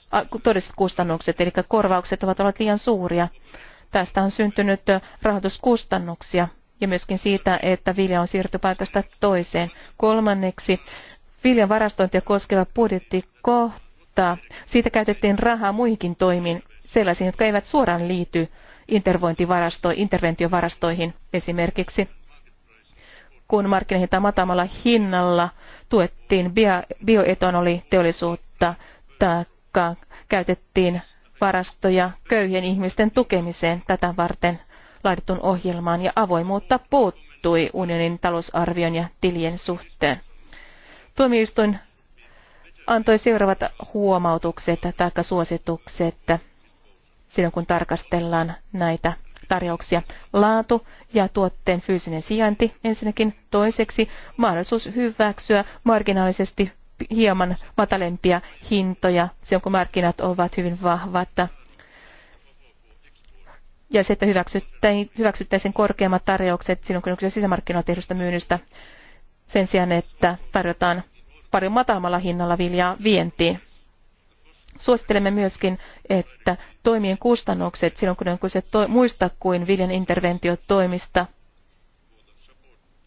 D: todelliset kustannukset, eli korvaukset ovat olleet liian suuria. Tästä on syntynyt rahoituskustannuksia ja myöskin siitä, että vilja on siirtynyt paikasta toiseen. Kolmanneksi viljan varastointia koskeva budjettikohta. Siitä käytettiin rahaa muihinkin toimiin, sellaisiin, jotka eivät suoraan liity interventiovarastoihin esimerkiksi kun markkinahinta matamalla hinnalla tuettiin bioetanoliteollisuutta taikka käytettiin varastoja köyhien ihmisten tukemiseen tätä varten laadittuun ohjelmaan ja avoimuutta puuttui unionin talousarvion ja tilien suhteen. Tuomioistuin antoi seuraavat huomautukset tai suositukset silloin, kun tarkastellaan näitä tarjouksia. Laatu ja tuotteen fyysinen sijainti ensinnäkin. Toiseksi mahdollisuus hyväksyä marginaalisesti hieman matalempia hintoja, silloin kun markkinat ovat hyvin vahvat. Ja se, että hyväksyttäisiin korkeammat tarjoukset silloin, kun on sisämarkkinoilla tehdystä myynnistä, sen sijaan, että tarjotaan paljon matalammalla hinnalla viljaa vientiin. Suosittelemme myöskin, että toimien kustannukset, silloin kun on kyse muista kuin viljan interventiotoimista,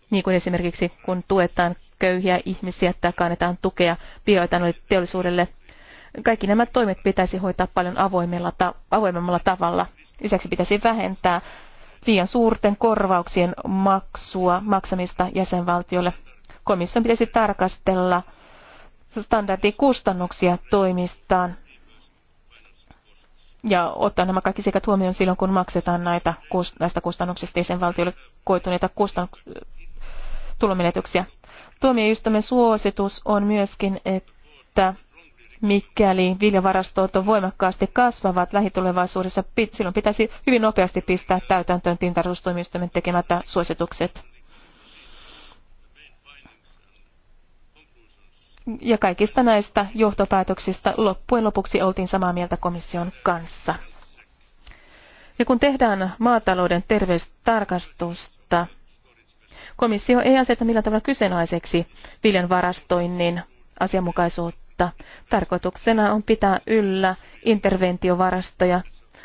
D: niin kuin esimerkiksi kun tuetaan köyhiä ihmisiä tai annetaan tukea bioetanoliteollisuudelle. Kaikki nämä toimet pitäisi hoitaa paljon avoimella ta- avoimemmalla tavalla. Lisäksi pitäisi vähentää liian suurten korvauksien maksua maksamista jäsenvaltiolle. Komission pitäisi tarkastella standardikustannuksia toimistaan ja ottaa nämä kaikki sekä huomioon silloin, kun maksetaan näitä, näistä kustannuksista jäsenvaltiolle koituneita kustannuk- tulomenetyksiä. Tuomioistuimen suositus on myöskin, että mikäli viljavarastot on voimakkaasti kasvavat lähitulevaisuudessa, silloin pitäisi hyvin nopeasti pistää täytäntöön tintarustoimistoimen tekemättä suositukset. Ja kaikista näistä johtopäätöksistä loppujen lopuksi oltiin samaa mieltä komission kanssa. Ja kun tehdään maatalouden terveystarkastusta, Komissio ei aseta millään tavalla kyseenalaiseksi viljan varastoinnin asianmukaisuutta. Tarkoituksena on pitää yllä interventiovarastoja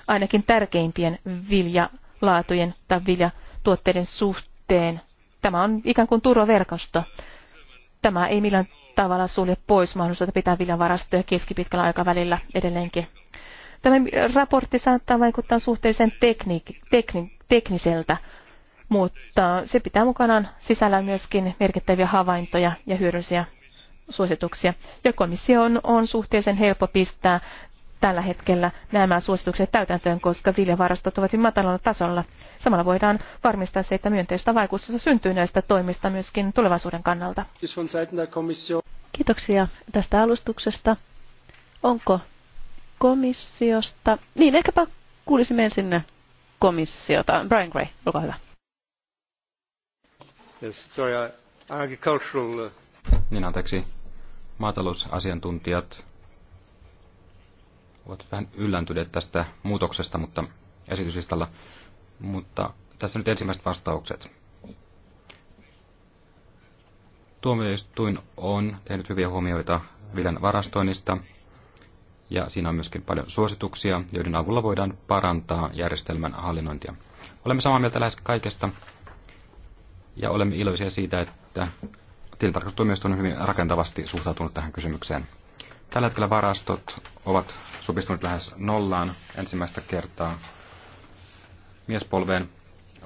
D: ainakin tärkeimpien viljalaatujen tai viljatuotteiden suhteen. Tämä on ikään kuin turvaverkosto. Tämä ei millään tavalla sulje pois mahdollisuutta pitää viljavarastoja keskipitkällä aikavälillä edelleenkin. Tämä raportti saattaa vaikuttaa suhteellisen tekni, tekni, tekniseltä, mutta se pitää mukanaan sisällä myöskin merkittäviä havaintoja ja hyödyllisiä suosituksia. Ja komissio on, on suhteellisen helppo pistää tällä hetkellä nämä suositukset täytäntöön, koska viljavarastot ovat hyvin matalalla tasolla. Samalla voidaan varmistaa se, että myönteistä vaikutusta syntyy näistä toimista myöskin tulevaisuuden kannalta.
A: Kiitoksia tästä alustuksesta. Onko komissiosta? Niin, ehkäpä kuulisimme ensin komissiota. Brian Gray, olkaa hyvä.
B: Uh, niin
C: anteeksi, maatalousasiantuntijat ovat vähän yllättyneet tästä muutoksesta, mutta esityslistalla. Mutta tässä nyt ensimmäiset vastaukset. Tuomioistuin on tehnyt hyviä huomioita viljan varastoinnista, ja siinä on myöskin paljon suosituksia, joiden avulla voidaan parantaa järjestelmän hallinnointia. Olemme samaa mieltä lähes kaikesta, ja olemme iloisia siitä, että tilintarkastustoimisto on hyvin rakentavasti suhtautunut tähän kysymykseen. Tällä hetkellä varastot ovat supistuneet lähes nollaan ensimmäistä kertaa miespolveen,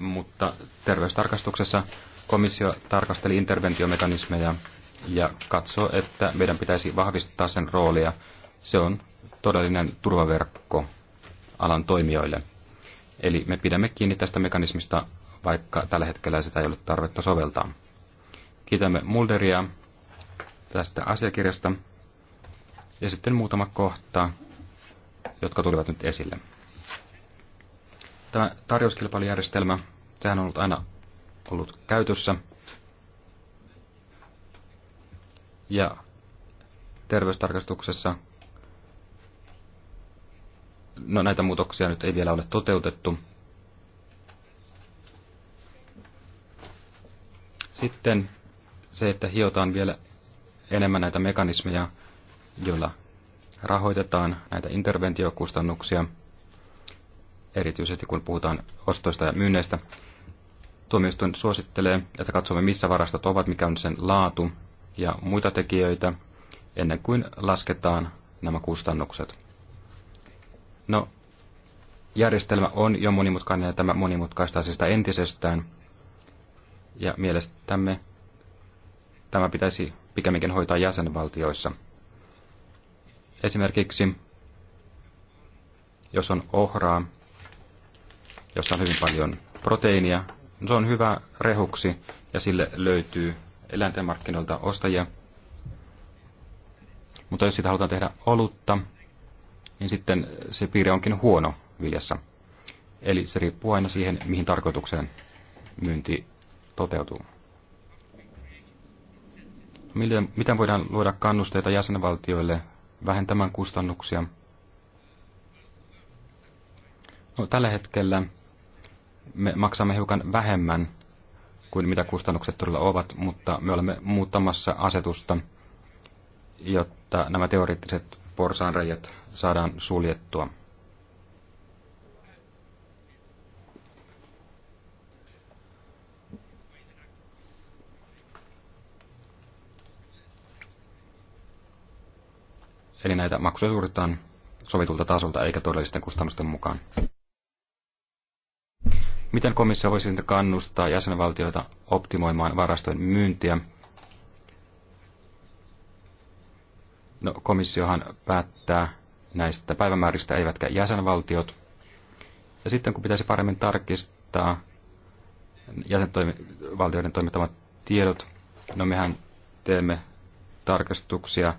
C: mutta terveystarkastuksessa komissio tarkasteli interventiomekanismeja ja katsoo, että meidän pitäisi vahvistaa sen roolia. Se on todellinen turvaverkko alan toimijoille. Eli me pidämme kiinni tästä mekanismista vaikka tällä hetkellä sitä ei ole tarvetta soveltaa. Kiitämme Mulderia tästä asiakirjasta ja sitten muutama kohta, jotka tulivat nyt esille. Tämä tarjouskilpailujärjestelmä, sehän on ollut aina ollut käytössä. Ja terveystarkastuksessa no näitä muutoksia nyt ei vielä ole toteutettu, Sitten se, että hiotaan vielä enemmän näitä mekanismeja, joilla rahoitetaan näitä interventiokustannuksia, erityisesti kun puhutaan ostoista ja myynneistä. Tuomioistuin suosittelee, että katsomme missä varastot ovat, mikä on sen laatu ja muita tekijöitä, ennen kuin lasketaan nämä kustannukset. No, järjestelmä on jo monimutkainen ja tämä monimutkaistaa sitä entisestään – ja mielestämme tämä pitäisi pikemminkin hoitaa jäsenvaltioissa. Esimerkiksi jos on ohraa, jossa on hyvin paljon proteiinia, se on hyvä rehuksi ja sille löytyy eläinten markkinoilta ostajia. Mutta jos siitä halutaan tehdä olutta, niin sitten se piirre onkin huono viljassa. Eli se riippuu aina siihen, mihin tarkoitukseen myynti toteutuu. Miten, miten voidaan luoda kannusteita jäsenvaltioille vähentämään kustannuksia? No, tällä hetkellä me maksamme hiukan vähemmän kuin mitä kustannukset todella ovat, mutta me olemme muuttamassa asetusta, jotta nämä teoreettiset porsaanreijät saadaan suljettua. Eli näitä maksuja suoritetaan sovitulta tasolta eikä todellisten kustannusten mukaan. Miten komissio voisi sitten kannustaa jäsenvaltioita optimoimaan varastojen myyntiä? No, komissiohan päättää näistä päivämääristä eivätkä jäsenvaltiot. Ja sitten kun pitäisi paremmin tarkistaa jäsenvaltioiden toimittamat tiedot, no mehän teemme tarkastuksia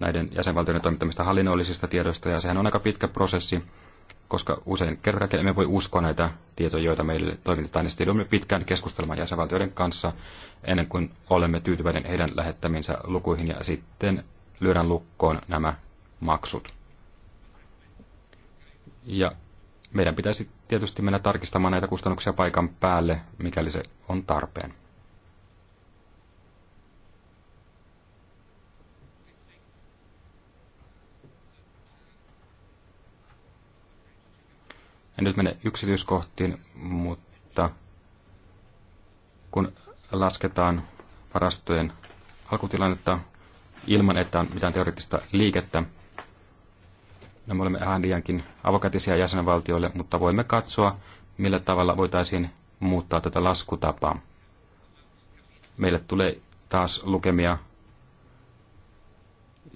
C: näiden jäsenvaltioiden toimittamista hallinnollisista tiedoista, ja sehän on aika pitkä prosessi, koska usein kerta emme voi uskoa näitä tietoja, joita meille toimitetaan, niin sitten joudumme pitkään keskustelemaan jäsenvaltioiden kanssa ennen kuin olemme tyytyväinen heidän lähettämiinsä lukuihin, ja sitten lyödään lukkoon nämä maksut. Ja meidän pitäisi tietysti mennä tarkistamaan näitä kustannuksia paikan päälle, mikäli se on tarpeen. En nyt mene yksityiskohtiin, mutta kun lasketaan varastojen alkutilannetta ilman, että on mitään teoreettista liikettä, no me olemme ihan liiankin avokätisiä jäsenvaltioille, mutta voimme katsoa, millä tavalla voitaisiin muuttaa tätä laskutapaa. Meille tulee taas lukemia,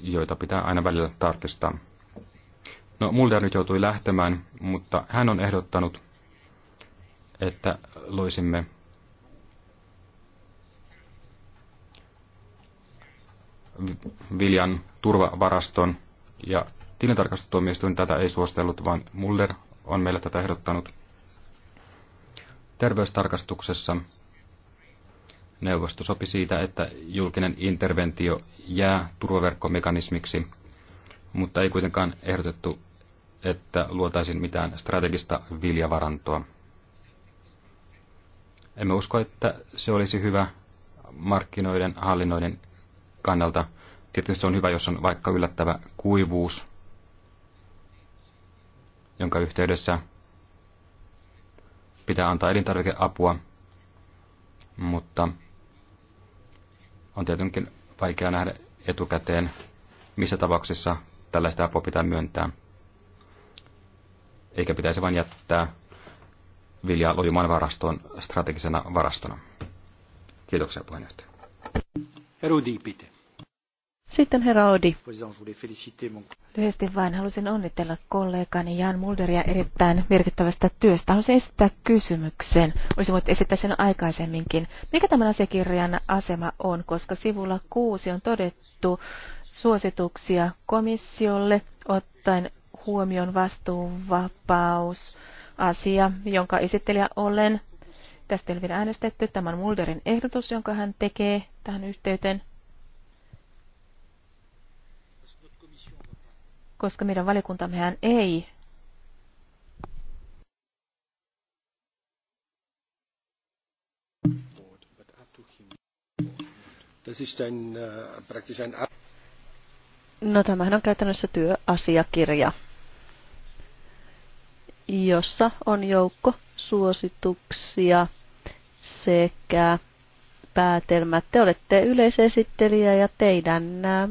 C: joita pitää aina välillä tarkistaa. No, Mulder nyt joutui lähtemään, mutta hän on ehdottanut, että loisimme viljan turvavaraston ja tilintarkastustuomioistuin tätä ei suostellut, vaan Muller on meille tätä ehdottanut. Terveystarkastuksessa neuvosto sopi siitä, että julkinen interventio jää turvaverkkomekanismiksi, mutta ei kuitenkaan ehdotettu että luotaisiin mitään strategista viljavarantoa. Emme usko, että se olisi hyvä markkinoiden hallinnoiden kannalta. Tietysti se on hyvä, jos on vaikka yllättävä kuivuus, jonka yhteydessä pitää antaa elintarvikeapua, mutta on tietenkin vaikea nähdä etukäteen, missä tapauksissa tällaista apua pitää myöntää eikä pitäisi vain jättää viljaa lojumaan varastoon strategisena varastona. Kiitoksia puheenjohtaja.
D: Sitten herra Odi. Lyhyesti vain halusin onnitella kollegani Jan Mulderia erittäin merkittävästä työstä. Haluaisin esittää kysymyksen. Olisin voinut esittää sen aikaisemminkin. Mikä tämän asiakirjan asema on, koska sivulla kuusi on todettu suosituksia komissiolle ottaen huomion vastuuvapaus, asia, jonka esittelijä olen. Tästä ei ole vielä äänestetty. Tämä on Mulderin ehdotus, jonka hän tekee tähän yhteyteen. Koska meidän valiokuntamme hän ei
B: siis eh,
A: No tämähän on käytännössä työasiakirja jossa on joukko suosituksia sekä päätelmät. Te olette yleisesittelijä ja teidän äh,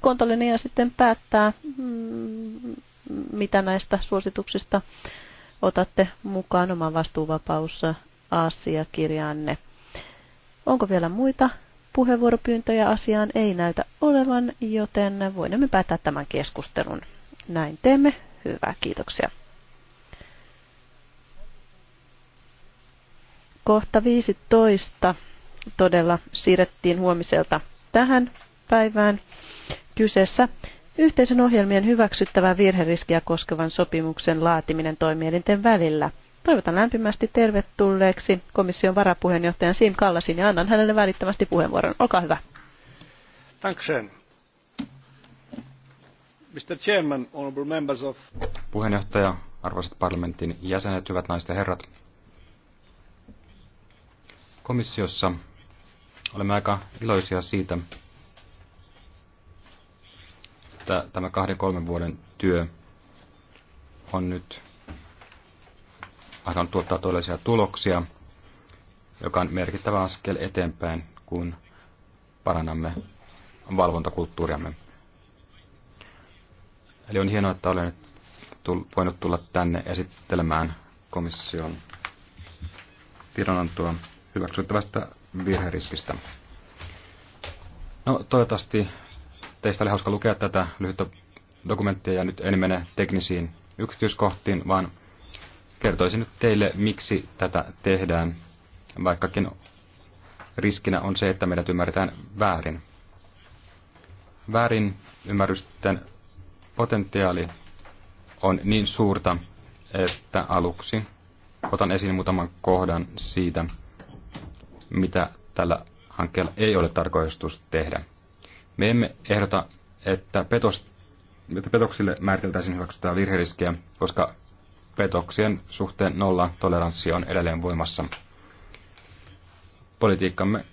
A: kontolinja sitten päättää, mm, mitä näistä suosituksista otatte mukaan oman asiakirjanne. Onko vielä muita puheenvuoropyyntöjä asiaan? Ei näytä olevan, joten voimme päättää tämän keskustelun. Näin teemme. Hyvä, kiitoksia. Kohta 15 todella siirrettiin huomiselta tähän päivään. Kyseessä yhteisen ohjelmien hyväksyttävää virheriskiä koskevan sopimuksen laatiminen toimielinten välillä. Toivotan lämpimästi tervetulleeksi komission varapuheenjohtajan Sim Kallasin ja annan hänelle välittömästi puheenvuoron. Olkaa hyvä.
B: Tanksen. Mr. Chairman, honorable members of...
C: Puheenjohtaja, arvoisat parlamentin jäsenet, hyvät naiset ja herrat, Komissiossa olemme aika iloisia siitä, että tämä kahden kolmen vuoden työ on nyt alkanut tuottaa todellisia tuloksia, joka on merkittävä askel eteenpäin, kun parannamme valvontakulttuuriamme. Eli on hienoa, että olen voinut tulla tänne esittelemään komission tiedonantoa hyväksyttävästä virheriskistä. No, toivottavasti teistä oli hauska lukea tätä lyhyttä dokumenttia ja nyt en mene teknisiin yksityiskohtiin, vaan kertoisin nyt teille, miksi tätä tehdään, vaikkakin riskinä on se, että meidät ymmärretään väärin. Väärin ymmärrysten potentiaali on niin suurta, että aluksi otan esiin muutaman kohdan siitä, mitä tällä hankkeella ei ole tarkoitus tehdä. Me emme ehdota, että, petos, että petoksille määriteltäisiin hyväksyttävää virheriskiä, koska petoksien suhteen nolla toleranssi on edelleen voimassa. Politiikkamme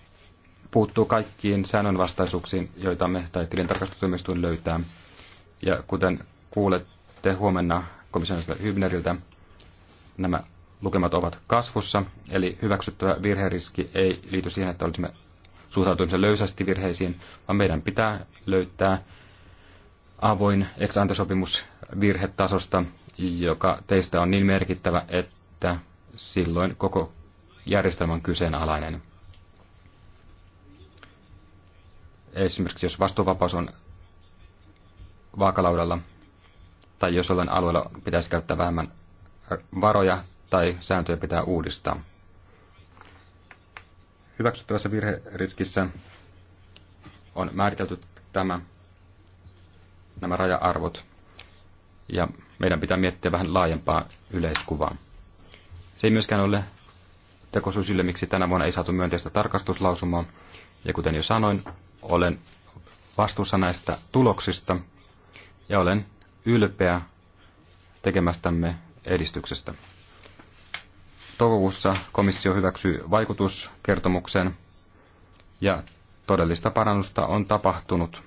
C: puuttuu kaikkiin säännönvastaisuuksiin, joita me tai tilintarkastustoimistuin löytää. Ja kuten kuulette huomenna komissionista Hybneriltä, nämä lukemat ovat kasvussa, eli hyväksyttävä virheriski ei liity siihen, että olisimme suhtautumisen löysästi virheisiin, vaan meidän pitää löytää avoin ex ante virhetasosta, joka teistä on niin merkittävä, että silloin koko järjestelmä on kyseenalainen. Esimerkiksi jos vastuuvapaus on vaakalaudalla, tai jos jollain alueella pitäisi käyttää vähemmän varoja tai sääntöjä pitää uudistaa. Hyväksyttävässä virheriskissä on määritelty tämä, nämä raja-arvot, ja meidän pitää miettiä vähän laajempaa yleiskuvaa. Se ei myöskään ole tekosyy sille, miksi tänä vuonna ei saatu myönteistä tarkastuslausumaa, ja kuten jo sanoin, olen vastuussa näistä tuloksista, ja olen ylpeä tekemästämme edistyksestä. Toukokuussa komissio hyväksyi vaikutuskertomuksen ja todellista parannusta on tapahtunut.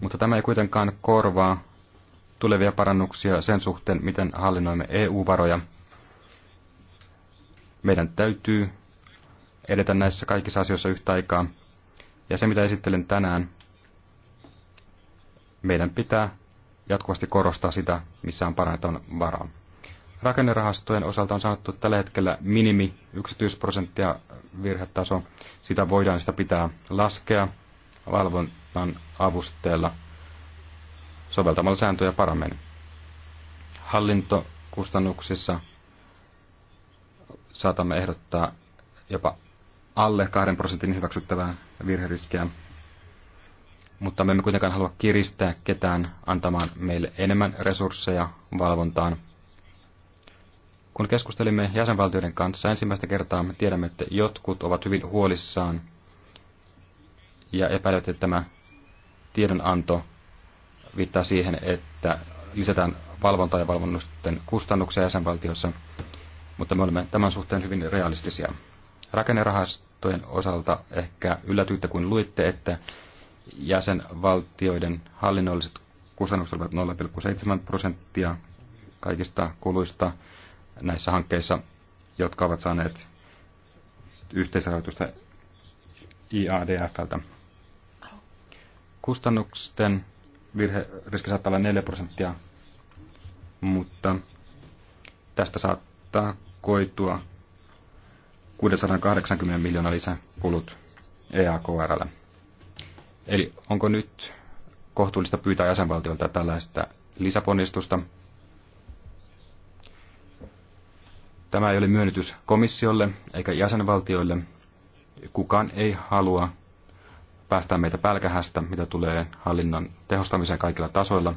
C: Mutta tämä ei kuitenkaan korvaa tulevia parannuksia sen suhteen, miten hallinnoimme EU-varoja. Meidän täytyy edetä näissä kaikissa asioissa yhtä aikaa. Ja se, mitä esittelen tänään, meidän pitää jatkuvasti korostaa sitä, missä on parannetun varaa. Rakennerahastojen osalta on sanottu, että tällä hetkellä minimi 11 prosenttia virhetaso. Sitä voidaan sitä pitää laskea valvonnan avusteella soveltamalla sääntöjä paremmin. Hallintokustannuksissa saatamme ehdottaa jopa alle 2 prosentin hyväksyttävää virheriskiä mutta me emme kuitenkaan halua kiristää ketään antamaan meille enemmän resursseja valvontaan. Kun keskustelimme jäsenvaltioiden kanssa ensimmäistä kertaa, me tiedämme, että jotkut ovat hyvin huolissaan ja epäilevät, että tämä tiedonanto viittaa siihen, että lisätään valvontaa ja valvonnusten kustannuksia jäsenvaltiossa, mutta me olemme tämän suhteen hyvin realistisia. Rakennerahastojen osalta ehkä yllätyitte, kun luitte, että jäsenvaltioiden hallinnolliset kustannukset olivat 0,7 prosenttia kaikista kuluista näissä hankkeissa, jotka ovat saaneet yhteisrahoitusta IADFltä. Kustannusten virheriski saattaa olla 4 prosenttia, mutta tästä saattaa koitua 680 miljoonaa lisäkulut EAKRlle. Eli onko nyt kohtuullista pyytää jäsenvaltiolta tällaista lisäponnistusta? Tämä ei ole myönnytys komissiolle eikä jäsenvaltioille. Kukaan ei halua päästää meitä pälkähästä, mitä tulee hallinnon tehostamiseen kaikilla tasoilla.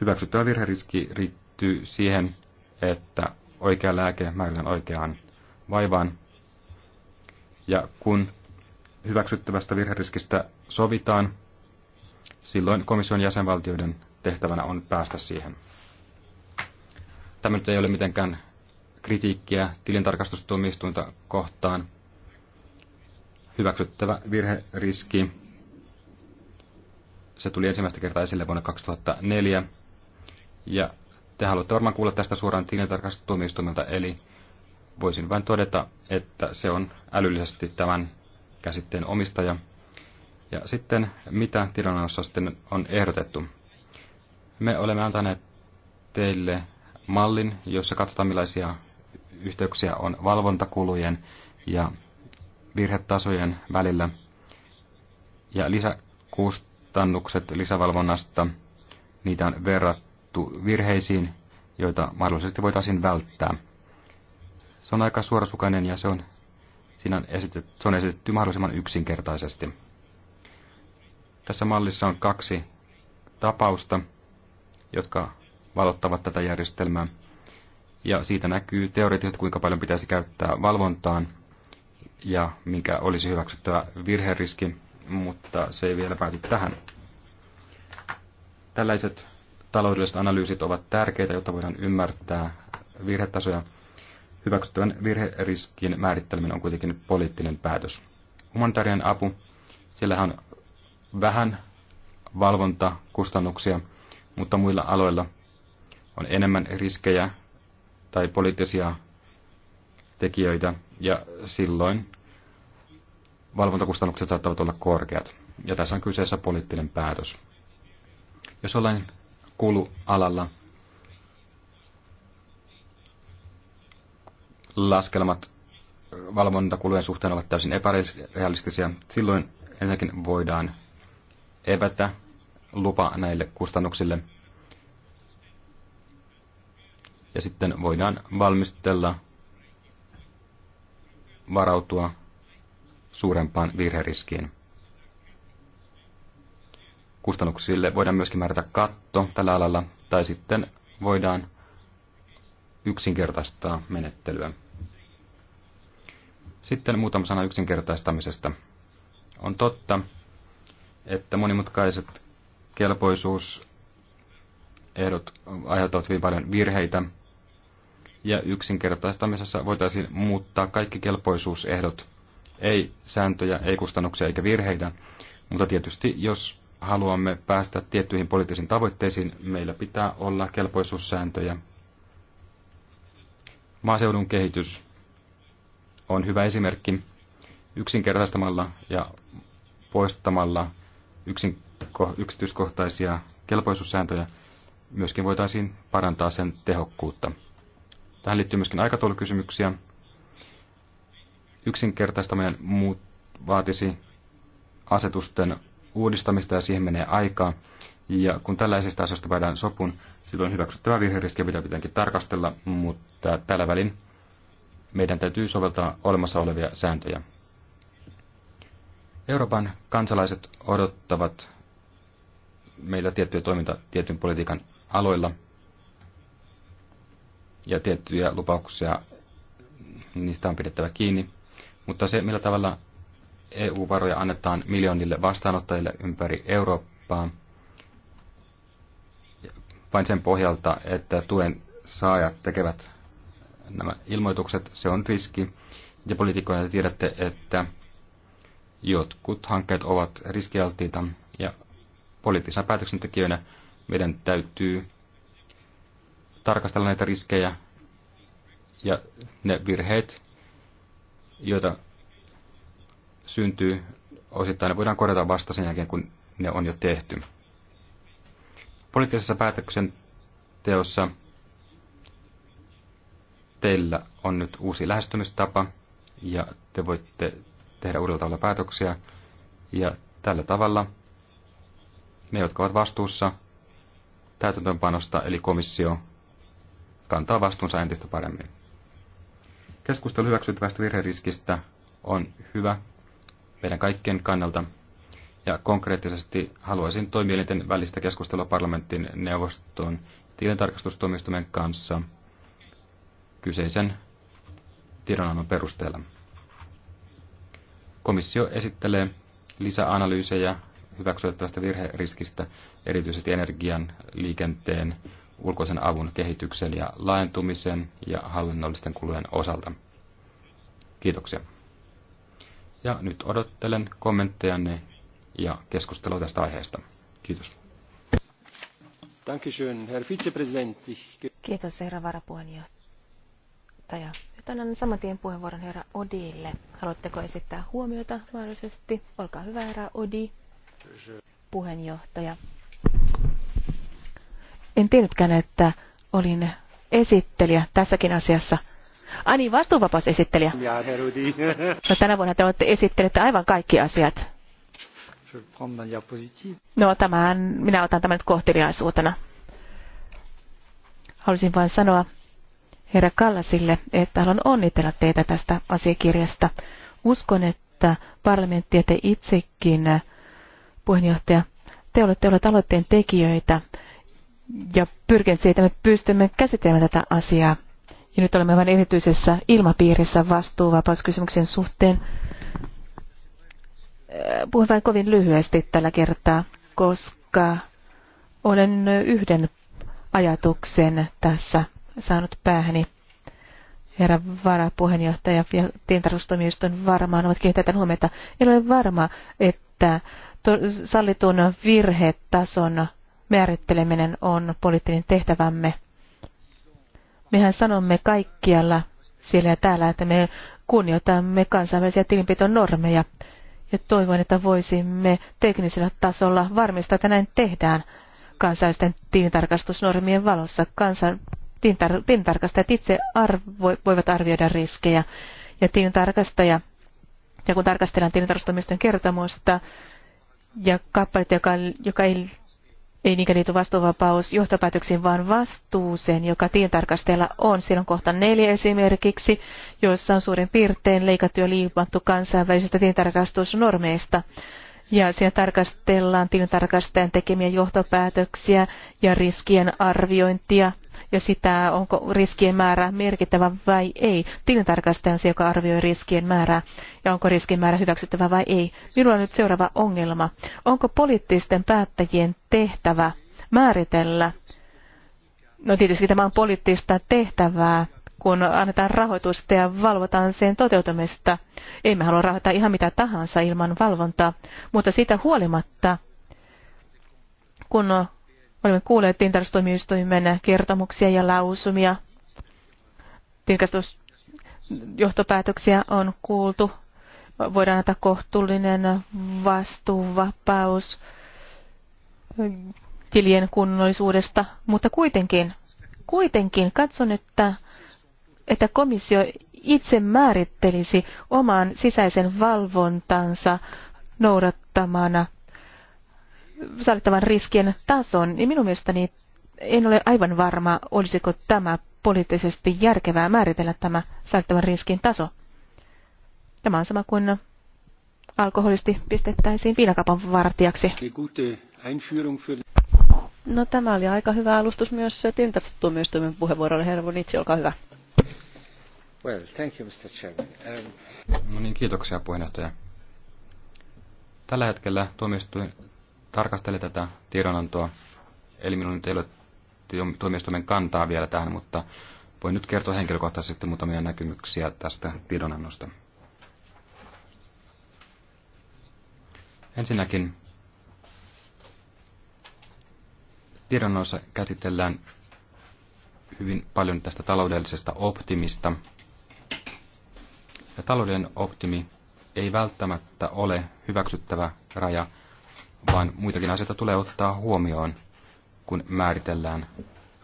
C: Hyväksyttävä virheriski riittyy siihen, että oikea lääke määritään oikeaan vaivaan. Ja kun hyväksyttävästä virheriskistä sovitaan, silloin komission jäsenvaltioiden tehtävänä on päästä siihen. Tämä nyt ei ole mitenkään kritiikkiä tilintarkastustuomioistuinta kohtaan. Hyväksyttävä virheriski. Se tuli ensimmäistä kertaa esille vuonna 2004. Ja te haluatte varmaan kuulla tästä suoraan tilintarkastustuomioistuimelta, eli voisin vain todeta, että se on älyllisesti tämän käsitteen omistaja – ja sitten mitä tilannossa sitten on ehdotettu? Me olemme antaneet teille mallin, jossa katsotaan millaisia yhteyksiä on valvontakulujen ja virhetasojen välillä. Ja lisäkustannukset lisävalvonnasta, niitä on verrattu virheisiin, joita mahdollisesti voitaisiin välttää. Se on aika suorasukainen ja se on, siinä on esitetty, se on esitetty mahdollisimman yksinkertaisesti. Tässä mallissa on kaksi tapausta, jotka valottavat tätä järjestelmää. Ja siitä näkyy teoreettisesti, kuinka paljon pitäisi käyttää valvontaan ja mikä olisi hyväksyttävä virheriski, mutta se ei vielä pääty tähän. Tällaiset taloudelliset analyysit ovat tärkeitä, jotta voidaan ymmärtää virhetasoja. Hyväksyttävän virheriskin määritteleminen on kuitenkin poliittinen päätös. Humanitaarinen apu, sillähän on vähän valvontakustannuksia, mutta muilla aloilla on enemmän riskejä tai poliittisia tekijöitä, ja silloin valvontakustannukset saattavat olla korkeat. Ja tässä on kyseessä poliittinen päätös. Jos olen kulualalla laskelmat valvontakulujen suhteen ovat täysin epärealistisia, silloin ensinnäkin voidaan evätä lupa näille kustannuksille. Ja sitten voidaan valmistella varautua suurempaan virheriskiin. Kustannuksille voidaan myöskin määrätä katto tällä alalla, tai sitten voidaan yksinkertaistaa menettelyä. Sitten muutama sana yksinkertaistamisesta. On totta, että monimutkaiset kelpoisuusehdot aiheuttavat hyvin paljon virheitä, ja yksinkertaistamisessa voitaisiin muuttaa kaikki kelpoisuusehdot, ei sääntöjä, ei kustannuksia eikä virheitä, mutta tietysti jos haluamme päästä tiettyihin poliittisiin tavoitteisiin, meillä pitää olla kelpoisuussääntöjä. Maaseudun kehitys on hyvä esimerkki. Yksinkertaistamalla ja poistamalla yksin, yksityiskohtaisia kelpoisuussääntöjä, myöskin voitaisiin parantaa sen tehokkuutta. Tähän liittyy myöskin aikataulukysymyksiä. Yksinkertaistaminen muut vaatisi asetusten uudistamista ja siihen menee aikaa. Ja kun tällaisista asioista päädään sopun, silloin hyväksyttävä virheriski pitää pitääkin tarkastella, mutta tällä välin meidän täytyy soveltaa olemassa olevia sääntöjä. Euroopan kansalaiset odottavat meillä tiettyä toimintaa tietyn politiikan aloilla ja tiettyjä lupauksia, niistä on pidettävä kiinni. Mutta se, millä tavalla EU-varoja annetaan miljoonille vastaanottajille ympäri Eurooppaa, vain sen pohjalta, että tuen saajat tekevät nämä ilmoitukset, se on riski. Ja poliitikkoina tiedätte, että Jotkut hankkeet ovat riskialttiita ja poliittisena päätöksentekijöinä meidän täytyy tarkastella näitä riskejä ja ne virheet, joita syntyy osittain, ne voidaan korjata vasta sen jälkeen, kun ne on jo tehty. Poliittisessa päätöksenteossa teillä on nyt uusi lähestymistapa ja te voitte tehdä uudella tavalla päätöksiä. Ja tällä tavalla ne, jotka ovat vastuussa täytäntöönpanosta, eli komissio, kantaa vastuunsa entistä paremmin. Keskustelu hyväksyttävästä virheriskistä on hyvä meidän kaikkien kannalta, ja konkreettisesti haluaisin toimielinten välistä keskustelua parlamentin neuvoston tilintarkastustuomioistuimen kanssa kyseisen tiedonannon perusteella. Komissio esittelee lisäanalyysejä hyväksyttävästä virheriskistä, erityisesti energian, liikenteen, ulkoisen avun kehityksen ja laajentumisen ja hallinnollisten kulujen osalta. Kiitoksia. Ja nyt odottelen kommenttejanne ja keskustelua tästä aiheesta. Kiitos.
D: Kiitos, herra varapuheenjohtaja annan saman tien puheenvuoron herra Odille. Haluatteko esittää huomiota mahdollisesti? Olkaa hyvä, herra Odi, puheenjohtaja. En tiennytkään, että olin esittelijä tässäkin asiassa. Ai niin, vastuuvapaus esittelijä. No, tänä vuonna te olette esittelijät aivan kaikki asiat. No tämän, minä otan tämän nyt kohteliaisuutena. Haluaisin vain sanoa, herra Kallasille, että haluan onnitella teitä tästä asiakirjasta. Uskon, että parlamentti ja te itsekin, äh, puheenjohtaja, te olette olleet aloitteen tekijöitä ja pyrkineet siitä että me pystymme käsittelemään tätä asiaa. Ja nyt olemme vain erityisessä ilmapiirissä vastuuvapauskysymyksen suhteen. Äh, puhun vain kovin lyhyesti tällä kertaa, koska olen yhden ajatuksen tässä saanut päähäni. Herra varapuheenjohtaja ja tientarkastustoimijoiston varmaan ovat kiinnittäneet huomiota. En ole varma, että sallitun virhetason määritteleminen on poliittinen tehtävämme. Mehän sanomme kaikkialla siellä ja täällä, että me kunnioitamme kansainvälisiä tilinpiton normeja ja toivon, että voisimme teknisellä tasolla varmistaa, että näin tehdään kansallisten tilintarkastusnormien valossa. Kansan Tintar- tintarkastajat itse arvo- voivat arvioida riskejä ja tilintarkastaja, ja kun tarkastellaan tilintarkastamisten kertomusta ja kappaletta, joka, joka ei, ei niinkään liity vastuuvapaus johtopäätöksiin, vaan vastuuseen, joka tilintarkastajalla on. Siellä on kohta neljä esimerkiksi, joissa on suurin piirtein leikattu ja liipattu kansainvälisistä tilintarkastusnormeista. Ja siinä tarkastellaan tilintarkastajan tekemiä johtopäätöksiä ja riskien arviointia ja sitä, onko riskien määrä merkittävä vai ei. Tilintarkastaja on se, joka arvioi riskien määrää ja onko riskien määrä hyväksyttävä vai ei. Minulla on nyt seuraava ongelma. Onko poliittisten päättäjien tehtävä määritellä, no tietysti tämä on poliittista tehtävää, kun annetaan rahoitusta ja valvotaan sen toteutumista. Emme halua rahoittaa ihan mitä tahansa ilman valvontaa, mutta siitä huolimatta, kun Olemme kuulleet tintarstuomioistuimen kertomuksia ja lausumia. Tinkastusjohtopäätöksiä on kuultu. Voidaan antaa kohtuullinen vastuuvapaus tilien kunnollisuudesta, mutta kuitenkin, kuitenkin katson, että, että komissio itse määrittelisi oman sisäisen valvontansa noudattamana – sallittavan riskien tason, niin minun mielestäni en ole aivan varma, olisiko tämä poliittisesti järkevää määritellä tämä sallittavan riskin taso. Tämä on sama kuin alkoholisti
A: pistettäisiin viinakapan
D: vartijaksi.
A: No tämä oli aika hyvä alustus myös tintastuomioistuimen puheenvuorolle. Herra Vonitsi, olkaa hyvä.
B: Well, thank you, Mr. Chairman. Um...
C: No niin, kiitoksia puheenjohtaja. Tällä hetkellä tarkastele tätä tiedonantoa. Eli minulla nyt ei ole tuomioistuimen kantaa vielä tähän, mutta voin nyt kertoa henkilökohtaisesti muutamia näkemyksiä tästä tiedonannosta. Ensinnäkin tiedonannossa käsitellään hyvin paljon tästä taloudellisesta optimista. Ja taloudellinen optimi ei välttämättä ole hyväksyttävä raja vaan muitakin asioita tulee ottaa huomioon, kun määritellään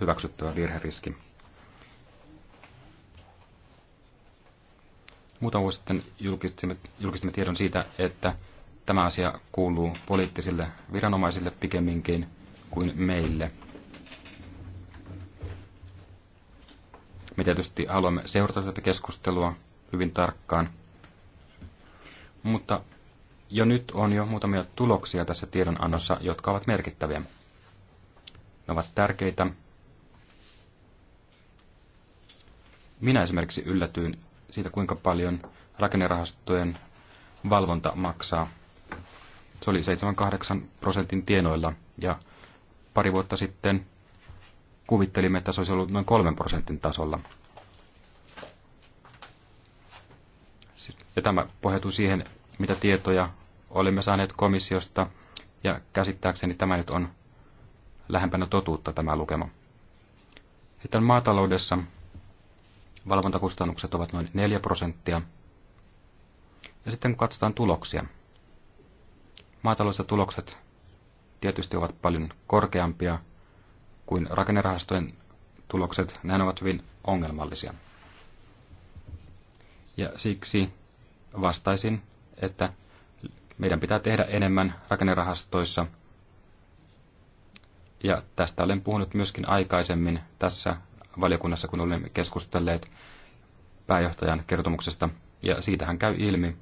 C: hyväksyttävä virheriski. Muutama vuosi sitten julkistimme, julkistimme tiedon siitä, että tämä asia kuuluu poliittisille viranomaisille pikemminkin kuin meille. Me tietysti haluamme seurata tätä keskustelua hyvin tarkkaan, mutta jo nyt on jo muutamia tuloksia tässä tiedonannossa, jotka ovat merkittäviä. Ne ovat tärkeitä. Minä esimerkiksi yllätyin siitä, kuinka paljon rakennerahastojen valvonta maksaa. Se oli 7-8 prosentin tienoilla ja pari vuotta sitten kuvittelimme, että se olisi ollut noin 3 prosentin tasolla. Ja tämä pohjautuu siihen, mitä tietoja olemme saaneet komissiosta, ja käsittääkseni tämä nyt on lähempänä totuutta tämä lukema. Sitten maataloudessa valvontakustannukset ovat noin 4 prosenttia. Ja sitten kun katsotaan tuloksia, maataloudessa tulokset tietysti ovat paljon korkeampia kuin rakennerahastojen tulokset, Nämä ovat hyvin ongelmallisia. Ja siksi vastaisin että meidän pitää tehdä enemmän rakennerahastoissa. Ja tästä olen puhunut myöskin aikaisemmin tässä valiokunnassa, kun olemme keskustelleet pääjohtajan kertomuksesta. Ja siitähän käy ilmi,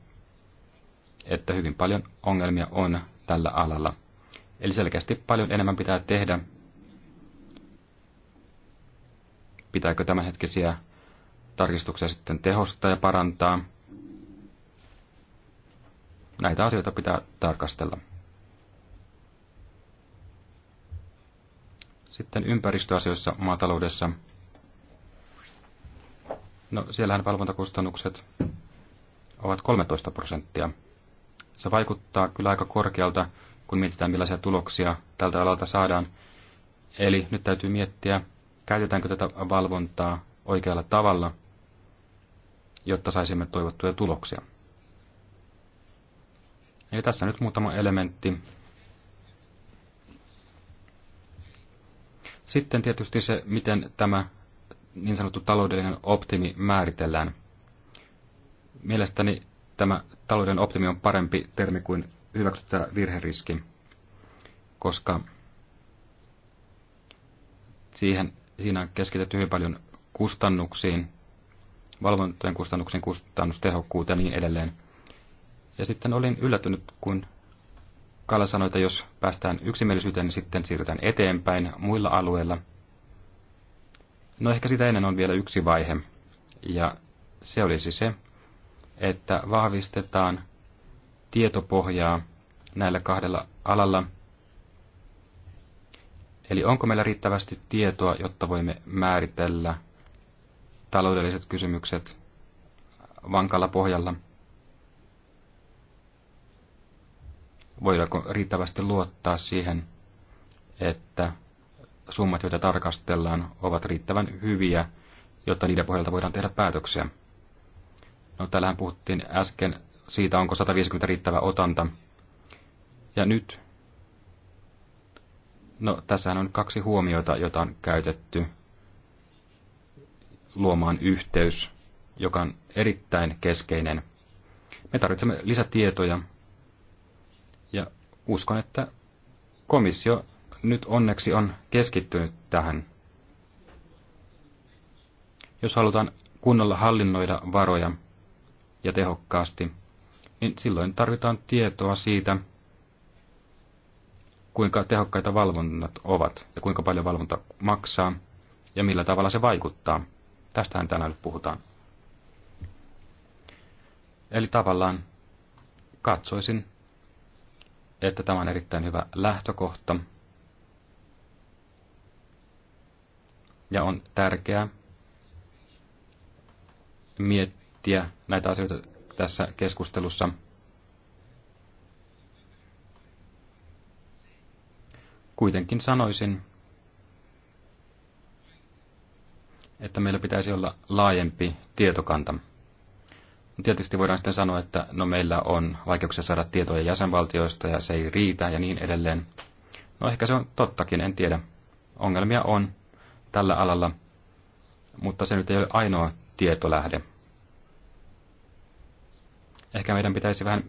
C: että hyvin paljon ongelmia on tällä alalla. Eli selkeästi paljon enemmän pitää tehdä. Pitääkö tämänhetkisiä tarkistuksia sitten tehostaa ja parantaa? Näitä asioita pitää tarkastella. Sitten ympäristöasioissa maataloudessa. No, siellähän valvontakustannukset ovat 13 prosenttia. Se vaikuttaa kyllä aika korkealta, kun mietitään millaisia tuloksia tältä alalta saadaan. Eli nyt täytyy miettiä, käytetäänkö tätä valvontaa oikealla tavalla, jotta saisimme toivottuja tuloksia. Eli tässä nyt muutama elementti. Sitten tietysti se, miten tämä niin sanottu taloudellinen optimi määritellään. Mielestäni tämä talouden optimi on parempi termi kuin hyväksyttävä virheriski, koska siihen, siinä on keskitetty hyvin paljon kustannuksiin, valvontojen kustannuksiin, kustannustehokkuuteen ja niin edelleen. Ja sitten olin yllättynyt, kun Kala sanoi, että jos päästään yksimielisyyteen, niin sitten siirrytään eteenpäin muilla alueilla. No ehkä sitä ennen on vielä yksi vaihe, ja se olisi se, että vahvistetaan tietopohjaa näillä kahdella alalla. Eli onko meillä riittävästi tietoa, jotta voimme määritellä taloudelliset kysymykset vankalla pohjalla – voidaanko riittävästi luottaa siihen, että summat, joita tarkastellaan, ovat riittävän hyviä, jotta niiden pohjalta voidaan tehdä päätöksiä. No, täällähän puhuttiin äsken siitä, onko 150 riittävä otanta. Ja nyt, no tässähän on kaksi huomiota, jota on käytetty luomaan yhteys, joka on erittäin keskeinen. Me tarvitsemme lisätietoja uskon, että komissio nyt onneksi on keskittynyt tähän. Jos halutaan kunnolla hallinnoida varoja ja tehokkaasti, niin silloin tarvitaan tietoa siitä, kuinka tehokkaita valvonnat ovat ja kuinka paljon valvonta maksaa ja millä tavalla se vaikuttaa. Tästähän tänään nyt puhutaan. Eli tavallaan katsoisin että tämä on erittäin hyvä lähtökohta. Ja on tärkeää miettiä näitä asioita tässä keskustelussa. Kuitenkin sanoisin, että meillä pitäisi olla laajempi tietokanta. Tietysti voidaan sitten sanoa, että no meillä on vaikeuksia saada tietoja jäsenvaltioista ja se ei riitä ja niin edelleen. No ehkä se on tottakin, en tiedä. Ongelmia on tällä alalla, mutta se nyt ei ole ainoa tietolähde. Ehkä meidän pitäisi vähän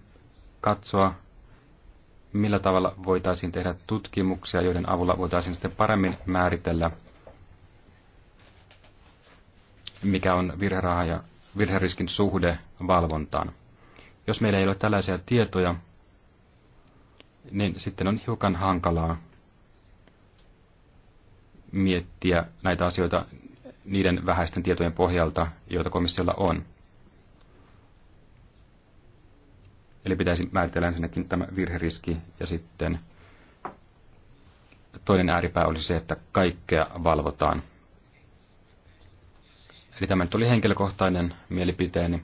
C: katsoa, millä tavalla voitaisiin tehdä tutkimuksia, joiden avulla voitaisiin sitten paremmin määritellä, mikä on virheraha ja virheriskin suhde valvontaan. Jos meillä ei ole tällaisia tietoja, niin sitten on hiukan hankalaa miettiä näitä asioita niiden vähäisten tietojen pohjalta, joita komissiolla on. Eli pitäisi määritellä ensinnäkin tämä virheriski ja sitten toinen ääripää olisi se, että kaikkea valvotaan. Eli tämä tuli henkilökohtainen mielipiteeni.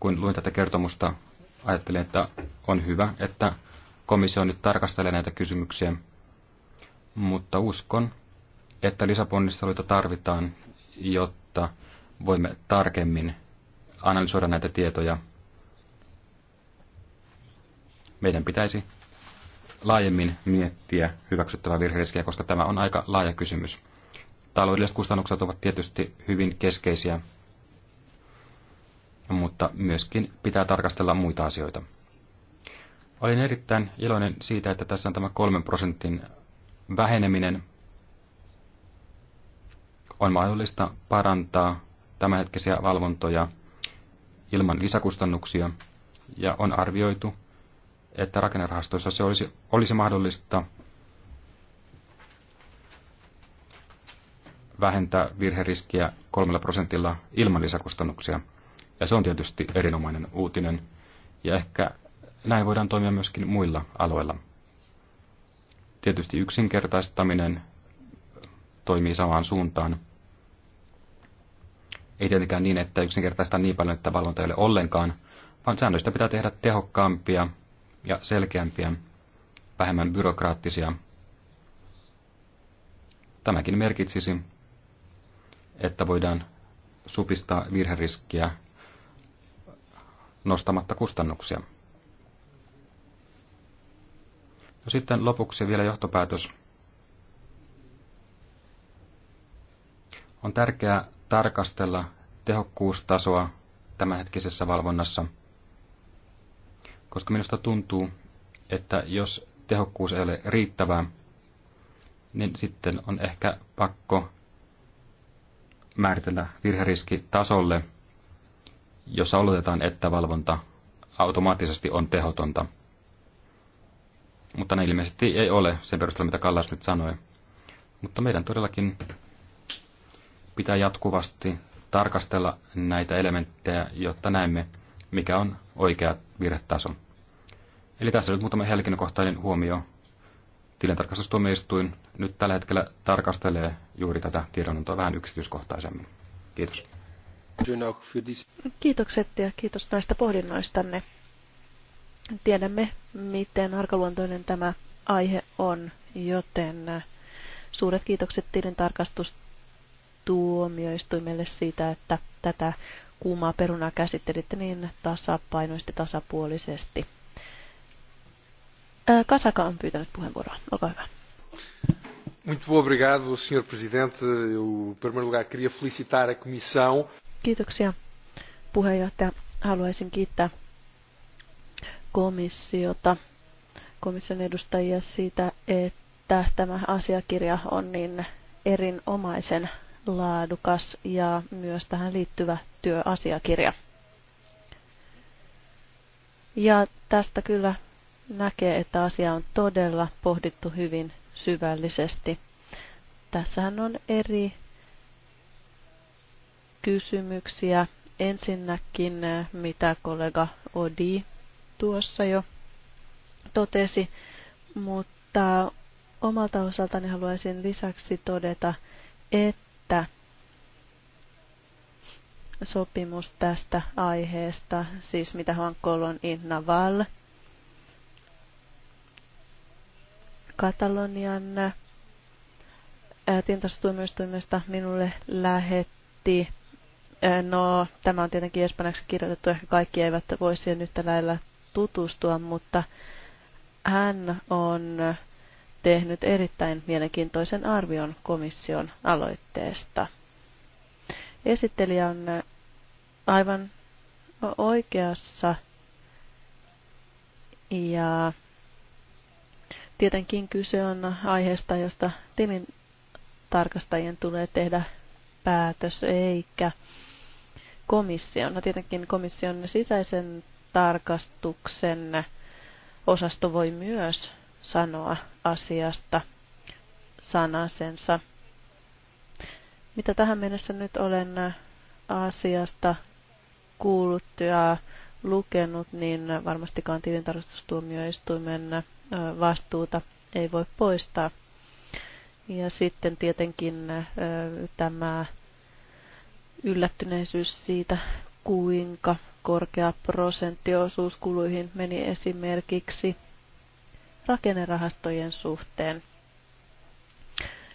C: Kun luin tätä kertomusta, ajattelin, että on hyvä, että komissio nyt tarkastelee näitä kysymyksiä, mutta uskon, että lisäponnisteluita tarvitaan, jotta voimme tarkemmin analysoida näitä tietoja. Meidän pitäisi laajemmin miettiä hyväksyttävää virheriskiä, koska tämä on aika laaja kysymys taloudelliset kustannukset ovat tietysti hyvin keskeisiä, mutta myöskin pitää tarkastella muita asioita. Olin erittäin iloinen siitä, että tässä on tämä kolmen prosentin väheneminen. On mahdollista parantaa tämänhetkisiä valvontoja ilman lisäkustannuksia, ja on arvioitu, että rakennerahastoissa se olisi, olisi mahdollista vähentää virheriskiä kolmella prosentilla ilman lisäkustannuksia. Ja se on tietysti erinomainen uutinen. Ja ehkä näin voidaan toimia myöskin muilla aloilla. Tietysti yksinkertaistaminen toimii samaan suuntaan. Ei tietenkään niin, että yksinkertaista niin paljon, että valvonta ei ole ollenkaan, vaan säännöistä pitää tehdä tehokkaampia ja selkeämpiä, vähemmän byrokraattisia. Tämäkin merkitsisi, että voidaan supistaa virheriskiä nostamatta kustannuksia. No sitten lopuksi vielä johtopäätös. On tärkeää tarkastella tehokkuustasoa tämänhetkisessä valvonnassa, koska minusta tuntuu, että jos tehokkuus ei ole riittävää, niin sitten on ehkä pakko määritellä virheriski tasolle, jossa oletetaan, että valvonta automaattisesti on tehotonta. Mutta ne ilmeisesti ei ole sen perusteella, mitä Kallas nyt sanoi. Mutta meidän todellakin pitää jatkuvasti tarkastella näitä elementtejä, jotta näemme, mikä on oikea virhetaso. Eli tässä nyt muutama henkilökohtainen huomio Tilintarkastustuomioistuin nyt tällä hetkellä tarkastelee juuri tätä tiedonantoa vähän yksityiskohtaisemmin.
B: Kiitos.
A: Kiitokset ja kiitos näistä pohdinnoistanne. Tiedämme, miten arkaluontoinen tämä aihe on, joten suuret kiitokset tilintarkastustuomioistuimelle siitä, että tätä kuumaa perunaa käsittelitte niin tasapainoisesti, tasapuolisesti. Kasaka on pyytänyt puheenvuoroa. Olkaa hyvä.
B: Muito obrigado, Sr. Presidente. Eu, em primeiro lugar, queria felicitar a Comissão.
A: Kiitoksia, puheenjohtaja. Haluaisin kiittää komissiota, komission edustajia siitä, että tämä asiakirja on niin erinomaisen laadukas ja myös tähän liittyvä työasiakirja. Ja tästä kyllä näkee, että asia on todella pohdittu hyvin syvällisesti. Tässähän on eri kysymyksiä. Ensinnäkin, eh, mitä kollega Odi tuossa jo totesi, mutta omalta osaltani haluaisin lisäksi todeta, että sopimus tästä aiheesta, siis mitä Hankolon in Naval Katalonian tintasutuomioistuimesta minulle lähetti. No, tämä on tietenkin espanjaksi kirjoitettu, ehkä kaikki eivät voi siihen nyt tällä tutustua, mutta hän on tehnyt erittäin mielenkiintoisen arvion komission aloitteesta. Esittelijä on aivan oikeassa ja Tietenkin kyse on aiheesta, josta tilin tarkastajien tulee tehdä päätös, eikä komission. No tietenkin komission sisäisen tarkastuksen osasto voi myös sanoa asiasta sanasensa. Mitä tähän mennessä nyt olen asiasta kuullut ja lukenut, niin varmastikaan tilintarkastustuomioistuimen vastuuta ei voi poistaa. Ja sitten tietenkin tämä yllättyneisyys siitä, kuinka korkea prosenttiosuus kuluihin meni esimerkiksi rakennerahastojen suhteen.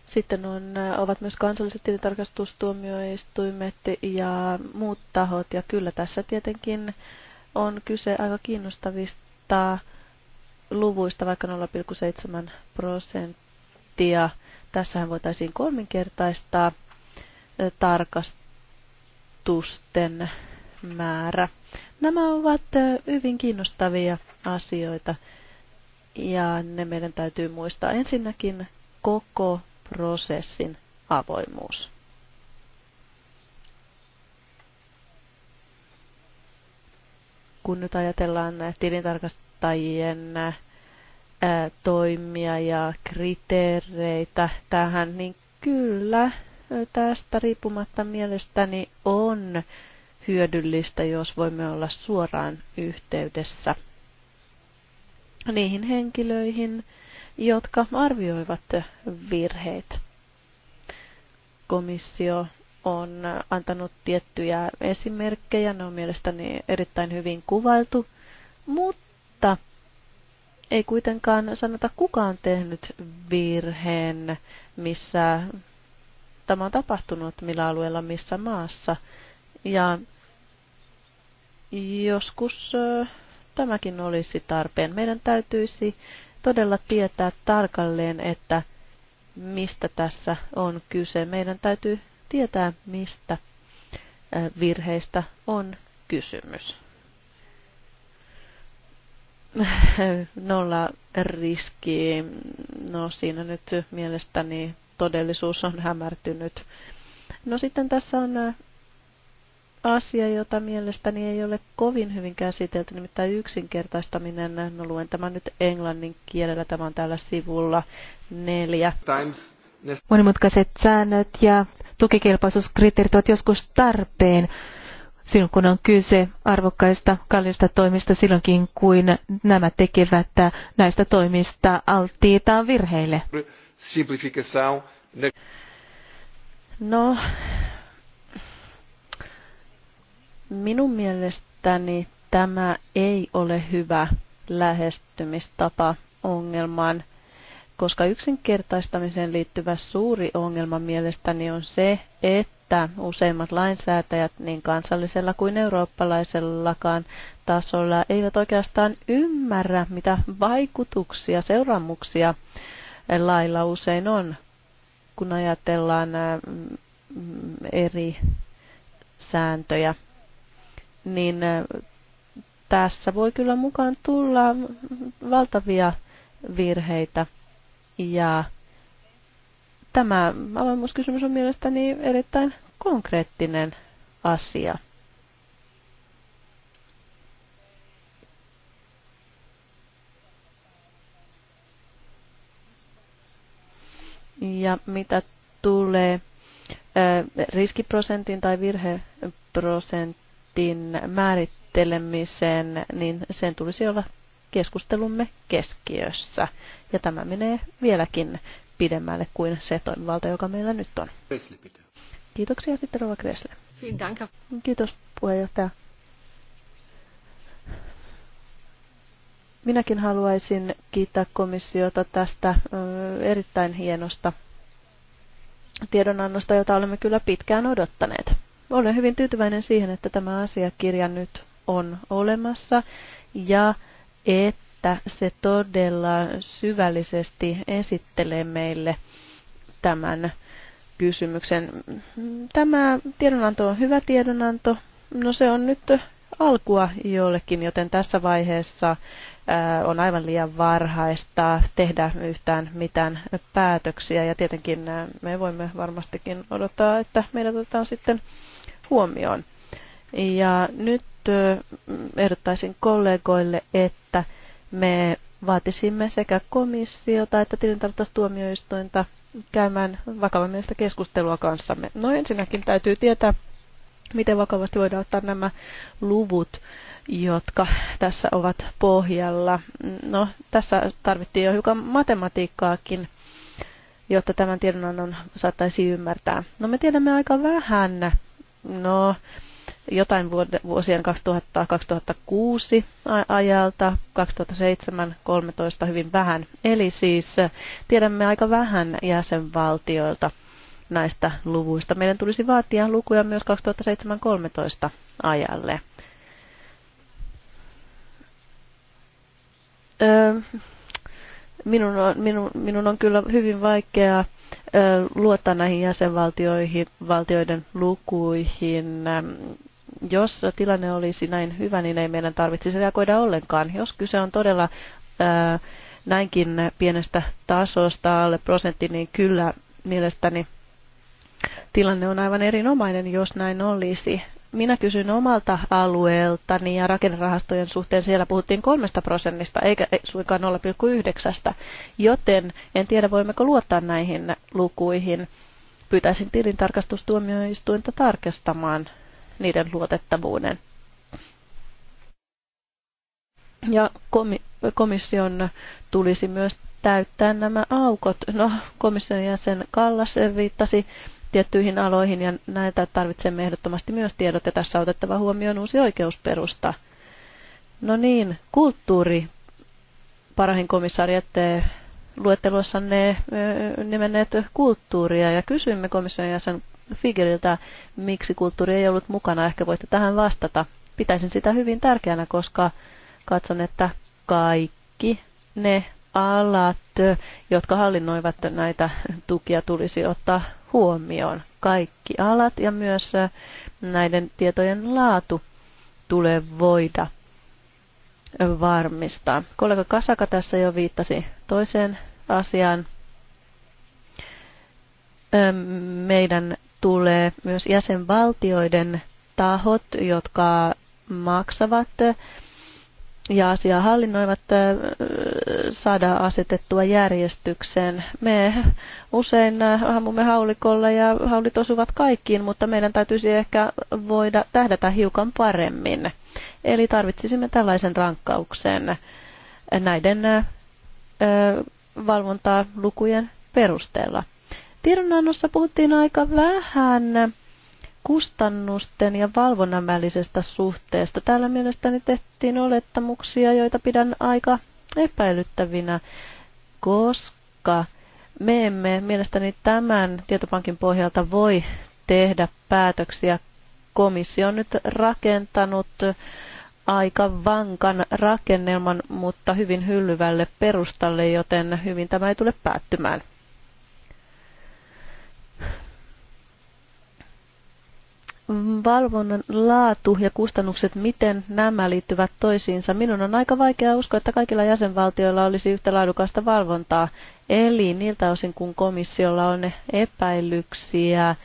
A: Sitten on, ovat myös kansalliset tilintarkastustuomioistuimet ja muut tahot. Ja kyllä tässä tietenkin on kyse aika kiinnostavista luvuista vaikka 0,7 prosenttia. Tässähän voitaisiin kolminkertaistaa tarkastusten määrä. Nämä ovat hyvin kiinnostavia asioita ja ne meidän täytyy muistaa. Ensinnäkin koko prosessin avoimuus. Kun nyt ajatellaan tilintarkastusta, kuluttajien toimia ja kriteereitä tähän, niin kyllä tästä riippumatta mielestäni on hyödyllistä, jos voimme olla suoraan yhteydessä niihin henkilöihin, jotka arvioivat virheet. Komissio on antanut tiettyjä esimerkkejä, ne on mielestäni erittäin hyvin kuvailtu, mutta mutta ei kuitenkaan sanota kukaan tehnyt virheen, missä tämä on tapahtunut, millä alueella, missä maassa. Ja joskus tämäkin olisi tarpeen. Meidän täytyisi todella tietää tarkalleen, että mistä tässä on kyse. Meidän täytyy tietää, mistä virheistä on kysymys. nolla riski, no siinä nyt mielestäni todellisuus on hämärtynyt. No sitten tässä on äh, asia, jota mielestäni ei ole kovin hyvin käsitelty, nimittäin yksinkertaistaminen. No luen tämän nyt englannin kielellä, tämä on täällä sivulla neljä. Times.
D: Monimutkaiset säännöt ja tukikelpoisuuskriteerit ovat joskus tarpeen, silloin kun on kyse arvokkaista kallista toimista silloinkin, kuin nämä tekevät näistä toimista alttiita virheille.
A: No, minun mielestäni tämä ei ole hyvä lähestymistapa ongelmaan, koska yksinkertaistamiseen liittyvä suuri ongelma mielestäni on se, että että useimmat lainsäätäjät niin kansallisella kuin eurooppalaisellakaan tasolla eivät oikeastaan ymmärrä, mitä vaikutuksia, seuraamuksia lailla usein on, kun ajatellaan mm, eri sääntöjä, niin tässä voi kyllä mukaan tulla valtavia virheitä ja Tämä avoimuuskysymys on mielestäni erittäin konkreettinen asia. Ja mitä tulee riskiprosentin tai virheprosentin määrittelemiseen, niin sen tulisi olla keskustelumme keskiössä. Ja tämä menee vieläkin pidemmälle kuin se toimivalta, joka meillä nyt on. Kiitoksia sitten Rova Kresle. Kiitos puheenjohtaja. Minäkin haluaisin kiittää komissiota tästä erittäin hienosta tiedonannosta, jota olemme kyllä pitkään odottaneet. Olen hyvin tyytyväinen siihen, että tämä asiakirja nyt on olemassa ja että että se todella syvällisesti esittelee meille tämän kysymyksen. Tämä tiedonanto on hyvä tiedonanto. No se on nyt alkua jollekin, joten tässä vaiheessa on aivan liian varhaista tehdä yhtään mitään päätöksiä. Ja tietenkin me voimme varmastikin odottaa, että meidät otetaan sitten huomioon. Ja nyt ehdottaisin kollegoille, että me vaatisimme sekä komissiota että tilintarkastustuomioistuinta käymään vakavan keskustelua kanssamme. No ensinnäkin täytyy tietää, miten vakavasti voidaan ottaa nämä luvut, jotka tässä ovat pohjalla. No, tässä tarvittiin jo hiukan matematiikkaakin, jotta tämän tiedonannon saattaisi ymmärtää. No me tiedämme aika vähän. No, jotain vuosien 2000-2006 ajalta, 2007-2013 hyvin vähän. Eli siis äh, tiedämme aika vähän jäsenvaltioilta näistä luvuista. Meidän tulisi vaatia lukuja myös 2007-2013 ajalle. Öö, minun on, minun, minun on kyllä hyvin vaikeaa luottaa näihin jäsenvaltioihin, valtioiden lukuihin. Jos tilanne olisi näin hyvä, niin ei meidän tarvitsisi reagoida ollenkaan. Jos kyse on todella ää, näinkin pienestä tasosta alle prosentti, niin kyllä mielestäni tilanne on aivan erinomainen, jos näin olisi. Minä kysyn omalta alueeltani ja rakennerahastojen suhteen siellä puhuttiin kolmesta prosentista eikä suinkaan 0,9, joten en tiedä voimmeko luottaa näihin lukuihin. Pyytäisin tilintarkastustuomioistuinta tarkastamaan niiden luotettavuuden. Ja komission tulisi myös täyttää nämä aukot. No, komission jäsen Kallas viittasi tiettyihin aloihin ja näitä tarvitsemme ehdottomasti myös tiedot ja tässä otettava huomioon uusi oikeusperusta. No niin, kulttuuri, parahin komissaari, ettei ne nimenneet kulttuuria ja kysyimme komission jäsen Figeriltä, miksi kulttuuri ei ollut mukana. Ehkä voitte tähän vastata. Pitäisin sitä hyvin tärkeänä, koska katson, että kaikki ne alat, jotka hallinnoivat näitä tukia, tulisi ottaa huomioon. Kaikki alat ja myös näiden tietojen laatu tulee voida varmistaa. Kollega Kasaka tässä jo viittasi toiseen asiaan. Meidän tulee myös jäsenvaltioiden tahot, jotka maksavat ja asiaa hallinnoivat saada asetettua järjestykseen. Me usein ammumme haulikolla ja haulit osuvat kaikkiin, mutta meidän täytyisi ehkä voida tähdätä hiukan paremmin. Eli tarvitsisimme tällaisen rankkauksen näiden valvontalukujen lukujen perusteella. Tiedonannossa puhuttiin aika vähän kustannusten ja valvonnan välisestä suhteesta. Täällä mielestäni tehtiin olettamuksia, joita pidän aika epäilyttävinä, koska me emme mielestäni tämän tietopankin pohjalta voi tehdä päätöksiä. Komissio on nyt rakentanut aika vankan rakennelman, mutta hyvin hyllyvälle perustalle, joten hyvin tämä ei tule päättymään. valvonnan laatu ja kustannukset, miten nämä liittyvät toisiinsa. Minun on aika vaikea uskoa, että kaikilla jäsenvaltioilla olisi yhtä laadukasta valvontaa. Eli niiltä osin, kun komissiolla on epäilyksiä,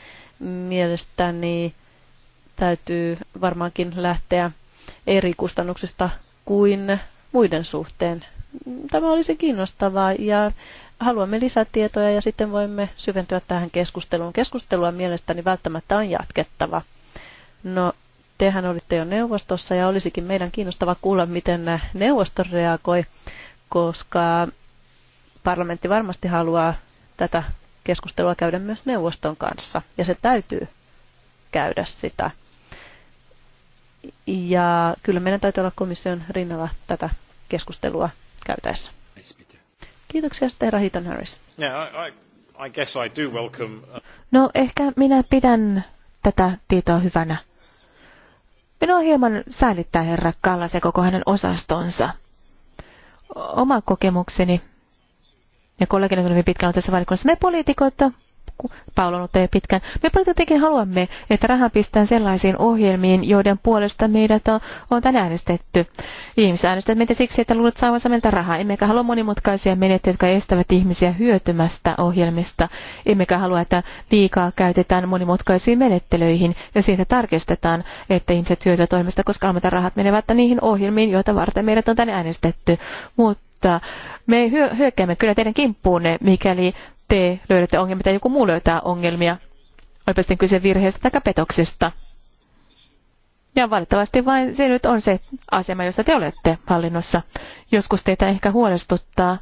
A: mielestäni täytyy varmaankin lähteä eri kustannuksista kuin muiden suhteen. Tämä olisi kiinnostavaa ja haluamme lisätietoja ja sitten voimme syventyä tähän keskusteluun. Keskustelua mielestäni välttämättä on jatkettava. No, tehän olitte jo neuvostossa ja olisikin meidän kiinnostava kuulla, miten neuvosto reagoi, koska parlamentti varmasti haluaa tätä keskustelua käydä myös neuvoston kanssa ja se täytyy käydä sitä. Ja kyllä meidän täytyy olla komission rinnalla tätä keskustelua käytäessä. Kiitoksia sitten herra Heaton Harris.
B: Uh,
A: no ehkä minä pidän tätä tietoa hyvänä.
D: Minua hieman säälittää herra Kallas ja koko hänen osastonsa. Oma kokemukseni ja kollegani on hyvin pitkään tässä valikunnassa. Me poliitikot Paolo jo pitkään. Me tietenkin haluamme, että rahaa pistetään sellaisiin ohjelmiin, joiden puolesta meidät on, on tänään äänestetty. Ihmiset äänestävät meitä siksi, että luulet saavansa meiltä rahaa. Emmekä halua monimutkaisia menettelyjä, jotka estävät ihmisiä hyötymästä ohjelmista. Emmekä halua, että liikaa käytetään monimutkaisiin menettelyihin ja siitä tarkistetaan, että ihmiset hyötyvät ohjelmista, koska almata rahat menevät niihin ohjelmiin, joita varten meidät on tänne äänestetty. Mutta mutta me hyökkäämme kyllä teidän kimppuunne, mikäli te löydätte ongelmia tai joku muu löytää ongelmia. Olipa sitten kyse virheestä tai petoksesta. Ja valitettavasti vain se nyt on se asema, jossa te olette hallinnossa. Joskus teitä ehkä huolestuttaa.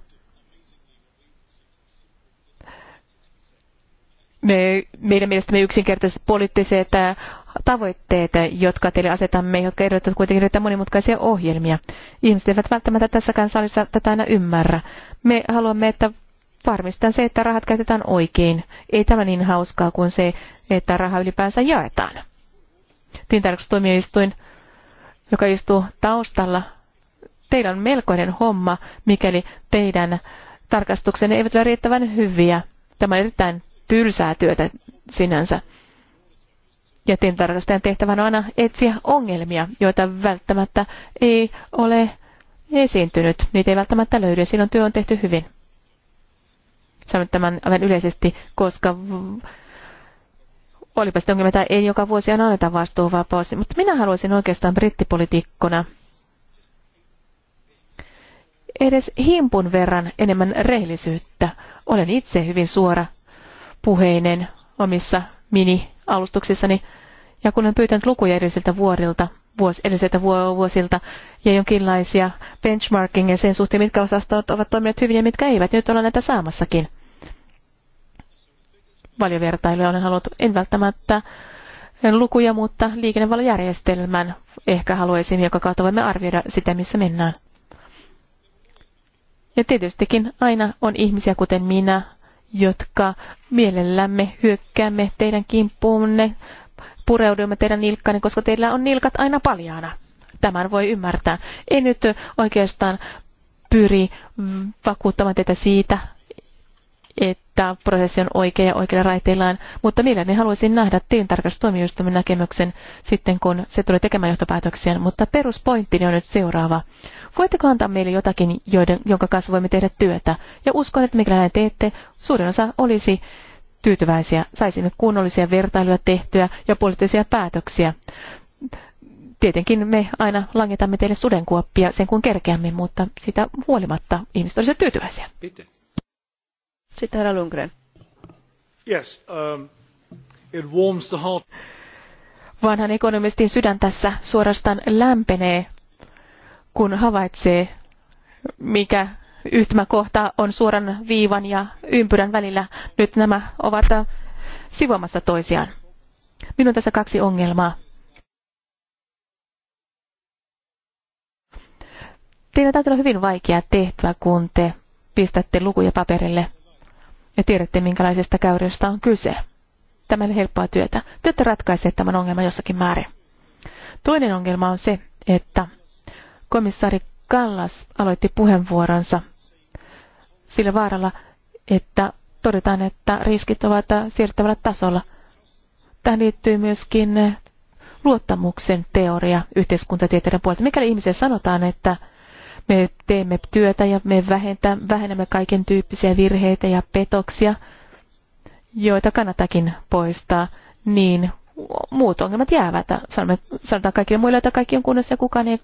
D: Me, meidän mielestämme yksinkertaiset poliittiset äh, tavoitteet, jotka teille asetamme, jotka edellyttävät kuitenkin erittäin monimutkaisia ohjelmia. Ihmiset eivät välttämättä tässäkään salissa tätä aina ymmärrä. Me haluamme, että varmistan se, että rahat käytetään oikein. Ei tämä niin hauskaa kuin se, että raha ylipäänsä jaetaan. Tintarkastustuomioistuin, joka istuu taustalla, teillä on melkoinen homma, mikäli teidän tarkastuksenne eivät ole riittävän hyviä. Tämä on erittäin tylsää työtä sinänsä. Ja tintarkastajan tehtävänä on aina etsiä ongelmia, joita välttämättä ei ole esiintynyt. Niitä ei välttämättä löydy silloin työ on tehty hyvin sanon tämän aivan yleisesti, koska olipa sitten ongelma, että ei joka vuosi aina anneta vastuuvapaus. Mutta minä haluaisin oikeastaan brittipolitiikkona edes himpun verran enemmän rehellisyyttä. Olen itse hyvin suora puheinen omissa mini-alustuksissani, ja kun olen pyytänyt lukuja edellisiltä vuorilta, vuos, edelliseltä vuosilta ja jonkinlaisia benchmarkingeja sen suhteen, mitkä osastot ovat toimineet hyvin ja mitkä eivät. Nyt ollaan näitä saamassakin. Valiovertailuja olen halunnut, en välttämättä lukuja, mutta liikennevalojärjestelmän ehkä haluaisin, joka kautta voimme arvioida sitä, missä mennään. Ja tietystikin aina on ihmisiä kuten minä, jotka mielellämme hyökkäämme teidän kimppuunne pureuduimme teidän nilkkani, koska teillä on nilkat aina paljaana. Tämän voi ymmärtää. En nyt oikeastaan pyri vakuuttamaan teitä siitä, että prosessi on oikea ja oikeilla raiteillaan, mutta mielelläni haluaisin nähdä tilintarkastustuomioistuimen näkemyksen sitten, kun se tulee tekemään johtopäätöksiä. Mutta peruspointtini on nyt seuraava. Voitteko antaa meille jotakin, joiden, jonka kanssa voimme tehdä työtä? Ja uskon, että mikä näin teette, suurin osa olisi tyytyväisiä. Saisimme kunnollisia vertailuja tehtyä ja poliittisia päätöksiä. Tietenkin me aina langetamme teille sudenkuoppia sen kun kerkeämme, mutta sitä huolimatta ihmiset olisivat tyytyväisiä. Pite.
A: Sitten herra Lundgren.
B: Yes, um, it warms the heart.
D: Vanhan ekonomistin sydän tässä suorastaan lämpenee, kun havaitsee, mikä yhtymäkohta on suoran viivan ja ympyrän välillä. Nyt nämä ovat sivuamassa toisiaan. Minun on tässä kaksi ongelmaa. Teillä täytyy olla hyvin vaikea tehtävä, kun te pistätte lukuja paperille ja tiedätte, minkälaisesta käyrästä on kyse. Tämä on helppoa työtä. Työtä ratkaisee tämän ongelman jossakin määrin. Toinen ongelma on se, että komissaari Kallas aloitti puheenvuoronsa sillä vaaralla, että todetaan, että riskit ovat siirtävällä tasolla. Tähän liittyy myöskin luottamuksen teoria yhteiskuntatieteiden puolelta. Mikäli ihmisille sanotaan, että me teemme työtä ja me vähentä, vähennämme kaiken tyyppisiä virheitä ja petoksia, joita kannattakin poistaa, niin muut ongelmat jäävät. sanotaan kaikille muille, että kaikki on kunnossa ja kukaan ei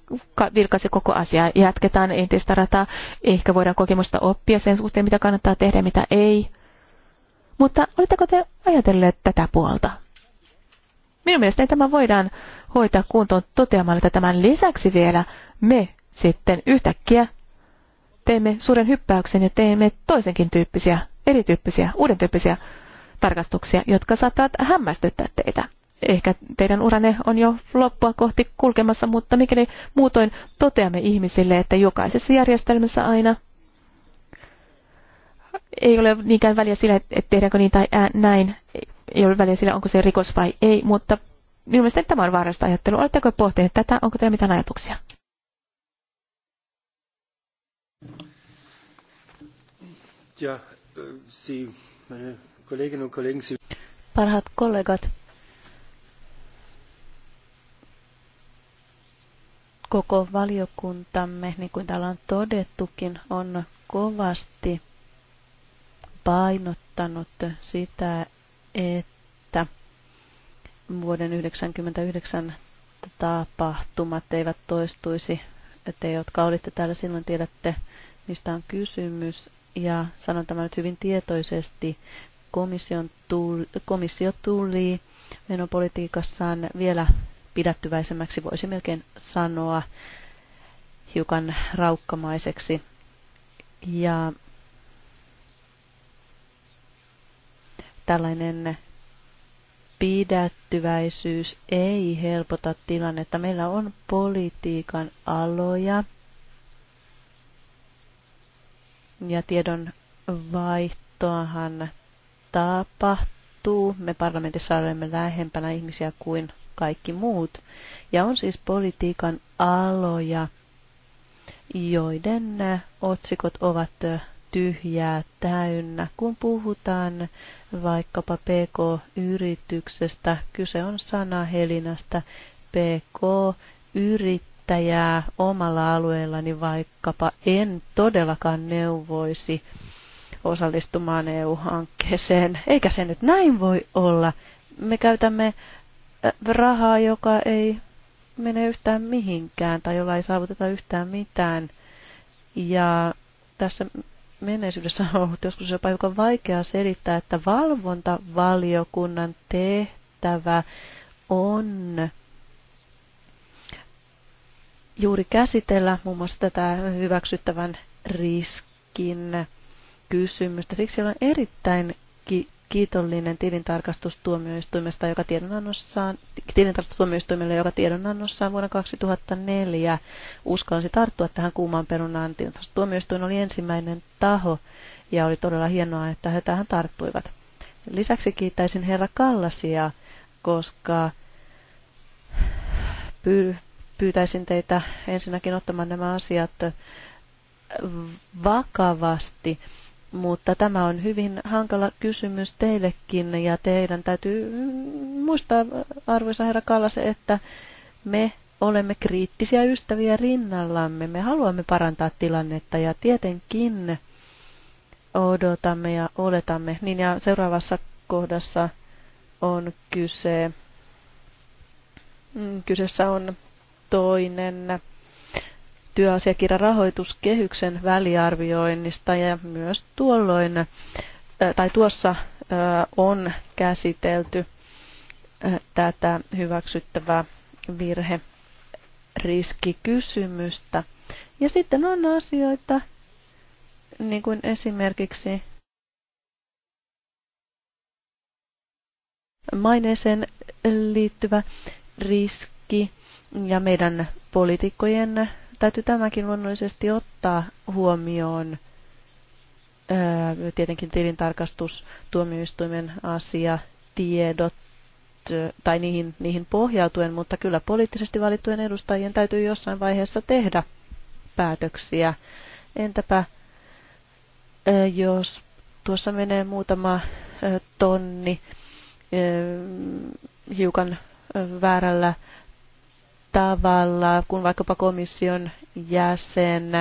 D: vilkaise koko asiaa. Jatketaan entistä rataa. Ehkä voidaan kokemusta oppia sen suhteen, mitä kannattaa tehdä ja mitä ei. Mutta oletteko te ajatelleet tätä puolta? Minun mielestäni tämä voidaan hoitaa kuntoon toteamalla, että tämän lisäksi vielä me sitten yhtäkkiä teemme suuren hyppäyksen ja teemme toisenkin tyyppisiä, erityyppisiä, uuden tyyppisiä tarkastuksia, jotka saattavat hämmästyttää teitä ehkä teidän uranne on jo loppua kohti kulkemassa, mutta mikäli muutoin toteamme ihmisille, että jokaisessa järjestelmässä aina ei ole niinkään väliä sillä, että tehdäänkö niin tai ää, näin, ei ole väliä sillä, onko se rikos vai ei, mutta minun mielestäni tämä on vaarallista ajattelu. Oletteko pohtineet tätä? Onko teillä mitään ajatuksia?
B: Ja, Sie, meine Kolleginnen und Kollegen,
A: Parhaat kollegat, koko valiokuntamme, niin kuin täällä on todettukin, on kovasti painottanut sitä, että vuoden 1999 tapahtumat eivät toistuisi. Te, jotka olitte täällä silloin, tiedätte, mistä on kysymys. Ja sanon tämän nyt hyvin tietoisesti. Komission tuli, komissio tuli menopolitiikassaan vielä pidättyväisemmäksi, voisi melkein sanoa, hiukan raukkamaiseksi. Ja tällainen pidättyväisyys ei helpota tilannetta. Meillä on politiikan aloja ja tiedon vaihtoahan tapahtuu. Me parlamentissa olemme lähempänä ihmisiä kuin kaikki muut. Ja on siis politiikan aloja, joiden äh, otsikot ovat äh, tyhjää täynnä. Kun puhutaan vaikkapa PK-yrityksestä, kyse on sanahelinästä PK-yrittäjää omalla alueellani vaikkapa en todellakaan neuvoisi osallistumaan EU-hankkeeseen. Eikä se nyt näin voi olla. Me käytämme rahaa, joka ei mene yhtään mihinkään tai jolla ei saavuteta yhtään mitään. Ja tässä menneisyydessä on ollut joskus jopa hiukan vaikea selittää, että valvontavaliokunnan tehtävä on juuri käsitellä muun muassa tätä hyväksyttävän riskin kysymystä. Siksi on erittäin kiitollinen tilintarkastustuomioistuimesta, joka tiedonannossaan, tilintarkastustuomioistuimelle, joka tiedonannossaan vuonna 2004 uskalsi tarttua tähän kuumaan perunaan. Tilintarkastustuomioistuin oli ensimmäinen taho ja oli todella hienoa, että he tähän tarttuivat. Lisäksi kiittäisin herra Kallasia, koska pyytäisin teitä ensinnäkin ottamaan nämä asiat vakavasti mutta tämä on hyvin hankala kysymys teillekin ja teidän täytyy muistaa, arvoisa herra Kallas, että me olemme kriittisiä ystäviä rinnallamme. Me haluamme parantaa tilannetta ja tietenkin odotamme ja oletamme. Niin ja seuraavassa kohdassa on kyse, mm, kyseessä on toinen työasiakirjan rahoituskehyksen väliarvioinnista ja myös tuolloin tai tuossa on käsitelty tätä hyväksyttävää virheriskikysymystä. Ja sitten on asioita, niin kuin esimerkiksi maineeseen liittyvä riski ja meidän poliitikkojen täytyy tämäkin luonnollisesti ottaa huomioon. Tietenkin tilintarkastus, tuomioistuimen asia, tiedot tai niihin, niihin pohjautuen, mutta kyllä poliittisesti valittujen edustajien täytyy jossain vaiheessa tehdä päätöksiä. Entäpä jos tuossa menee muutama tonni hiukan väärällä tavalla, kun vaikkapa komission jäsen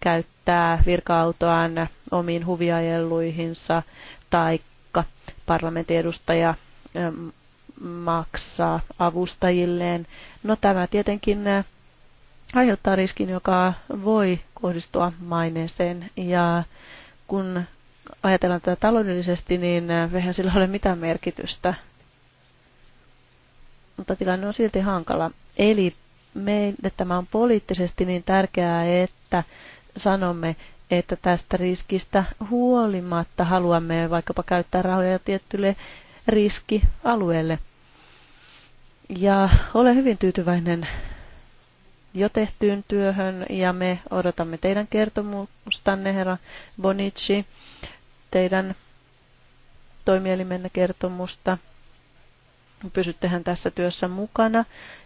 A: käyttää virka-autoaan omiin huviajelluihinsa tai parlamentin edustaja ähm, maksaa avustajilleen. No tämä tietenkin äh, aiheuttaa riskin, joka voi kohdistua maineeseen ja kun ajatellaan tätä taloudellisesti, niin äh, eihän sillä ole mitään merkitystä. Mutta tilanne on silti hankala. Eli meille tämä on poliittisesti niin tärkeää, että sanomme, että tästä riskistä huolimatta haluamme vaikkapa käyttää rahoja tiettylle riskialueelle. Ja olen hyvin tyytyväinen jo tehtyyn työhön ja me odotamme teidän kertomustanne, herra Bonici, teidän toimielimenne kertomusta pysyttehän tässä työssä mukana.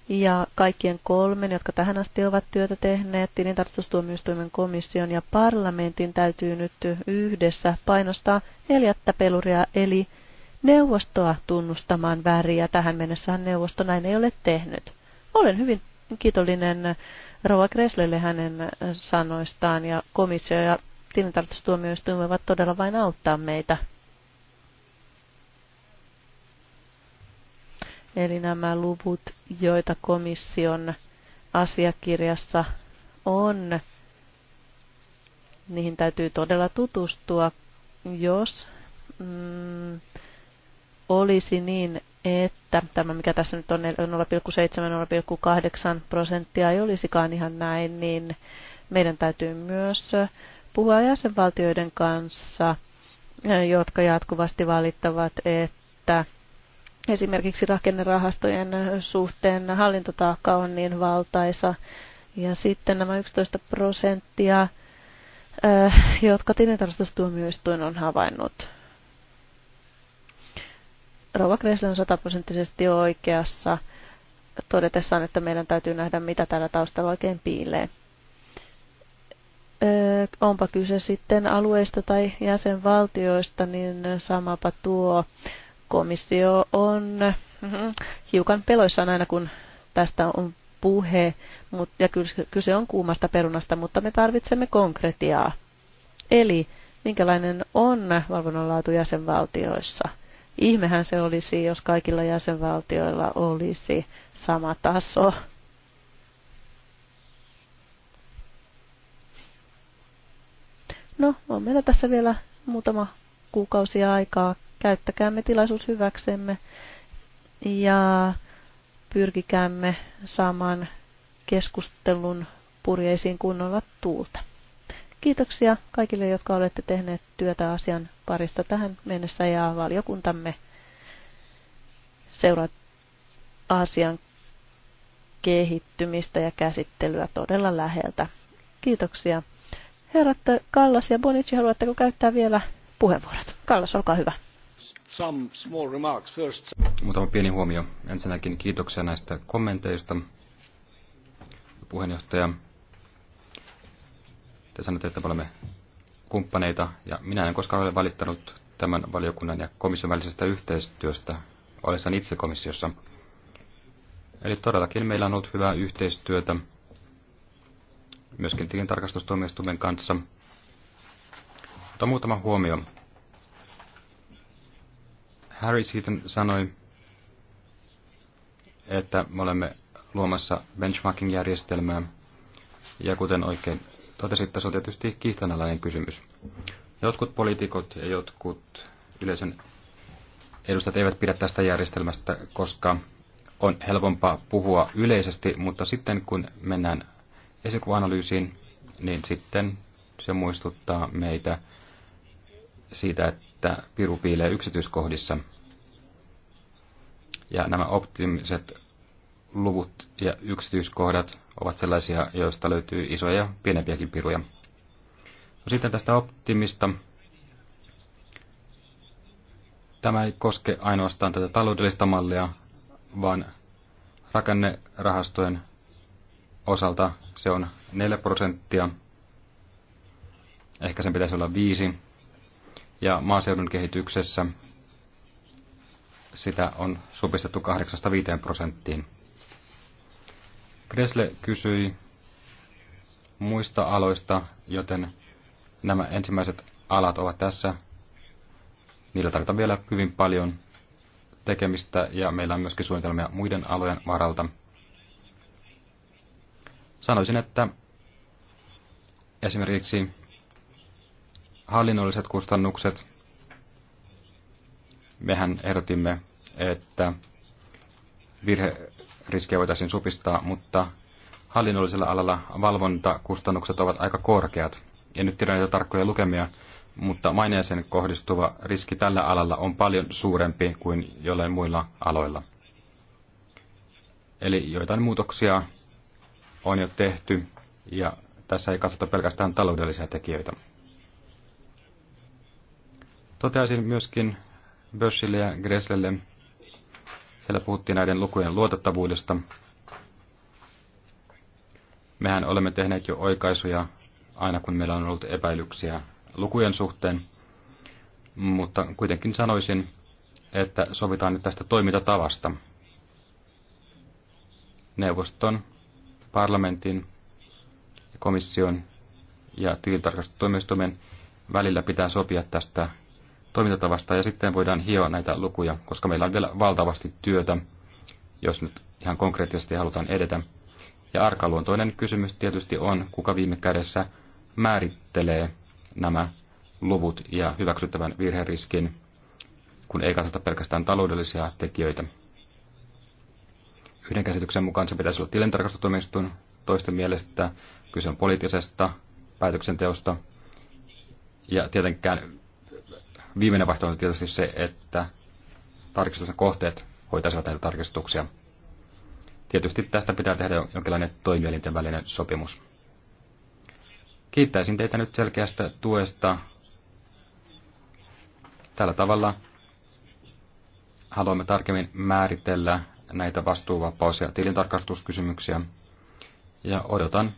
A: Ja kaikkien kolmen, jotka tähän asti ovat työtä tehneet, tilintarkastustuomioistuimen komission ja parlamentin täytyy nyt yhdessä painostaa neljättä peluria, eli neuvostoa tunnustamaan väriä. Tähän mennessähän neuvosto näin ei ole tehnyt. Olen hyvin kiitollinen Rova Kreslelle hänen sanoistaan ja komissio ja tilintarkastustuomioistuimen voivat todella vain auttaa meitä Eli nämä luvut, joita komission asiakirjassa on, niihin täytyy todella tutustua, jos mm, olisi niin, että tämä mikä tässä nyt on 0,7-0,8 prosenttia ei olisikaan ihan näin, niin meidän täytyy myös puhua jäsenvaltioiden kanssa, jotka jatkuvasti valittavat, että esimerkiksi rakennerahastojen suhteen hallintotaakka on niin valtaisa. Ja sitten nämä 11 prosenttia, äh, jotka tilintarkastustuomioistuin on havainnut. Rova Kresle on sataprosenttisesti oikeassa todetessaan, että meidän täytyy nähdä, mitä täällä taustalla oikein piilee. Öö, onpa kyse sitten alueista tai jäsenvaltioista, niin samapa tuo Komissio on mm-hmm, hiukan peloissaan aina, kun tästä on puhe, ja kyse on kuumasta perunasta, mutta me tarvitsemme konkretiaa. Eli minkälainen on valvonnan laatu jäsenvaltioissa? Ihmehän se olisi, jos kaikilla jäsenvaltioilla olisi sama taso. No, on meillä tässä vielä muutama kuukausi aikaa käyttäkäämme tilaisuus hyväksemme ja pyrkikäämme saamaan keskustelun purjeisiin kunnolla tuulta. Kiitoksia kaikille, jotka olette tehneet työtä asian parissa tähän mennessä ja valiokuntamme seuraa asian kehittymistä ja käsittelyä todella läheltä. Kiitoksia. Herrat Kallas ja Bonici, haluatteko käyttää vielä puheenvuorot? Kallas, olkaa hyvä
B: some small remarks first.
C: Muutama pieni huomio. Ensinnäkin kiitoksia näistä kommenteista, puheenjohtaja. Te sanotte, että me olemme kumppaneita, ja minä en koskaan ole valittanut tämän valiokunnan ja komission välisestä yhteistyöstä ollessaan itse komissiossa. Eli todellakin meillä on ollut hyvää yhteistyötä myöskin tilintarkastustuomioistuimen kanssa. Mutta muutama huomio Harry Seaton sanoi, että me olemme luomassa benchmarking-järjestelmää, ja kuten oikein totesit, se on tietysti kiistanalainen kysymys. Jotkut poliitikot ja jotkut yleisön edustajat eivät pidä tästä järjestelmästä, koska on helpompaa puhua yleisesti, mutta sitten kun mennään esikuvanalyysiin, niin sitten se muistuttaa meitä siitä, että että piru piilee yksityiskohdissa. Ja nämä optimiset luvut ja yksityiskohdat ovat sellaisia, joista löytyy isoja ja pienempiäkin piruja. No sitten tästä optimista. Tämä ei koske ainoastaan tätä taloudellista mallia, vaan rakennerahastojen osalta se on 4 prosenttia. Ehkä sen pitäisi olla 5 ja maaseudun kehityksessä sitä on supistettu 8-5 prosenttiin. Kresle kysyi muista aloista, joten nämä ensimmäiset alat ovat tässä. Niillä tarvitaan vielä hyvin paljon tekemistä ja meillä on myöskin suunnitelmia muiden alojen varalta. Sanoisin, että esimerkiksi Hallinnolliset kustannukset. Mehän ehdotimme, että virheriskejä voitaisiin supistaa, mutta hallinnollisella alalla valvontakustannukset ovat aika korkeat. En nyt tiedä näitä tarkkoja lukemia, mutta maineeseen kohdistuva riski tällä alalla on paljon suurempi kuin jollain muilla aloilla. Eli joitain muutoksia on jo tehty ja tässä ei katsota pelkästään taloudellisia tekijöitä. Toteaisin myöskin Börsille ja Greslelle, siellä puhuttiin näiden lukujen luotettavuudesta. Mehän olemme tehneet jo oikaisuja aina kun meillä on ollut epäilyksiä lukujen suhteen, mutta kuitenkin sanoisin, että sovitaan nyt tästä toimintatavasta. Neuvoston, parlamentin, komission ja tilintarkastustoimistomen välillä pitää sopia tästä toimintatavasta ja sitten voidaan hioa näitä lukuja, koska meillä on vielä valtavasti työtä, jos nyt ihan konkreettisesti halutaan edetä. Ja arkaluontoinen kysymys tietysti on, kuka viime kädessä määrittelee nämä luvut ja hyväksyttävän virheriskin, kun ei katsota pelkästään taloudellisia tekijöitä. Yhden käsityksen mukaan se pitäisi olla tilintarkastustoimiston, toisten mielestä kyse on poliittisesta päätöksenteosta, ja tietenkään viimeinen vaihtoehto on tietysti se, että tarkistuksen kohteet hoitaisivat näitä tarkistuksia. Tietysti tästä pitää tehdä jonkinlainen toimielinten välinen sopimus. Kiittäisin teitä nyt selkeästä tuesta. Tällä tavalla haluamme tarkemmin määritellä näitä vastuuvapaus- ja tilintarkastuskysymyksiä. Ja odotan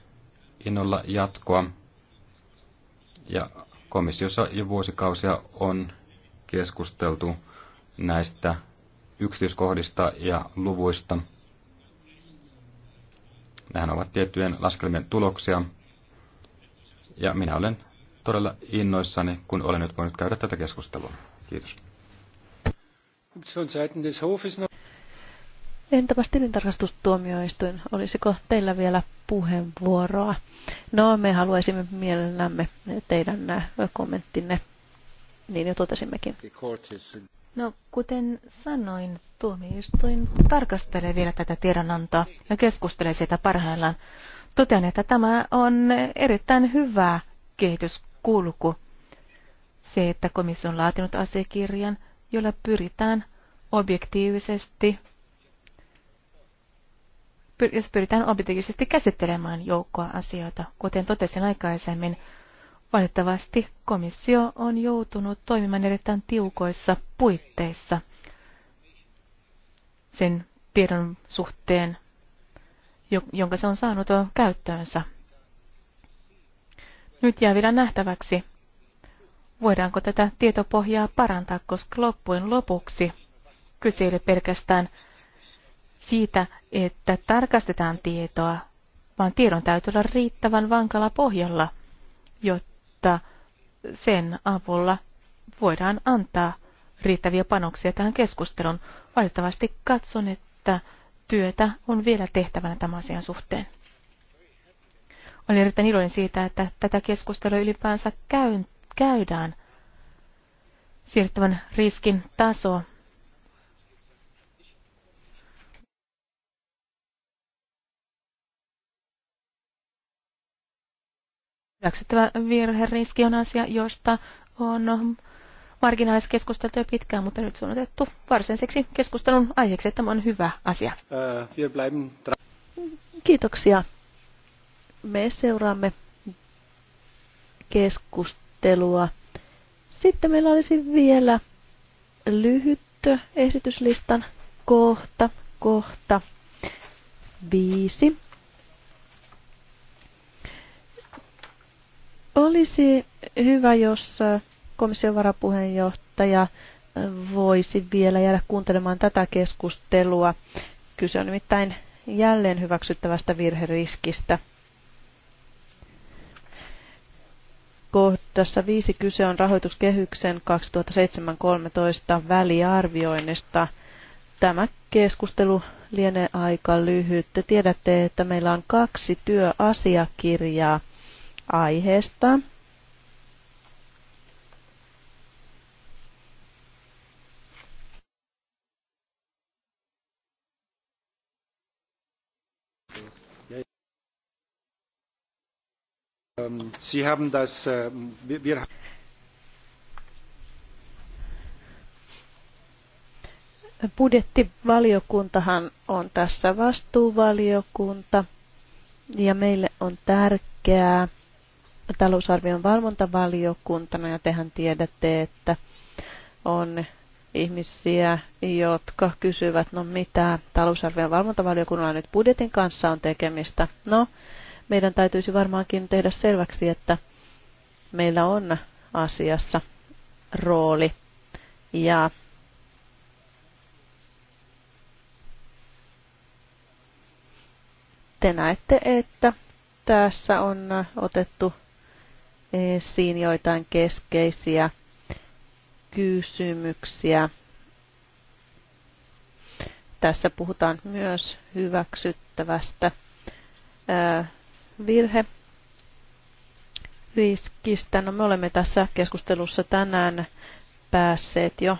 C: innolla jatkoa. Ja Komissiossa jo vuosikausia on keskusteltu näistä yksityiskohdista ja luvuista. Nämä ovat tiettyjen laskelmien tuloksia. Ja minä olen todella innoissani, kun olen nyt voinut käydä tätä keskustelua. Kiitos.
A: Entä tilintarkastustuomioistuin, olisiko teillä vielä puheenvuoroa. No, me haluaisimme mielellämme teidän äh, kommenttinne, niin jo totesimmekin.
D: No, kuten sanoin, tuomioistuin
A: tarkastelee vielä tätä tiedonantoa ja
D: keskustelee siitä parhaillaan. Totean, että tämä on erittäin hyvä kehityskulku. Se, että komissio on laatinut asiakirjan, jolla pyritään objektiivisesti jos pyritään objektiivisesti käsittelemään joukkoa asioita. Kuten totesin aikaisemmin, valitettavasti komissio on joutunut toimimaan erittäin tiukoissa puitteissa sen tiedon suhteen, jonka se on saanut käyttöönsä. Nyt jää vielä nähtäväksi, voidaanko tätä tietopohjaa parantaa, koska loppujen lopuksi kyse ei pelkästään siitä, että tarkastetaan tietoa, vaan tiedon täytyy olla riittävän vankalla pohjalla, jotta sen avulla voidaan antaa riittäviä panoksia tähän keskusteluun. Valitettavasti katson, että työtä on vielä tehtävänä tämän asian suhteen. Olen erittäin iloinen siitä, että tätä keskustelua ylipäänsä käydään. Siirtävän riskin taso Hyväksyttävä virheriski on asia, josta on marginaalissa keskusteltu jo pitkään, mutta nyt se
A: on otettu varsinaiseksi keskustelun aiheeksi, että tämä on hyvä asia. Kiitoksia. Me seuraamme keskustelua. Sitten meillä olisi vielä lyhyt esityslistan kohta, kohta viisi. Olisi hyvä, jos komission varapuheenjohtaja voisi vielä jäädä kuuntelemaan tätä keskustelua. Kyse on nimittäin jälleen hyväksyttävästä virheriskistä. Kohdassa viisi kyse on rahoituskehyksen 2007-2013 väliarvioinnista. Tämä keskustelu lienee aika lyhyt. Te tiedätte, että meillä on kaksi työasiakirjaa aiheesta.
B: Sie haben das, äh, wir,
A: budjettivaliokuntahan on tässä vastuuvaliokunta ja meille on tärkeää, talousarvion valvontavaliokuntana ja tehän tiedätte, että on ihmisiä, jotka kysyvät, no mitä talousarvion valvontavaliokunnalla nyt budjetin kanssa on tekemistä. No, meidän täytyisi varmaankin tehdä selväksi, että meillä on asiassa rooli. Ja te näette, että tässä on otettu esiin joitain keskeisiä kysymyksiä. Tässä puhutaan myös hyväksyttävästä virhe riskistä. No me olemme tässä keskustelussa tänään päässeet jo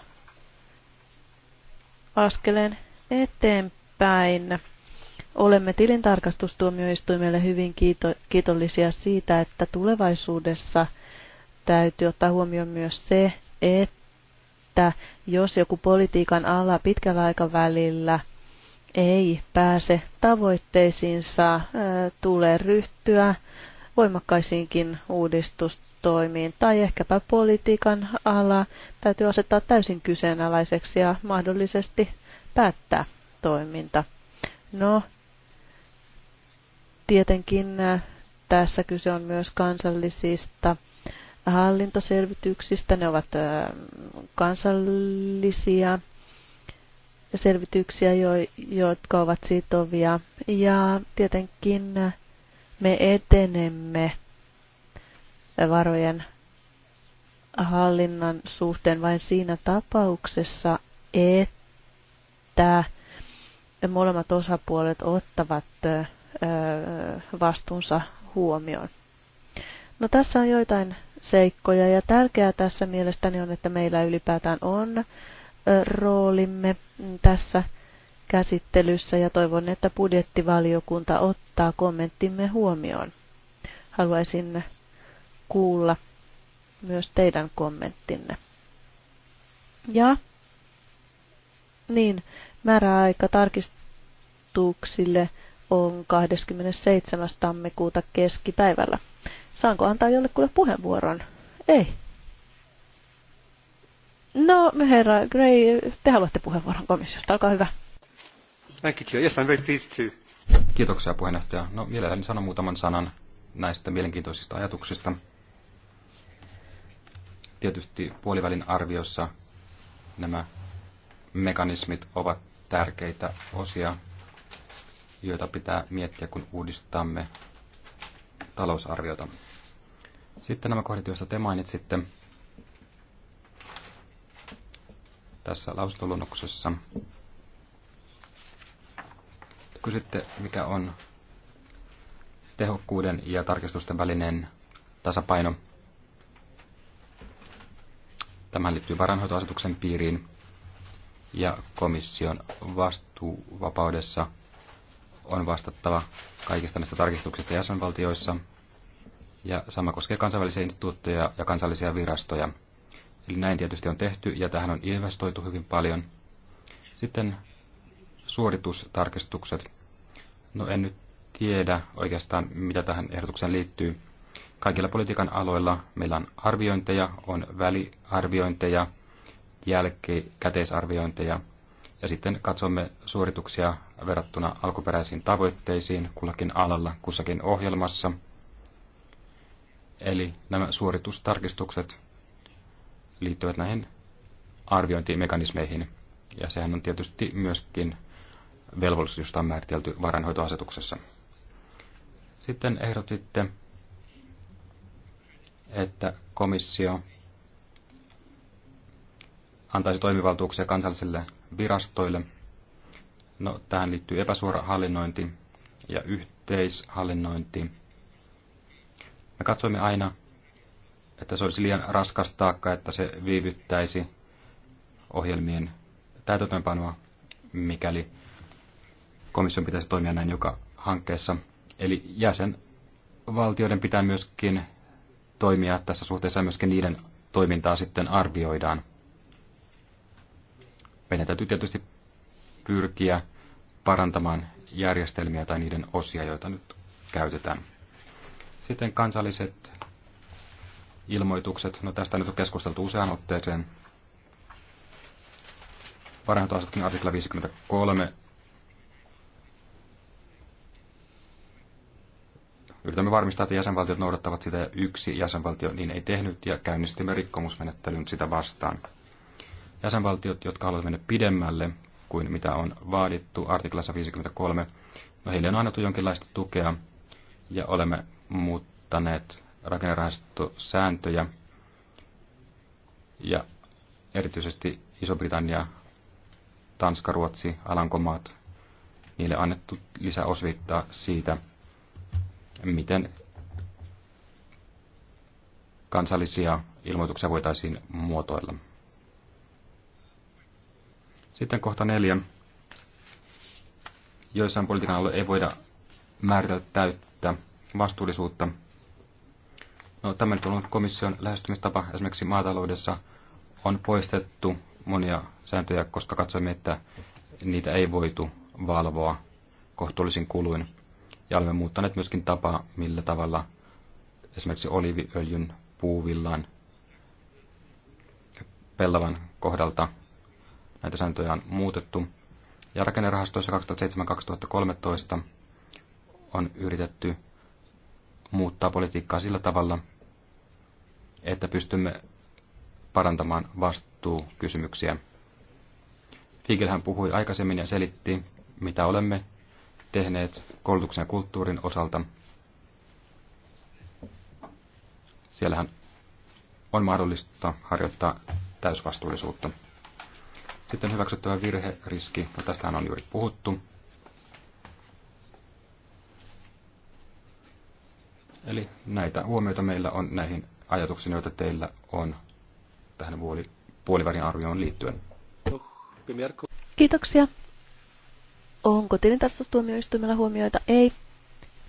A: askeleen eteenpäin. Olemme tilintarkastustuomioistuimelle hyvin kiito- kiitollisia siitä, että tulevaisuudessa täytyy ottaa huomioon myös se, että jos joku politiikan ala pitkällä aikavälillä ei pääse tavoitteisiinsa, tulee ryhtyä voimakkaisiinkin uudistustoimiin tai ehkäpä politiikan ala täytyy asettaa täysin kyseenalaiseksi ja mahdollisesti päättää toiminta. No, Tietenkin tässä kyse on myös kansallisista hallintoselvityksistä. Ne ovat kansallisia selvityksiä, jotka ovat sitovia. Ja tietenkin me etenemme varojen hallinnan suhteen vain siinä tapauksessa, että molemmat osapuolet ottavat vastuunsa huomioon. No tässä on joitain seikkoja ja tärkeää tässä mielestäni on, että meillä ylipäätään on roolimme tässä käsittelyssä ja toivon, että budjettivaliokunta ottaa kommenttimme huomioon. Haluaisin kuulla myös teidän kommenttinne. Ja niin, määräaika tarkistuksille on 27. tammikuuta keskipäivällä. Saanko antaa jollekulle puheenvuoron? Ei. No, herra Gray, te haluatte puheenvuoron komissiosta. Olkaa hyvä.
B: Thank you, Chair. Yes, I'm very pleased to.
C: Kiitoksia puheenjohtaja. No, mielelläni sanon muutaman sanan näistä mielenkiintoisista ajatuksista. Tietysti puolivälin arviossa nämä mekanismit ovat tärkeitä osia joita pitää miettiä, kun uudistamme talousarviota. Sitten nämä kohdat, joista te mainitsitte tässä lausuntoluonnoksessa. Kysytte, mikä on tehokkuuden ja tarkistusten välinen tasapaino. Tämä liittyy varainhoitoasetuksen piiriin ja komission vastuuvapaudessa – on vastattava kaikista näistä tarkistuksista jäsenvaltioissa. Ja sama koskee kansainvälisiä instituutteja ja kansallisia virastoja. Eli näin tietysti on tehty ja tähän on investoitu hyvin paljon. Sitten suoritustarkistukset. No en nyt tiedä oikeastaan, mitä tähän ehdotukseen liittyy. Kaikilla politiikan aloilla meillä on arviointeja, on väliarviointeja, jälkikäteisarviointeja ja sitten katsomme suorituksia verrattuna alkuperäisiin tavoitteisiin kullakin alalla kussakin ohjelmassa. Eli nämä suoritustarkistukset liittyvät näihin arviointimekanismeihin, ja sehän on tietysti myöskin velvollisuus, josta on määritelty varainhoitoasetuksessa. Sitten ehdotitte, että komissio antaisi toimivaltuuksia kansalliselle virastoille. No, tähän liittyy epäsuora hallinnointi ja yhteishallinnointi. Me katsoimme aina, että se olisi liian raskas taakka, että se viivyttäisi ohjelmien täytäntöönpanoa, mikäli komission pitäisi toimia näin joka hankkeessa. Eli jäsenvaltioiden pitää myöskin toimia tässä suhteessa ja myöskin niiden toimintaa sitten arvioidaan. Meidän täytyy tietysti pyrkiä parantamaan järjestelmiä tai niiden osia, joita nyt käytetään. Sitten kansalliset ilmoitukset. No tästä nyt on keskusteltu useaan otteeseen. Varainhoitoasetuksen artikla 53. Yritämme varmistaa, että jäsenvaltiot noudattavat sitä ja yksi jäsenvaltio niin ei tehnyt ja käynnistimme rikkomusmenettelyn sitä vastaan jäsenvaltiot, jotka haluavat mennä pidemmälle kuin mitä on vaadittu artiklassa 53, no heille on annettu jonkinlaista tukea ja olemme muuttaneet rakennerahastosääntöjä ja erityisesti Iso-Britannia, Tanska, Ruotsi, Alankomaat, niille annettu lisäosvittaa siitä, miten kansallisia ilmoituksia voitaisiin muotoilla. Sitten kohta neljä. Joissain politiikan alueilla ei voida määritellä täyttä vastuullisuutta. No, tämän tullut komission lähestymistapa esimerkiksi maataloudessa on poistettu monia sääntöjä, koska katsoimme, että niitä ei voitu valvoa kohtuullisin kuluin. Ja olemme muuttaneet myöskin tapaa, millä tavalla esimerkiksi oliiviöljyn, puuvillan, pellavan kohdalta Näitä sääntöjä on muutettu. Ja rakennerahastoissa 2007-2013 on yritetty muuttaa politiikkaa sillä tavalla, että pystymme parantamaan vastuukysymyksiä. Figelhän puhui aikaisemmin ja selitti, mitä olemme tehneet koulutuksen ja kulttuurin osalta. Siellähän on mahdollista harjoittaa täysvastuullisuutta. Sitten hyväksyttävä virheriski, no tästähän on juuri puhuttu. Eli näitä huomioita meillä on näihin ajatuksiin, joita teillä on tähän puolivälin arvioon liittyen.
A: Kiitoksia. Onko tilintarkastustuomioistuimella huomioita? Ei.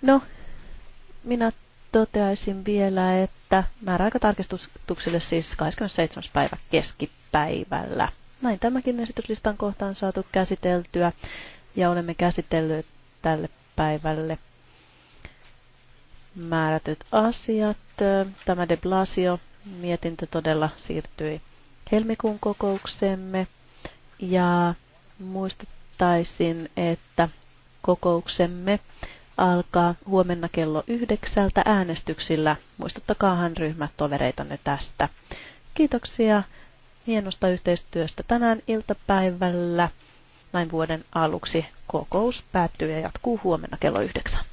A: No, minä toteaisin vielä, että määräaikatarkistuksille siis 27. päivä keskipäivällä. Näin tämäkin esityslistan kohta kohtaan saatu käsiteltyä ja olemme käsitelleet tälle päivälle määrätyt asiat. Tämä de Blasio mietintö todella siirtyi helmikuun kokouksemme ja muistuttaisin, että kokouksemme alkaa huomenna kello yhdeksältä äänestyksillä. Muistuttakaahan ryhmätovereitanne tästä. Kiitoksia hienosta yhteistyöstä tänään iltapäivällä. Näin vuoden aluksi kokous päättyy ja jatkuu huomenna kello yhdeksän.